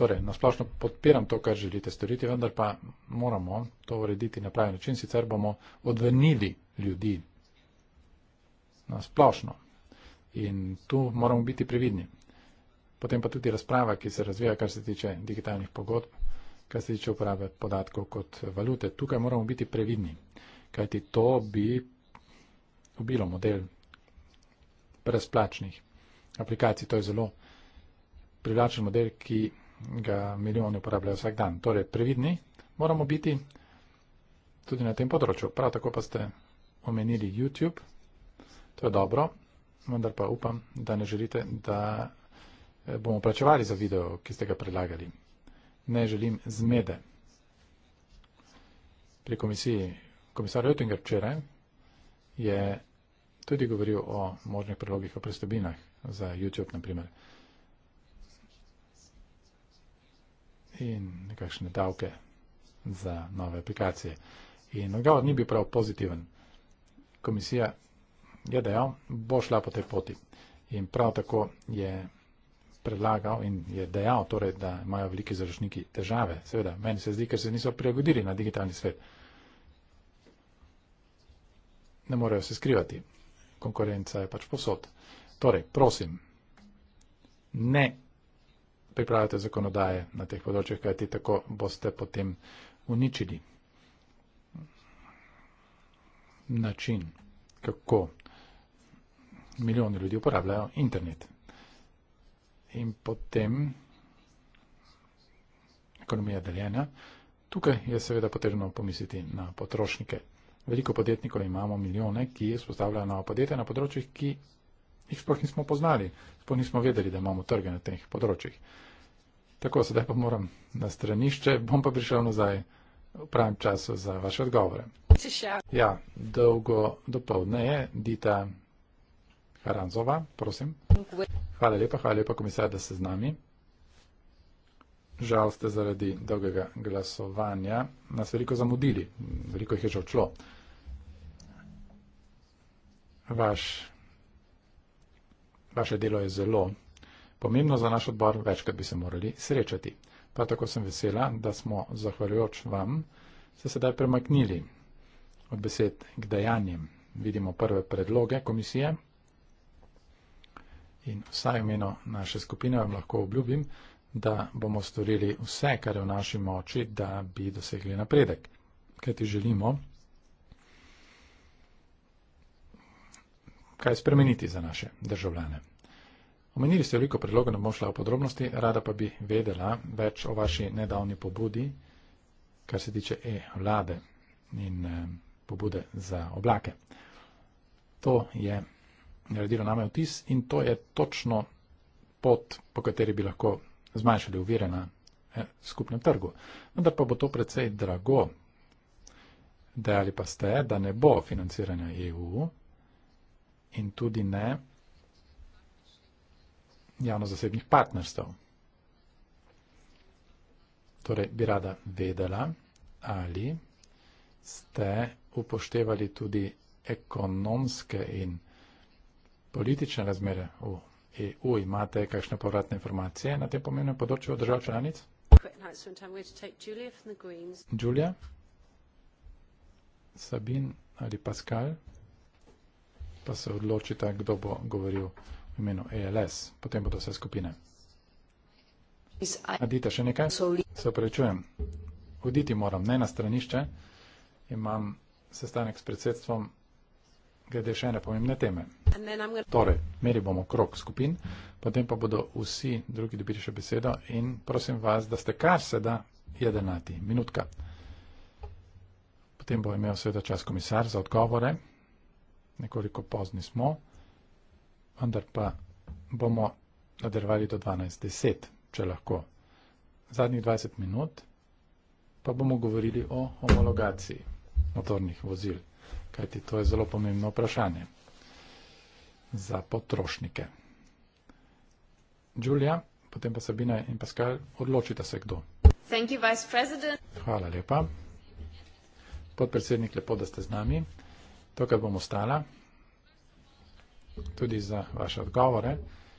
Torej, nasplošno podpiram to, kar želite storiti, vendar pa moramo to urediti na pravi način, sicer bomo odvrnili ljudi nasplošno. In tu moramo biti previdni. Potem pa tudi razprava, ki se razvija, kar se tiče digitalnih pogodb, kar se tiče uporabe podatkov kot valute. Tukaj moramo biti previdni, kajti to bi ubilo model brezplačnih aplikacij. To je zelo privlačen model, ki ga milijoni uporabljajo vsak dan. Torej, previdni moramo biti tudi na tem področju. Prav tako pa ste omenili YouTube, to je dobro, vendar pa upam, da ne želite, da eh, bomo plačevali za video, ki ste ga predlagali. Ne želim zmede. Pri komisiji komisar Oettinger včeraj je tudi govoril o možnih predlogih o prestobinah za YouTube, naprimer. in nekakšne davke za nove aplikacije. In odgovor ni bil prav pozitiven. Komisija je dejal, bo šla po tej poti. In prav tako je predlagal in je dejal, torej, da imajo veliki zaročniki težave. Seveda, meni se zdi, ker se niso prilagodili na digitalni svet. Ne morejo se skrivati. Konkurenca je pač posod. Torej, prosim, ne pripravljate zakonodaje na teh področjih, kajti tako boste potem uničili način, kako milijoni ljudi uporabljajo internet. In potem ekonomija deljenja. Tukaj je seveda potrebno pomisliti na potrošnike. Veliko podjetnikov imamo milijone, ki izpostavljajo nova podjetja na področjih, ki jih sploh nismo poznali, sploh nismo vedeli, da imamo trge na teh področjih. Tako, sedaj pa moram na stranišče, bom pa prišel nazaj v pravem času za vaše odgovore. Ja, dolgo dopoldne je, Dita Haranzova, prosim. Hvala lepa, hvala lepa, komisar, da ste z nami. Žal ste zaradi dolgega glasovanja nas veliko zamudili, veliko jih je že odšlo. Vaš Vaše delo je zelo pomembno za naš odbor, večkrat bi se morali srečati. Prav tako sem vesela, da smo, zahvaljujoč vam, se sedaj premaknili od besed k dejanjem. Vidimo prve predloge komisije in vsaj v imenu naše skupine vam lahko obljubim, da bomo storili vse, kar je v naši moči, da bi dosegli napredek. Kaj ti želimo? kaj spremeniti za naše državljane. Omenili ste veliko predlogov, ne bom šla v podrobnosti, rada pa bi vedela več o vaši nedavni pobudi, kar se tiče e-vlade in eh, pobude za oblake. To je naredilo name vtis in to je točno pot, po kateri bi lahko zmanjšali uvire na eh, skupnem trgu. Vendar pa bo to precej drago. Dejali pa ste, da ne bo financiranja EU, in tudi ne javno-zasebnih partnerstv. Torej, bi rada vedela, ali ste upoštevali tudi ekonomske in politične razmere v EU. Imate kakšne povratne informacije na tem pomembnem področju držav članic? Julia? Sabin ali Pascal? pa se odločite, kdo bo govoril v imenu ALS, potem bodo vse skupine. Adita, še nekaj? Se oprečujem. Oditi moram, ne na stranišče. Imam sestanek s predsedstvom, glede še ene pomembne teme. Torej, meri bomo krok skupin, potem pa bodo vsi drugi dobili še besedo in prosim vas, da ste kar se da jedenati. Minutka. Potem bo imel seveda čas komisar za odgovore nekoliko pozni smo, vendar pa bomo nadaljevali do 12.10, če lahko. Zadnjih 20 minut pa bomo govorili o homologaciji motornih vozil, kajti to je zelo pomembno vprašanje za potrošnike. Julia, potem pa Sabina in Pascal, odločite se kdo. Hvala lepa. Podpredsednik, lepo, da ste z nami tokrat bom ostala, tudi za vaše odgovore.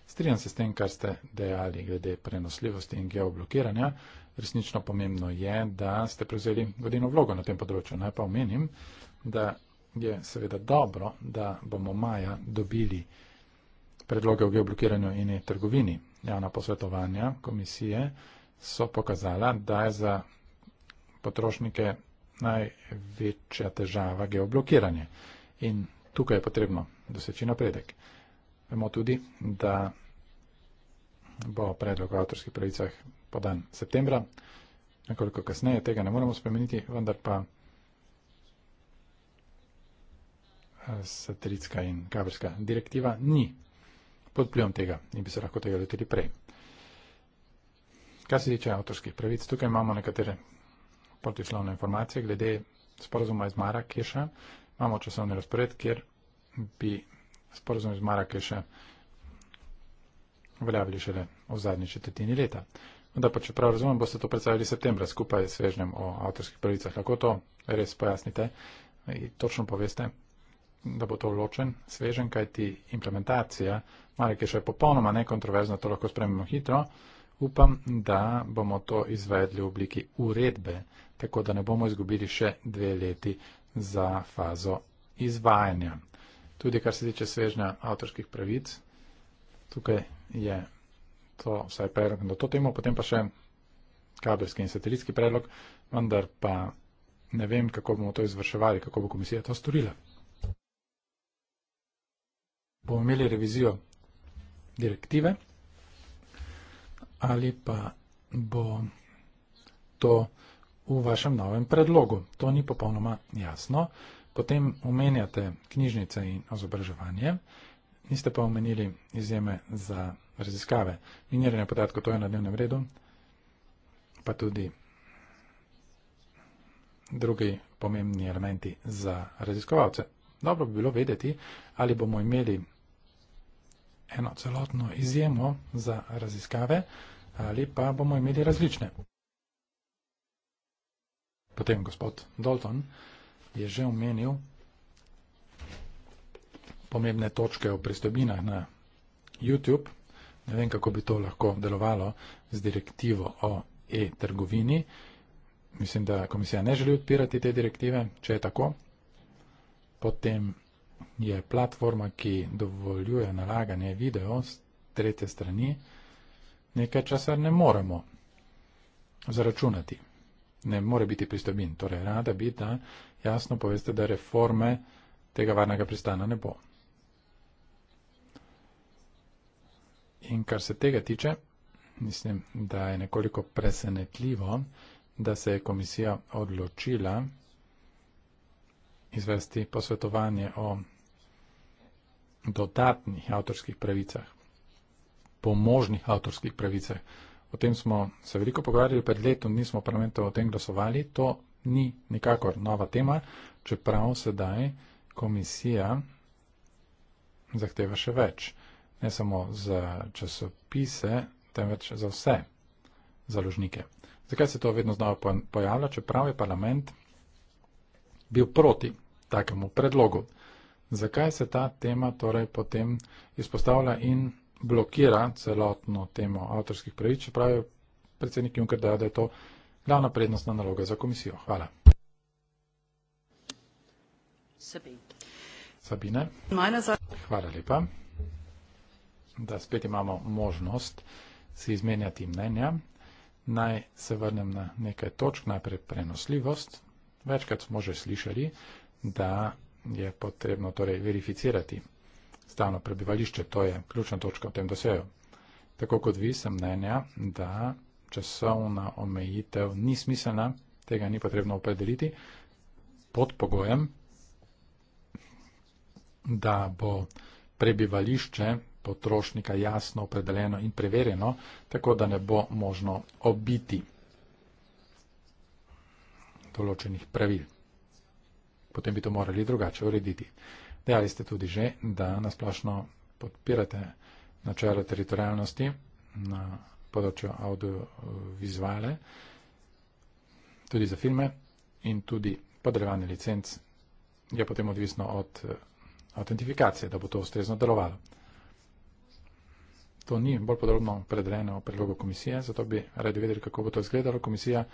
Strijam se s tem, kar ste dejali glede prenosljivosti in geoblokiranja. Resnično pomembno je, da ste prevzeli vodilno vlogo na tem področju. Naj pa omenim, da je seveda dobro, da bomo maja dobili predloge o geoblokiranju in trgovini. Javna posvetovanja komisije so pokazala, da je za potrošnike največja težava geoblokiranje. In tukaj je potrebno doseči napredek. Vemo tudi, da bo predlog o avtorskih pravicah podan septembra, nekoliko kasneje, tega ne moremo spremeniti, vendar pa eh, satelitska in kabelska direktiva ni pod vplivom tega in bi se lahko tega letili prej. Kar se tiče avtorskih pravic, tukaj imamo nekatere protislovne informacije glede sporozuma iz Marakeša. Imamo časovni razpored, kjer bi sporozum iz Marakeša uveljavili šele v zadnji četrtini leta. Da pa, če prav razumem, boste to predstavili septembra skupaj s svežnjem o avtorskih pravicah. Lahko to res pojasnite in točno poveste, da bo to ločen, svežen, kaj ti implementacija Marakeša je popolnoma nekontroverzna, to lahko spremimo hitro. Upam, da bomo to izvedli v obliki uredbe, tako da ne bomo izgubili še dve leti za fazo izvajanja. Tudi kar se tiče svežnja avtorskih pravic, tukaj je to vsaj predlog na to temo, potem pa še kabelski in satelitski predlog, vendar pa ne vem, kako bomo to izvrševali, kako bo komisija to storila. Bomo imeli revizijo direktive ali pa bo to v vašem novem predlogu. To ni popolnoma jasno. Potem omenjate knjižnice in ozobraževanje, niste pa omenili izjeme za raziskave. Miniranje podatkov, to je na dnevnem redu, pa tudi drugi pomembni elementi za raziskovalce. Dobro bi bilo vedeti, ali bomo imeli eno celotno izjemo za raziskave ali pa bomo imeli različne. Potem gospod Dalton je že omenil pomembne točke o pristojbinah na YouTube. Ne vem, kako bi to lahko delovalo z direktivo o e-trgovini. Mislim, da komisija ne želi odpirati te direktive, če je tako. Potem je platforma, ki dovoljuje nalaganje video z trete strani, nekaj časa ne moremo zaračunati ne more biti pristojbin. Torej, rada bi, da jasno poveste, da reforme tega varnega pristana ne bo. In kar se tega tiče, mislim, da je nekoliko presenetljivo, da se je komisija odločila izvesti posvetovanje o dodatnih avtorskih pravicah, pomožnih avtorskih pravicah, O tem smo se veliko pogovarjali pred letom, nismo v parlamentu o tem glasovali. To ni nikakor nova tema, čeprav sedaj komisija zahteva še več. Ne samo za časopise, temveč za vse založnike. Zakaj se to vedno znova pojavlja, čeprav je parlament bil proti takemu predlogu? Zakaj se ta tema torej potem izpostavlja in blokira celotno temo avtorskih pravic, čeprav predsednik Juncker dejal, da je to glavna prednostna naloga za komisijo. Hvala. Sabine. Sabine. Hvala lepa, da spet imamo možnost si izmenjati mnenja. Naj se vrnem na nekaj točk. Najprej prenosljivost. Večkrat smo že slišali, da je potrebno torej verificirati stalno prebivališče. To je ključna točka v tem dosjeju. Tako kot vi, sem mnenja, da časovna omejitev ni smiselna, tega ni potrebno opredeliti pod pogojem, da bo prebivališče potrošnika jasno opredeljeno in preverjeno, tako da ne bo možno obiti določenih pravil. Potem bi to morali drugače urediti. Dejali ste tudi že, da nasplošno podpirate načelo teritorijalnosti na področju audiovizuale, tudi za filme in tudi podeljevanje licenc je potem odvisno od eh, autentifikacije, da bo to ustrezno delovalo. To ni bolj podrobno predrejeno v predlogu komisije, zato bi radi vedeli, kako bo to izgledalo. Komisija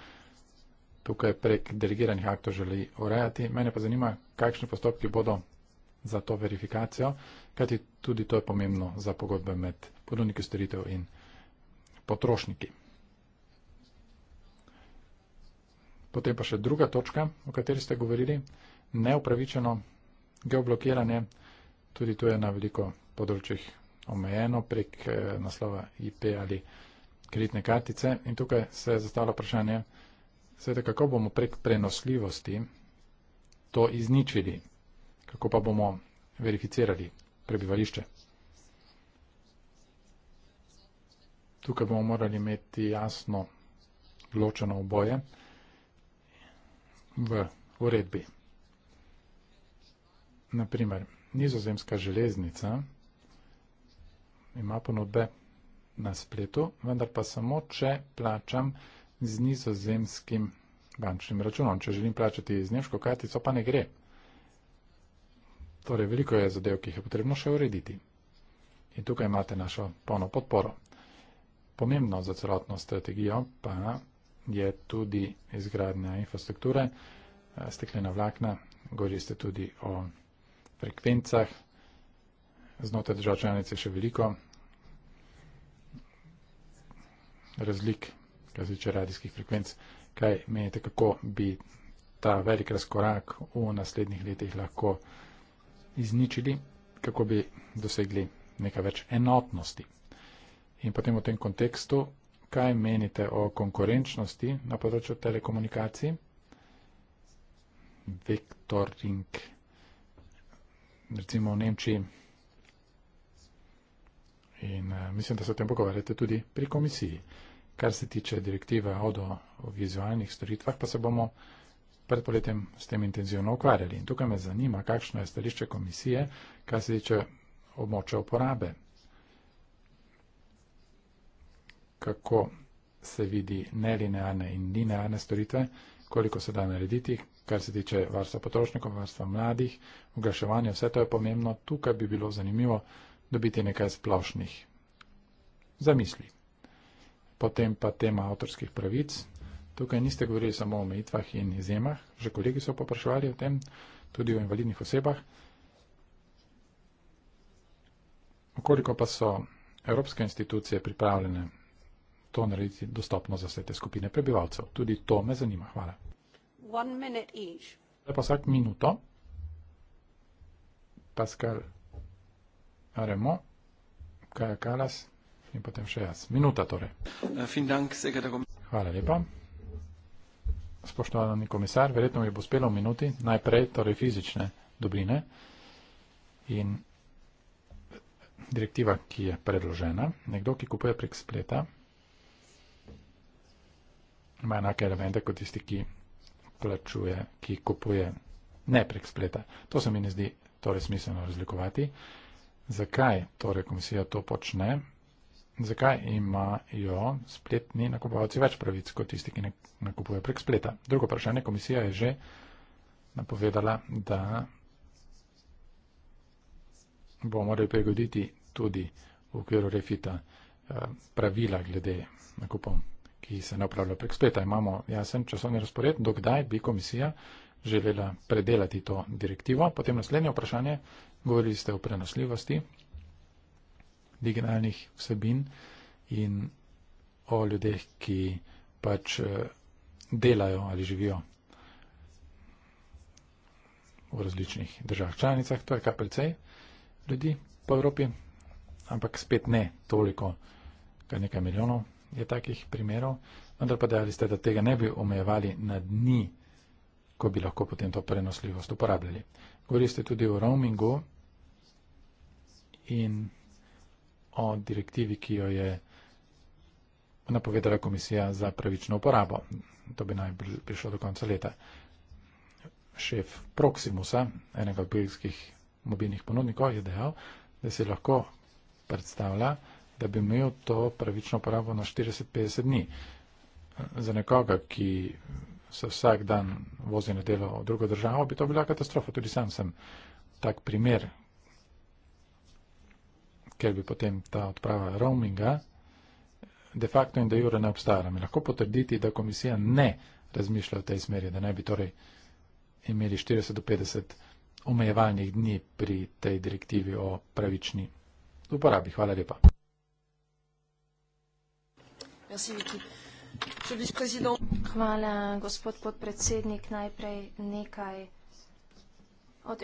tukaj prek delegiranih aktov želi urejati. Mene pa zanima, kakšne postopki bodo za to verifikacijo, kajti tudi to je pomembno za pogodbe med ponudniki storitev in potrošniki. Potem pa še druga točka, o kateri ste govorili, neupravičeno geoblokiranje, tudi tu je na veliko področjih omejeno prek eh, naslova IP ali kreditne kartice in tukaj se je zastalo vprašanje, sveda kako bomo prek prenosljivosti to izničili, kako pa bomo verificirali prebivališče. Tukaj bomo morali imeti jasno ločeno oboje v uredbi. Naprimer, nizozemska železnica ima ponudbe na spletu, vendar pa samo, če plačam z nizozemskim bančnim računom. Če želim plačati z nemško kartico, pa ne gre. Torej, veliko je zadev, ki jih je potrebno še urediti. In tukaj imate našo polno podporo. Pomembno za celotno strategijo pa je tudi izgradnja infrastrukture, eh, steklena vlakna, govorili ste tudi o frekvencah, znotraj držav članice še veliko razlik, kar se tiče radijskih frekvenc. Kaj menite, kako bi ta velik razkorak v naslednjih letih lahko izničili, kako bi dosegli nekaj več enotnosti. In potem v tem kontekstu, kaj menite o konkurenčnosti na področju telekomunikacij? Vektoring, recimo v Nemčiji. In eh, mislim, da se o tem pogovarjate tudi pri komisiji. Kar se tiče direktive o vizualnih storitvah, pa se bomo pred poletjem s tem intenzivno ukvarjali. In tukaj me zanima, kakšno je stališče komisije, kaj se tiče območja uporabe. Kako se vidi nelinearne in linearne storitve, koliko se da narediti, kar se tiče varstva potrošnikov, varstva mladih, oglaševanja, vse to je pomembno. Tukaj bi bilo zanimivo dobiti nekaj splošnih zamisli. Potem pa tema avtorskih pravic, Tukaj niste govorili samo o omejitvah in izjemah, že kolegi so popraševali o tem, tudi o invalidnih osebah. Okoliko pa so evropske institucije pripravljene to narediti dostopno za vse te skupine prebivalcev? Tudi to me zanima. Hvala. Lepo vsak minuto. Pascal Remo, Kaja Kalas in potem še jaz. Minuta torej. Hvala lepa spoštovani komisar, verjetno mi bo uspelo v minuti, najprej torej fizične dobine in direktiva, ki je predložena. Nekdo, ki kupuje prek spleta, ima enake elemente kot tisti, ki plačuje, ki kupuje ne prek spleta. To se mi ne zdi torej smiselno razlikovati. Zakaj torej komisija to počne? zakaj imajo spletni nakupovalci več pravic kot tisti, ki nakupujejo prek spleta. Drugo vprašanje, komisija je že napovedala, da bo morali pregoditi tudi v okviru refita eh, pravila glede nakupov, ki se ne upravljajo prek spleta. Imamo jasen časovni razpored, dokdaj bi komisija želela predelati to direktivo. Potem naslednje vprašanje, govorili ste o prenosljivosti digitalnih vsebin in o ljudeh, ki pač eh, delajo ali živijo v različnih državah članicah. To je kar precej ljudi po Evropi, ampak spet ne toliko, kar nekaj milijonov je takih primerov. Vendar pa dejali ste, da tega ne bi omejevali na dni, ko bi lahko potem to prenosljivost uporabljali. Govorili ste tudi o roamingu in o direktivi, ki jo je napovedala komisija za pravično uporabo. To bi naj prišlo do konca leta. Šef Proximusa, enega od belgijskih mobilnih ponudnikov, je dejal, da si lahko predstavlja, da bi imel to pravično uporabo na 40-50 dni. Za nekoga, ki se vsak dan vozi na delo v drugo državo, bi to bila katastrofa. Tudi sam sem tak primer, ker bi potem ta odprava roaminga de facto in de jure ne obstajala. Mi lahko potrditi, da komisija ne razmišlja v tej smeri, da ne bi torej imeli 40 do 50 omejevalnih dni pri tej direktivi o pravični uporabi. Hvala lepa. Hvala, gospod podpredsednik. Najprej nekaj.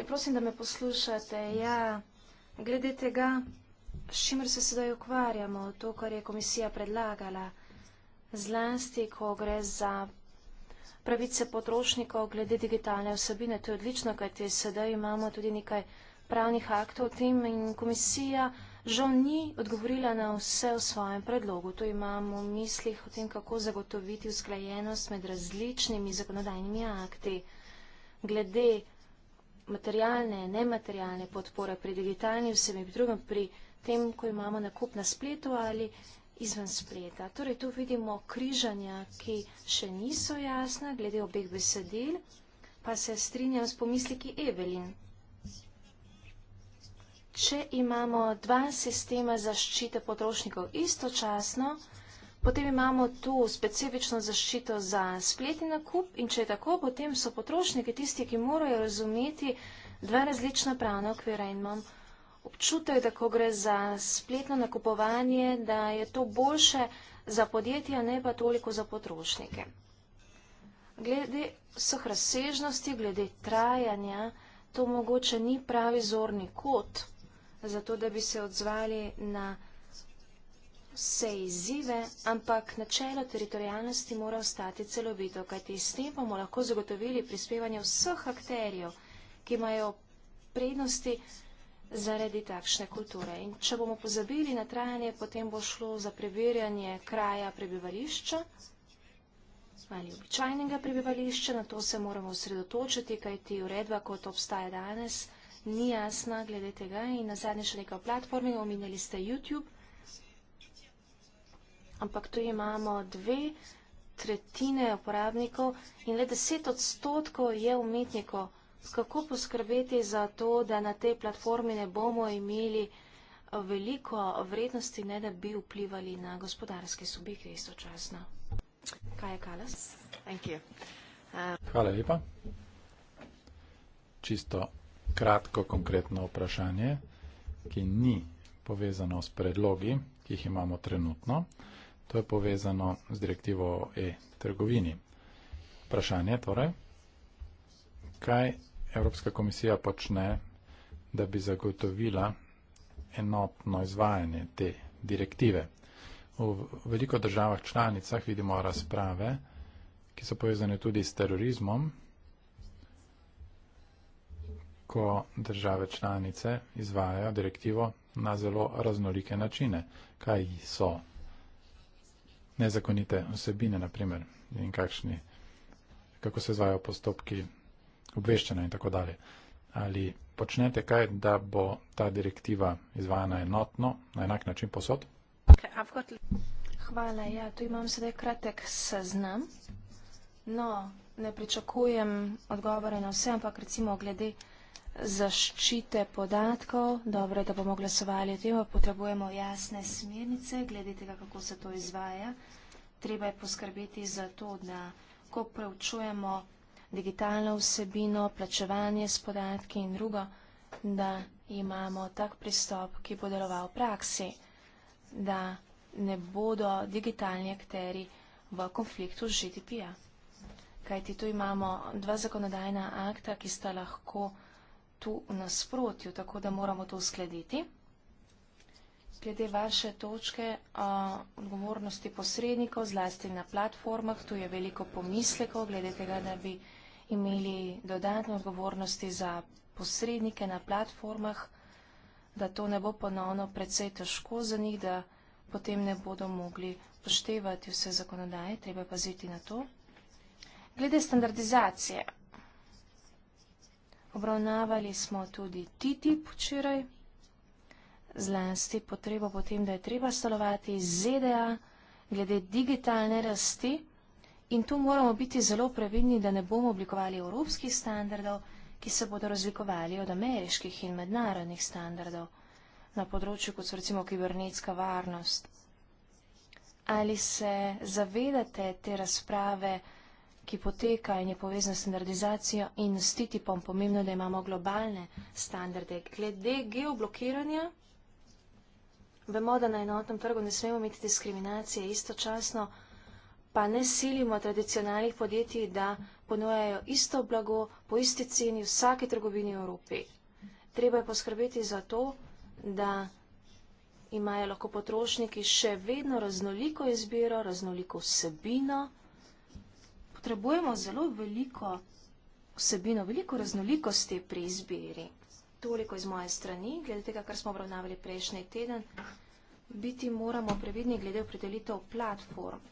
Prosim, da me poslušate. Ja, glede tega, S čimer se sedaj ukvarjamo, to, kar je komisija predlagala, zlasti, ko gre za pravice potrošnikov glede digitalne osebine. To je odlično, kajti sedaj imamo tudi nekaj pravnih aktov o tem in komisija žal ni odgovorila na vse v svojem predlogu. To imamo v mislih o tem, kako zagotoviti usklajenost med različnimi zakonodajnimi akti glede materialne, nematerialne podpore pri digitalni osebi, pri drugem pri tem, ko imamo nakup na spletu ali izven spleta. Torej, tu vidimo križanja, ki še niso jasna, glede obeh besedil, pa se strinjam s pomisliki Evelin. Če imamo dva sistema zaščite potrošnikov istočasno, potem imamo tu specifično zaščito za spletni nakup in če je tako, potem so potrošniki tisti, ki morajo razumeti dva različna pravna okvira in imamo občutek, da ko gre za spletno nakupovanje, da je to boljše za podjetja, ne pa toliko za potrošnike. Glede vseh razsežnosti, glede trajanja, to mogoče ni pravi zorni kot, zato da bi se odzvali na vse izzive, ampak načelo teritorijalnosti mora ostati celovito, kajti s tem bomo lahko zagotovili prispevanje vseh akterjev, ki imajo prednosti zaradi takšne kulture. In če bomo pozabili na trajanje, potem bo šlo za preverjanje kraja prebivališča ali običajnega prebivališča, na to se moramo osredotočiti, kajti uredba, kot obstaja danes, ni jasna glede tega. In na zadnje še nekaj o platformi, omenjali ste YouTube, ampak tu imamo dve tretjine uporabnikov in le deset odstotkov je umetnikov kako poskrbeti za to, da na tej platformi ne bomo imeli veliko vrednosti, ne da bi vplivali na gospodarske subjekte istočasno. Kaj je Kalas? Thank you. Uh, Hvala lepa. Čisto kratko, konkretno vprašanje, ki ni povezano s predlogi, ki jih imamo trenutno. To je povezano z direktivo o e-trgovini. Vprašanje torej, kaj Evropska komisija počne, da bi zagotovila enotno izvajanje te direktive. V veliko državah članicah vidimo razprave, ki so povezane tudi s terorizmom, ko države članice izvajajo direktivo na zelo raznolike načine. Kaj so nezakonite vsebine, naprimer, in kakšni, kako se izvajajo postopki obveščena in tako dalje. Ali počnete kaj, da bo ta direktiva izvajana enotno, na enak način posod? Hvala. Ja, tu imam sedaj kratek seznam. No, ne pričakujem odgovore na vse, ampak recimo glede zaščite podatkov. Dobro je, da bomo glasovali o tem, potrebujemo jasne smernice glede tega, kako se to izvaja. Treba je poskrbeti za to, da ko preučujemo digitalno vsebino, plačevanje s podatki in drugo, da imamo tak pristop, ki bo deloval v praksi, da ne bodo digitalni akteri v konfliktu z GDP-ja. Kajti tu imamo dva zakonodajna akta, ki sta lahko tu v nasprotju, tako da moramo to uskladiti. Glede vaše točke odgovornosti posrednikov, zlasti na platformah, tu je veliko pomislekov, glede tega, da bi vsega, imeli dodatne odgovornosti za posrednike na platformah, da to ne bo ponovno precej težko za njih, da potem ne bodo mogli poštevati vse zakonodaje, treba paziti na to. Glede standardizacije, obravnavali smo tudi TTIP včeraj, zlasti potrebo potem, da je treba stalovati z ZDA glede digitalne rasti, In tu moramo biti zelo previdni, da ne bomo oblikovali evropskih standardov, ki se bodo razlikovali od ameriških in mednarodnih standardov na področju, kot so recimo kibernetska varnost. Ali se zavedate te razprave, ki poteka in je povezana s standardizacijo in s TTIP-om pomembno, da imamo globalne standarde? Glede geoblokiranja, vemo, da na enotnem trgu ne smemo imeti diskriminacije istočasno, pa ne silimo tradicionalnih podjetij, da ponujajo isto blago po isti ceni v vsaki trgovini v Evropi. Treba je poskrbeti za to, da imajo lahko potrošniki še vedno raznoliko izbiro, raznoliko vsebino. Potrebujemo zelo veliko vsebino, veliko raznolikosti pri izbiri. Toliko iz moje strani, glede tega, kar smo obravnavali prejšnji teden, biti moramo previdni glede opredelitev platform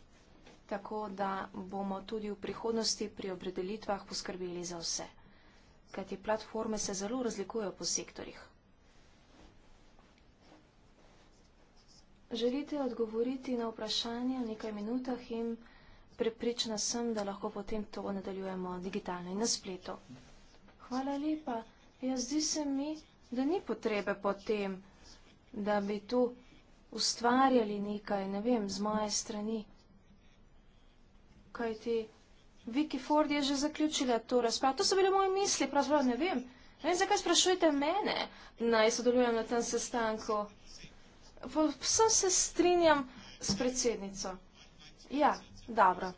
tako da bomo tudi v prihodnosti pri opredelitvah poskrbeli za vse. Kajti platforme se zelo razlikujejo po sektorjih. Želite odgovoriti na vprašanje v nekaj minutah in prepričana sem, da lahko potem to nadaljujemo digitalno in na spletu. Hvala lepa. Ja, zdi se mi, da ni potrebe potem, da bi tu ustvarjali nekaj, ne vem, z moje strani kajti Viki Ford je že zaključila to razpravo. To so bile moje misli, pravzaprav ne vem. Ne vem, zakaj sprašujete mene, naj sodelujem na tem sestanku. Vsem se strinjam s predsednico. Ja, dobro.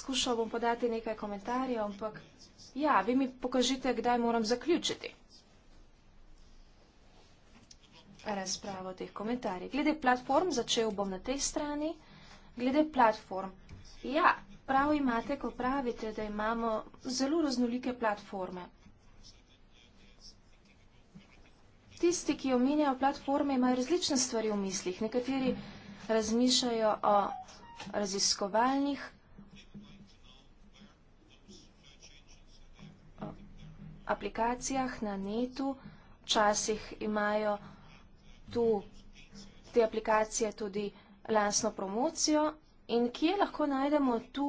Skušal bom podati nekaj komentarjev, ampak ja, vi mi pokažite, kdaj moram zaključiti. Razpravo teh komentarjev. Glede platform začel bom na tej strani. Glede platform. Ja, prav imate, ko pravite, da imamo zelo raznolike platforme. Tisti, ki omenjajo platforme, imajo različne stvari v mislih. Nekateri razmišljajo o raziskovalnih, o aplikacijah na netu. Včasih imajo tu te aplikacije tudi lansno promocijo In kje lahko najdemo tu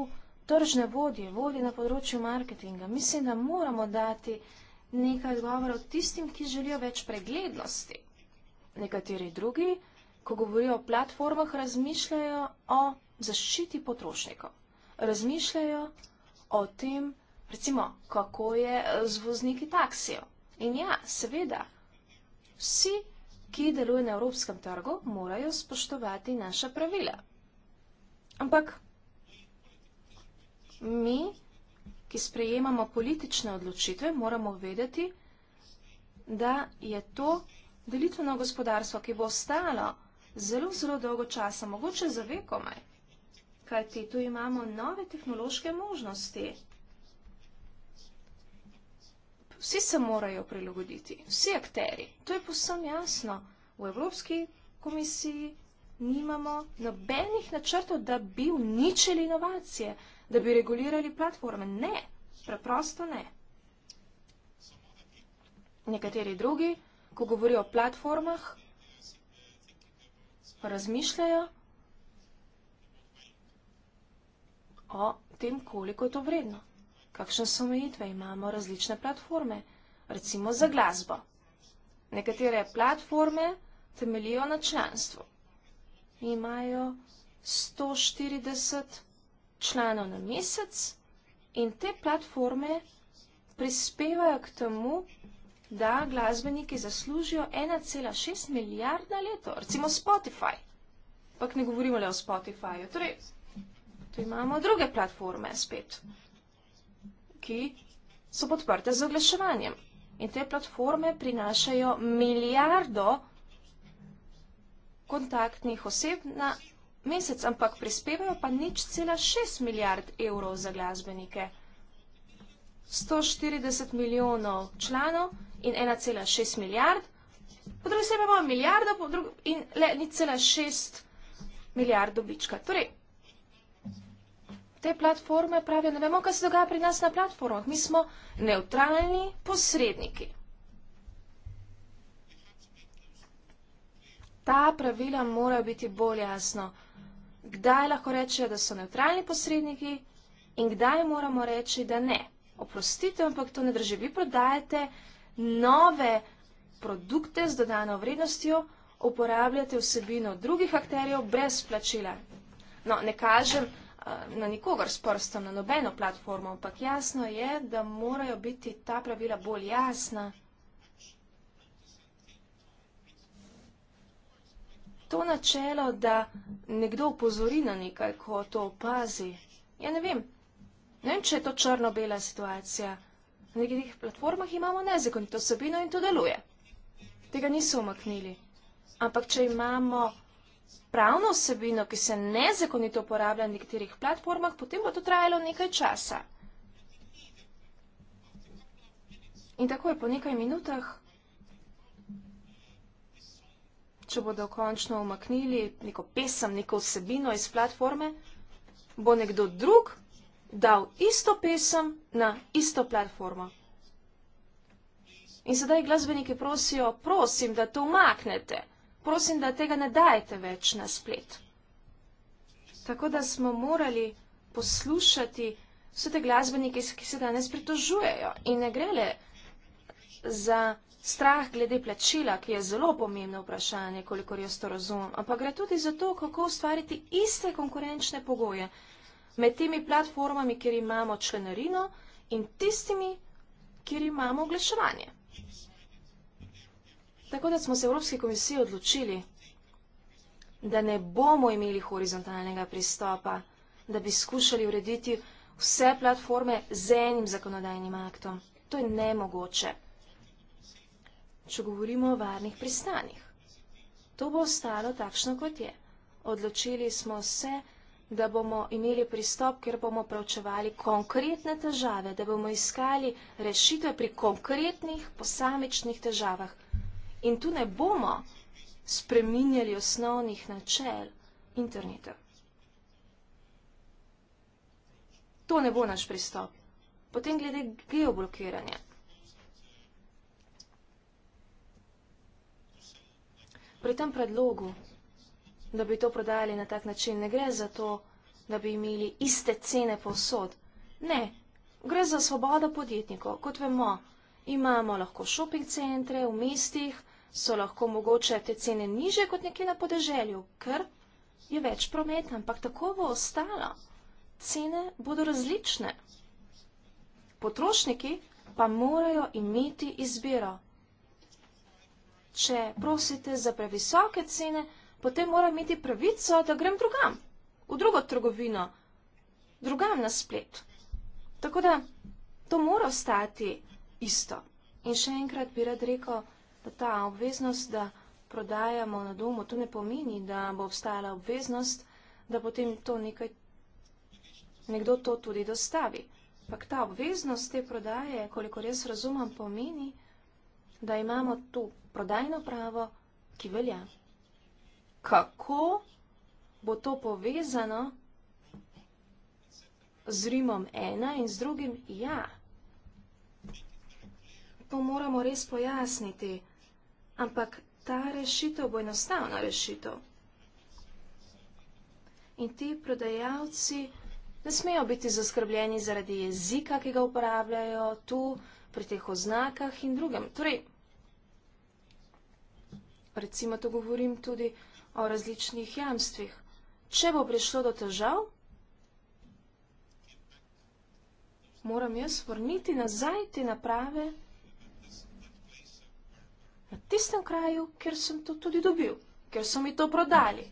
tržne vodje, vodje na področju marketinga? Mislim, da moramo dati nekaj odgovorov tistim, ki želijo več preglednosti. Nekateri drugi, ko govorijo o platformah, razmišljajo o zaščiti potrošnikov. Razmišljajo o tem, recimo, kako je z vozniki taksijo. In ja, seveda, vsi, ki delujejo na evropskem trgu, morajo spoštovati naša pravila. Ampak mi, ki sprejemamo politične odločitve, moramo vedeti, da je to delitveno gospodarstvo, ki bo ostalo zelo, zelo dolgo časa, mogoče za vekomaj. Kajti tu imamo nove tehnološke možnosti. Vsi se morajo prilagoditi, vsi akteri. To je posem jasno v Evropski komisiji, nimamo nobenih načrtov, da bi uničili inovacije, da bi regulirali platforme. Ne, preprosto ne. Nekateri drugi, ko govorijo o platformah, pa razmišljajo o tem, koliko je to vredno. Kakšne so omejitve? Imamo različne platforme, recimo za glasbo. Nekatere platforme temeljijo na članstvu imajo 140 članov na mesec in te platforme prispevajo k temu, da glasbeniki zaslužijo 1,6 milijarda leto. Recimo Spotify. Pak ne govorimo le o Spotifyju. Torej, tu imamo druge platforme spet, ki so podprte z oglaševanjem. In te platforme prinašajo milijardo leto kontaktnih oseb na mesec, ampak prispevajo pa nič cela 6 milijard evrov za glasbenike. 140 milijonov članov in 1,6 milijard, po drugi sebe imamo milijardo in le nič cela 6 milijard dobička. Torej, te platforme pravijo, ne vemo, kaj se dogaja pri nas na platformah. Mi smo neutralni posredniki. ta pravila morajo biti bolj jasno. Kdaj lahko rečejo, da so neutralni posredniki in kdaj moramo reči, da ne. Oprostite, ampak to ne drži. Vi prodajate nove produkte z dodano vrednostjo, uporabljate vsebino drugih akterjev brez plačila. No, ne kažem eh, na nikogar s prstom, na nobeno platformo, ampak jasno je, da morajo biti ta pravila bolj jasna. to načelo, da nekdo upozori na nekaj, ko to opazi. Ja ne vem, ne vem, če je to črno-bela situacija. Na nekih platformah imamo nezakonito sabino in to deluje. Tega niso omaknili. Ampak, če imamo pravno sabino, ki se nezakonito uporablja na nekaterih platformah, potem bo to trajalo nekaj časa. In tako je po nekaj minutah če bodo končno umaknili neko pesem, neko vsebino iz platforme, bo nekdo drug dal isto pesem na isto platformo. In sedaj glasbeniki prosijo, prosim, da to umaknete, prosim, da tega ne dajete več na splet. Tako da smo morali poslušati vse te glasbenike, ki se danes pritožujejo in ne gre le za strah glede plačila, ki je zelo pomembno vprašanje, kolikor jaz to razumem, ampak gre tudi za to, kako ustvariti iste konkurenčne pogoje med temi platformami, kjer imamo členarino in tistimi, kjer imamo oglaševanje. Tako da smo se v Evropski komisiji odločili, da ne bomo imeli horizontalnega pristopa, da bi skušali urediti vse platforme z enim zakonodajnim aktom. To je nemogoče če govorimo o varnih pristanih. To bo ostalo takšno, kot je. Odločili smo se, da bomo imeli pristop, ker bomo pravčevali konkretne težave, da bomo iskali rešitve pri konkretnih posamičnih težavah. In tu ne bomo spreminjali osnovnih načel interneta. To ne bo naš pristop. Potem glede geoblokiranja. pri tem predlogu, da bi to prodajali na tak način, ne gre za to, da bi imeli iste cene posod. Ne, gre za svobodo podjetnikov. Kot vemo, imamo lahko shopping centre v mestih, so lahko mogoče te cene niže kot nekje na podeželju, ker je več prometa, ampak tako bo ostalo. Cene bodo različne. Potrošniki pa morajo imeti izbiro če prosite za previsoke cene, potem moram imeti pravico, da grem drugam, v drugo trgovino, drugam na splet. Tako da to mora ostati isto. In še enkrat bi rad rekel, da ta obveznost, da prodajamo na domu, to ne pomeni, da bo obstajala obveznost, da potem to nekaj, nekdo to tudi dostavi. Pak ta obveznost te prodaje, koliko jaz razumem, pomeni, da da imamo tu prodajno pravo, ki velja. Kako bo to povezano z Rimom ena in z drugim ja? To moramo res pojasniti, ampak ta rešitev bo enostavna rešitev. In ti prodajalci ne smejo biti zaskrbljeni zaradi jezika, ki ga uporabljajo tu, pri teh oznakah in drugem. Torej, recimo to govorim tudi o različnih jamstvih. Če bo prišlo do težav, moram jaz vrniti nazaj te naprave na tistem kraju, kjer sem to tudi dobil, kjer so mi to prodali.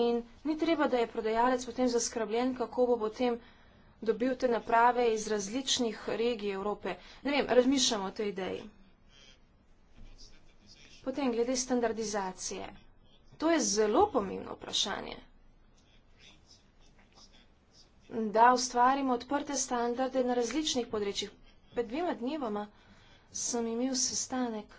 In ni treba, da je prodajalec potem zaskrbljen, kako bo potem dobil te naprave iz različnih regij Evrope. Ne vem, razmišljamo o tej ideji. Potem glede standardizacije. To je zelo pomembno vprašanje. Da ustvarimo odprte standarde na različnih področjih. Pred dvema dnevoma sem imel sestanek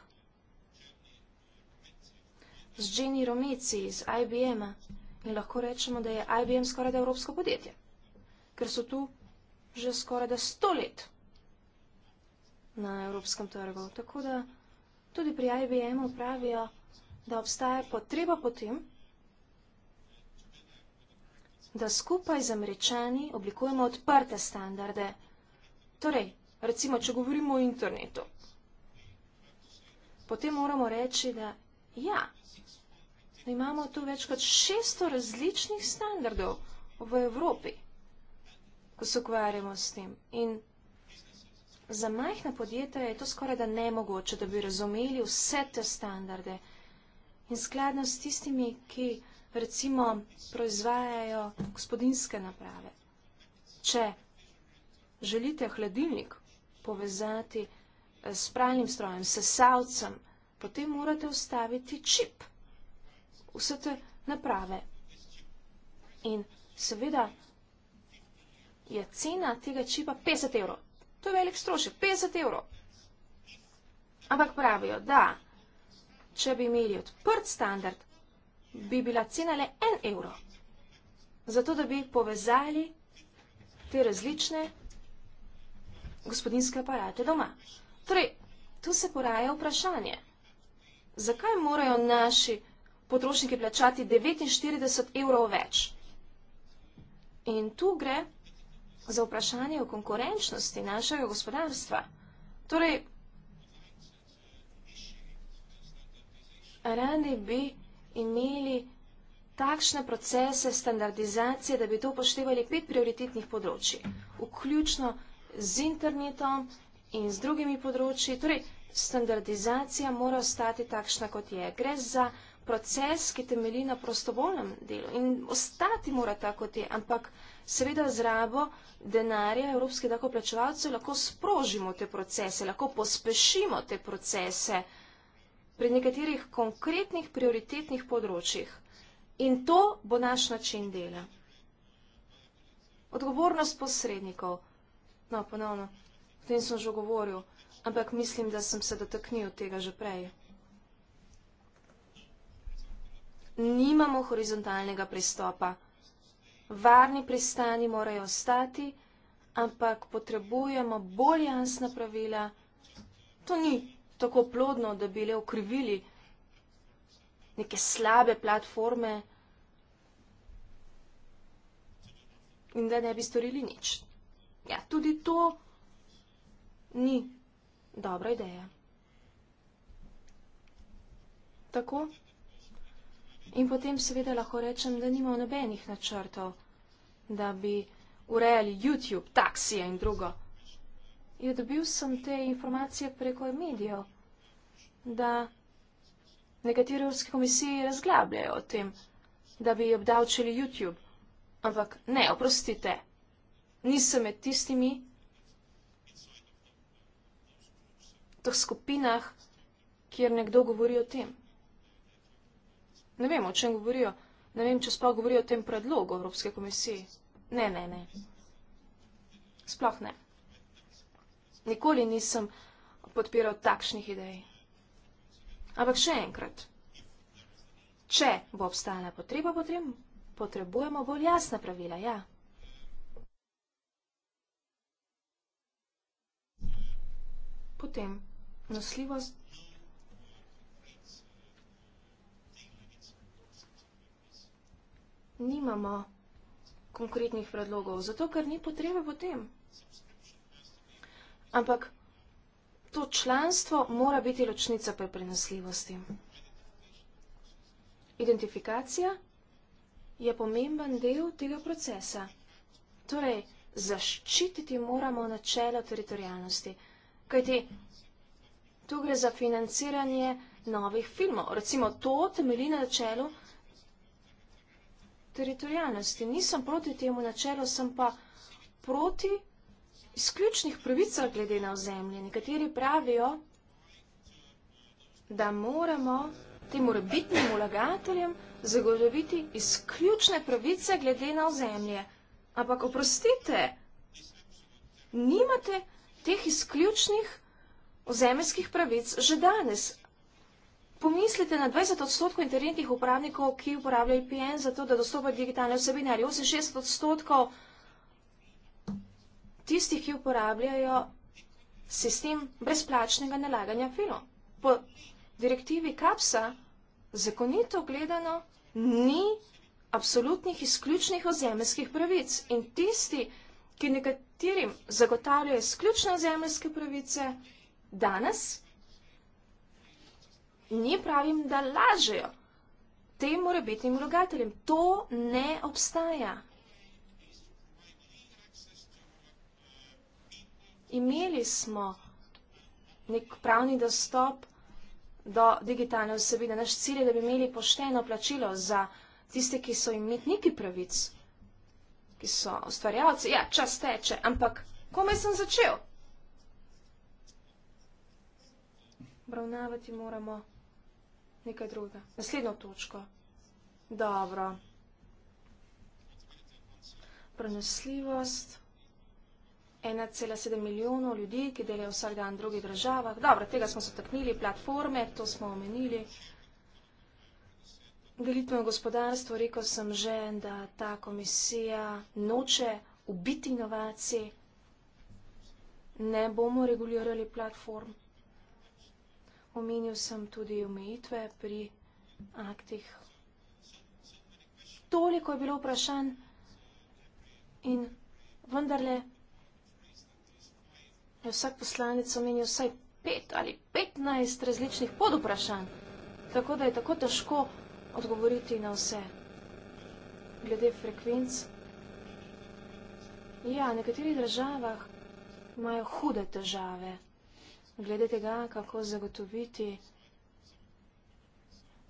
z Jenny Romici iz IBM-a in lahko rečemo, da je IBM skoraj da evropsko podjetje, ker so tu že skoraj da sto let na evropskem trgu. Tako da tudi pri IBM-u pravijo, da obstaja potreba potem, da skupaj z američani oblikujemo odprte standarde. Torej, recimo, če govorimo o internetu, potem moramo reči, da ja, da imamo tu več kot 600 različnih standardov v Evropi, ko se ukvarjamo s tem. In Za majhna podjetja je to skoraj da nemogoče, da bi razumeli vse te standarde in skladno s tistimi, ki recimo proizvajajo gospodinske naprave. Če želite hladilnik povezati eh, s pralnim strojem, s savcem, potem morate ustaviti čip vse te naprave. In seveda je cena tega čipa 50 evrov. To je velik strošek, 50 evrov. Ampak pravijo, da če bi imeli odprt standard, bi bila cena le 1 evro. Zato, da bi povezali te različne gospodinske aparate doma. Torej, tu se poraja vprašanje, zakaj morajo naši potrošniki plačati 49 evrov več? In tu gre za vprašanje o konkurenčnosti našega gospodarstva. Torej, radi bi imeli takšne procese standardizacije, da bi to upoštevali pet prioritetnih področji, vključno z internetom in z drugimi področji. Torej, standardizacija mora ostati takšna, kot je. Gre za proces, ki temelji na prostovolnem delu in ostati mora tako, kot je, ampak seveda z rabo denarja evropskih dakoplačevalcev lahko sprožimo te procese, lahko pospešimo te procese pri nekaterih konkretnih prioritetnih področjih. In to bo naš način dela. Odgovornost posrednikov. No, ponovno, o tem sem že govoril, ampak mislim, da sem se dotaknil tega že prej. Nimamo horizontalnega pristopa. Varni pristani morajo ostati, ampak potrebujemo bolj jasna pravila. To ni tako plodno, da bi le okrivili neke slabe platforme in da ne bi storili nič. Ja, tudi to ni dobra ideja. Tako? In potem seveda lahko rečem, da nimam nobenih načrtov, da bi urejali YouTube, taksije in drugo. In ja, dobil sem te informacije preko medijev, da nekateri evropski komisiji razglabljajo o tem, da bi obdavčili YouTube. Ampak ne, oprostite, nisem med tistimi, v teh skupinah, kjer nekdo govori o tem. Ne vem, o čem govorijo. Ne vem, če sploh govorijo o tem predlogu Evropske komisije. Ne, ne, ne. Sploh ne. Nikoli nisem podpiral takšnih idej. Ampak še enkrat. Če bo obstajala potreba, potrem, potrebujemo bolj jasna pravila, ja. Potem nosljivost nimamo konkretnih predlogov, zato ker ni potrebe po tem. Ampak to članstvo mora biti ločnica pri prenosljivosti. Identifikacija je pomemben del tega procesa. Torej, zaščititi moramo načelo teritorijalnosti, kajti tu gre za financiranje novih filmov. Recimo, to temelji na načelu, teritorijalnosti. Nisem proti temu načelu, sem pa proti izključnih pravicah glede na ozemlje. Nekateri pravijo, da moramo tem morbitnim vlagateljem zagotoviti izključne pravice glede na ozemlje. Ampak oprostite, nimate teh izključnih ozemeljskih pravic že danes. Pomislite na 20 odstotkov internetnih uporabnikov, ki uporabljajo IPN za to, da dostopajo digitalne vsebine, ali 68 odstotkov tistih, ki uporabljajo sistem brezplačnega nalaganja filmov. Po direktivi KAPSA zakonito gledano ni absolutnih izključnih ozemljskih pravic in tisti, ki nekaterim zagotavljajo izključne ozemljske pravice, danes Ne pravim, da lažejo tem morebitnim vlagateljem. To ne obstaja. Imeli smo nek pravni dostop do digitalne osebine. Naš cilj je, da bi imeli pošteno plačilo za tiste, ki so imetniki pravic, ki so ustvarjalci. Ja, čas teče, ampak kome sem začel? Obravnavati moramo nekaj drugega. Naslednjo točko. Dobro. Prenosljivost. 1,7 milijonov ljudi, ki delajo vsak dan v drugih državah. Dobro, tega smo sotaknili, platforme, to smo omenili. Delitno gospodarstvo, rekel sem že, da ta komisija noče ubiti inovacij. Ne bomo regulirali platform omenil sem tudi omejitve pri aktih. Toliko je bilo vprašanj in vendarle je vsak poslanec omenil vsaj pet ali petnajst različnih podvprašanj, tako da je tako težko odgovoriti na vse. Glede frekvenc. Ja, v nekaterih državah imajo hude težave glede tega, kako zagotoviti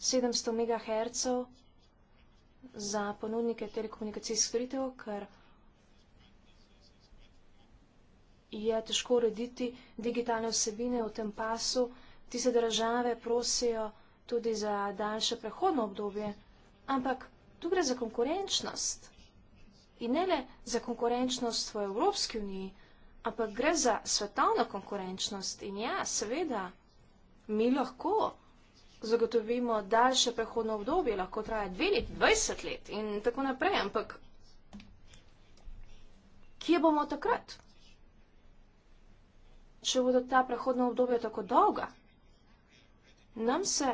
700 MHz za ponudnike telekomunikacijskih storitev, ker je težko urediti digitalne vsebine v tem pasu. Tiste države prosijo tudi za daljše prehodno obdobje, ampak tu gre za konkurenčnost. In ne le za konkurenčnost v Evropski uniji, ampak gre za svetovno konkurenčnost in ja, seveda, mi lahko zagotovimo daljše prehodno obdobje, lahko traja 2 let, 20 let in tako naprej, ampak kje bomo takrat? Če bodo ta prehodna obdobja tako dolga, nam se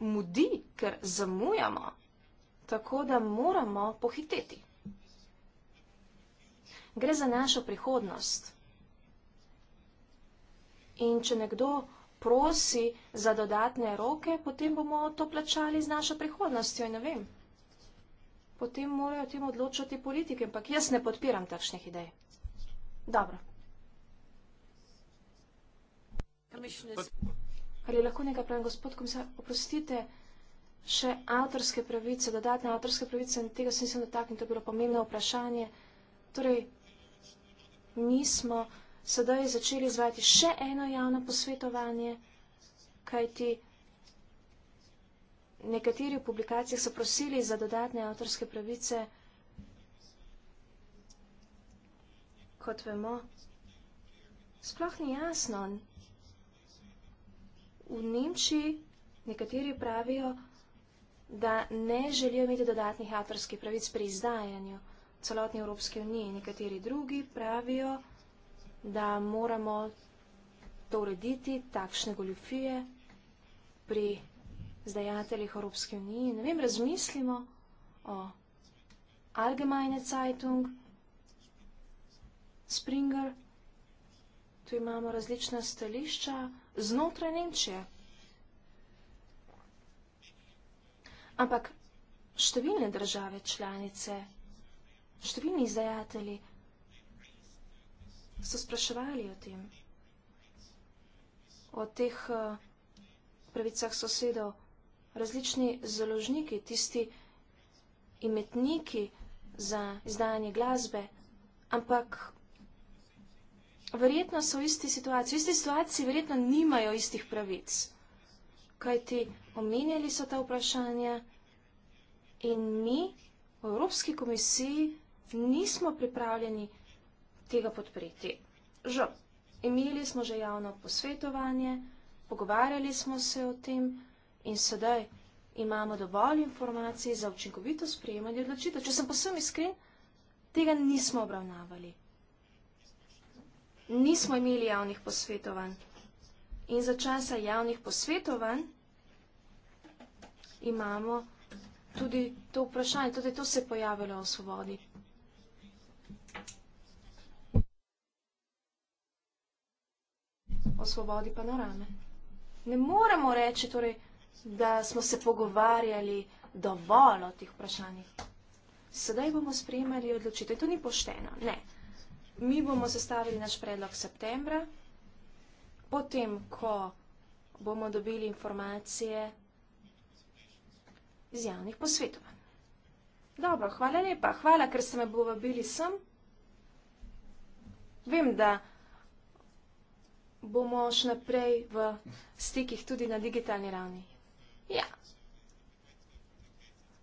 mudi, ker zamujamo, tako da moramo pohiteti gre za našo prihodnost. In če nekdo prosi za dodatne roke, potem bomo to plačali z našo prihodnostjo in ne vem. Potem morajo o tem odločati politike, ampak jaz ne podpiram takšnih idej. Dobro. Ali lahko nekaj pravim, gospod komisar, oprostite še avtorske pravice, dodatne avtorske pravice, tega sem se dotaknil, to je bilo pomembno vprašanje. Torej, mi smo sedaj začeli izvajati še eno javno posvetovanje, kajti nekateri v publikacijah so prosili za dodatne avtorske pravice. Kot vemo, sploh ni jasno. V Nemčiji nekateri pravijo, da ne želijo imeti dodatnih avtorskih pravic pri izdajanju celotni Evropski uniji. Nekateri drugi pravijo, da moramo to urediti, takšne goljufije pri zdajateljih Evropske unije. Ne vem, razmislimo o Allgemeine Zeitung, Springer, tu imamo različna stališča znotraj Nemčije. Ampak številne države članice Številni izdajatelji so spraševali o tem, o teh eh, pravicah sosedov, različni založniki, tisti imetniki za izdajanje glasbe, ampak verjetno so v isti situaciji, v isti situaciji verjetno nimajo istih pravic, kajti omenjali so ta vprašanja in mi v Evropski komisiji nismo pripravljeni tega podpreti. Žal, imeli smo že javno posvetovanje, pogovarjali smo se o tem in sedaj imamo dovolj informacij za učinkovito sprejemanje odločitev. Če sem pa sem iskren, tega nismo obravnavali. Nismo imeli javnih posvetovanj. In za časa javnih posvetovanj imamo tudi to vprašanje, tudi to se je pojavilo v svobodi. o svobodi panorame. Ne moremo reči, torej, da smo se pogovarjali dovolj o teh vprašanjih. Sedaj bomo sprejemali odločitev. To ni pošteno. Ne. Mi bomo sestavili naš predlog septembra, potem, ko bomo dobili informacije iz javnih posvetov. Dobro, hvala lepa. Hvala, ker ste me povabili sem. Vem, da bomo še naprej v stikih tudi na digitalni ravni. Ja.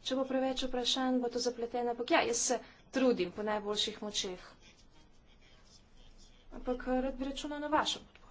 Če bo preveč vprašanj, bo to zapleteno, ampak ja, jaz se trudim po najboljših močeh. Ampak rad bi računal na vašo podporo.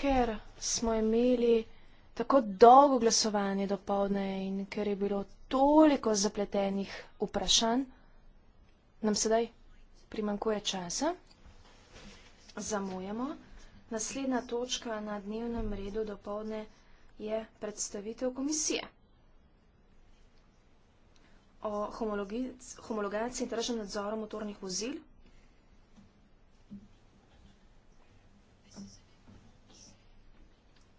Ker smo imeli tako dolgo glasovanje do povdne in ker je bilo toliko zapletenih vprašanj, nam sedaj primankuje časa. Zamujamo. Naslednja točka na dnevnem redu do povdne je predstavitev komisije o homologaciji in tržem nadzora motornih vozil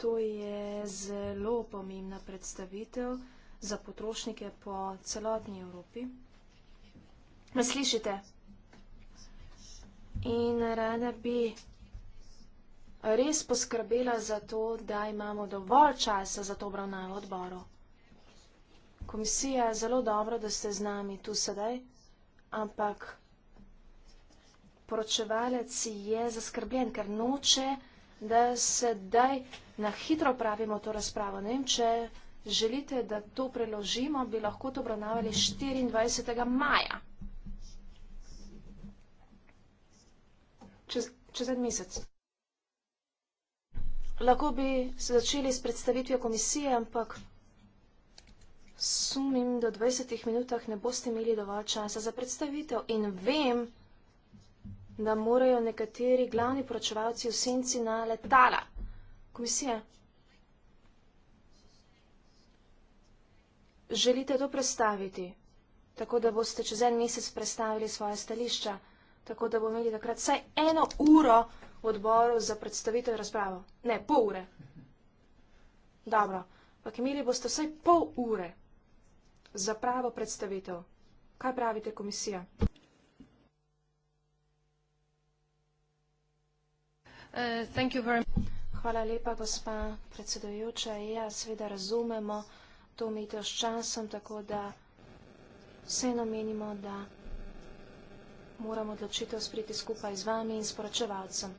To je zelo pomembna predstavitev za potrošnike po celotni Evropi. Me slišite? In rada bi res poskrbela za to, da imamo dovolj časa za to obravnavo odboru. Komisija, zelo dobro, da ste z nami tu sedaj, ampak poročevalec je zaskrbljen, ker noče vsega, da sedaj na hitro pravimo to razpravo. Ne vem, če želite, da to preložimo, bi lahko to obravnavali 24. maja. Čez en mesec. Lahko bi se začeli s predstavitvijo komisije, ampak sumim, da v 20 minutah ne boste imeli dovolj časa za predstavitev in vem, da da morajo nekateri glavni poročevalci v senci na letala. Komisije. Želite to predstaviti, tako da boste čez en mesec predstavili svoje stališča, tako da bo imeli takrat vsaj eno uro v odboru za predstavitev razpravo. Ne, pol ure. Dobro, pa imeli boste vsaj pol ure za pravo predstavitev. Kaj pravite komisija? Uh, Hvala lepa, gospa predsedujoča. Ja, seveda razumemo to omejitev s časom, tako da vseeno menimo, da moramo odločitev spriti skupaj z vami in sporočevalcem.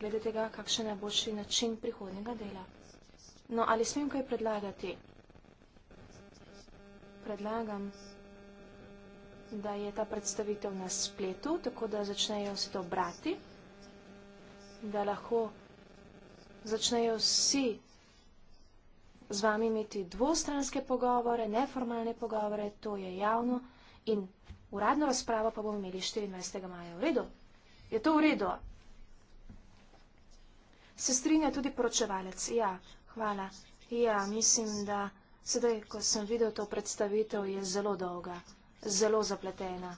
Glede tega, kakšen je najboljši način prihodnjega dela. No, ali smem kaj predlagati? Predlagam, da je ta predstavitev na spletu, tako da začnejo se to brati da lahko začnejo vsi z vami imeti dvostranske pogovore, neformalne pogovore, to je javno in uradno razpravo pa bomo imeli 24. maja. V redu? Je to v redu? Se strinja tudi poročevalec. Ja, hvala. Ja, mislim, da sedaj, ko sem videl to predstavitev, je zelo dolga, zelo zapletena.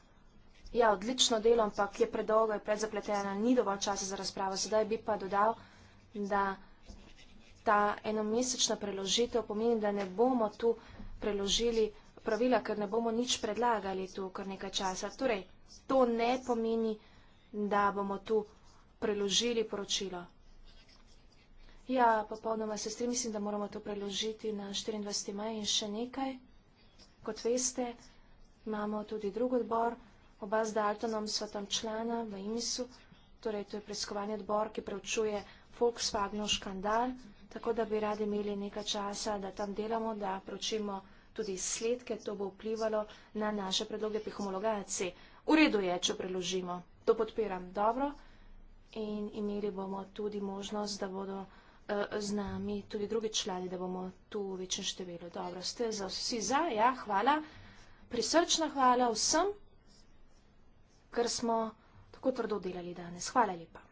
Ja, odlično delo, ampak je predolgo, je prezapletena, ni dovolj časa za razpravo. Sedaj bi pa dodal, da ta enomesečna preložitev pomeni, da ne bomo tu preložili pravila, ker ne bomo nič predlagali tu kar nekaj časa. Torej, to ne pomeni, da bomo tu preložili poročilo. Ja, popolnoma sestri, mislim, da moramo to preložiti na 24. maj in še nekaj. Kot veste, imamo tudi drug odbor oba z Daltonom sva tam člana v Imisu, torej to je preiskovanje odbor, ki preučuje Volkswagenov škandal, tako da bi radi imeli nekaj časa, da tam delamo, da preučimo tudi izsledke, to bo vplivalo na naše predloge pri homologaciji. V redu je, če preložimo. To podpiram dobro in imeli bomo tudi možnost, da bodo eh, z nami tudi drugi člani, da bomo tu v večjem številu. Dobro, ste za vsi za, ja, hvala. Prisrčna hvala vsem ker smo tako trdo delali danes. Hvala lepa.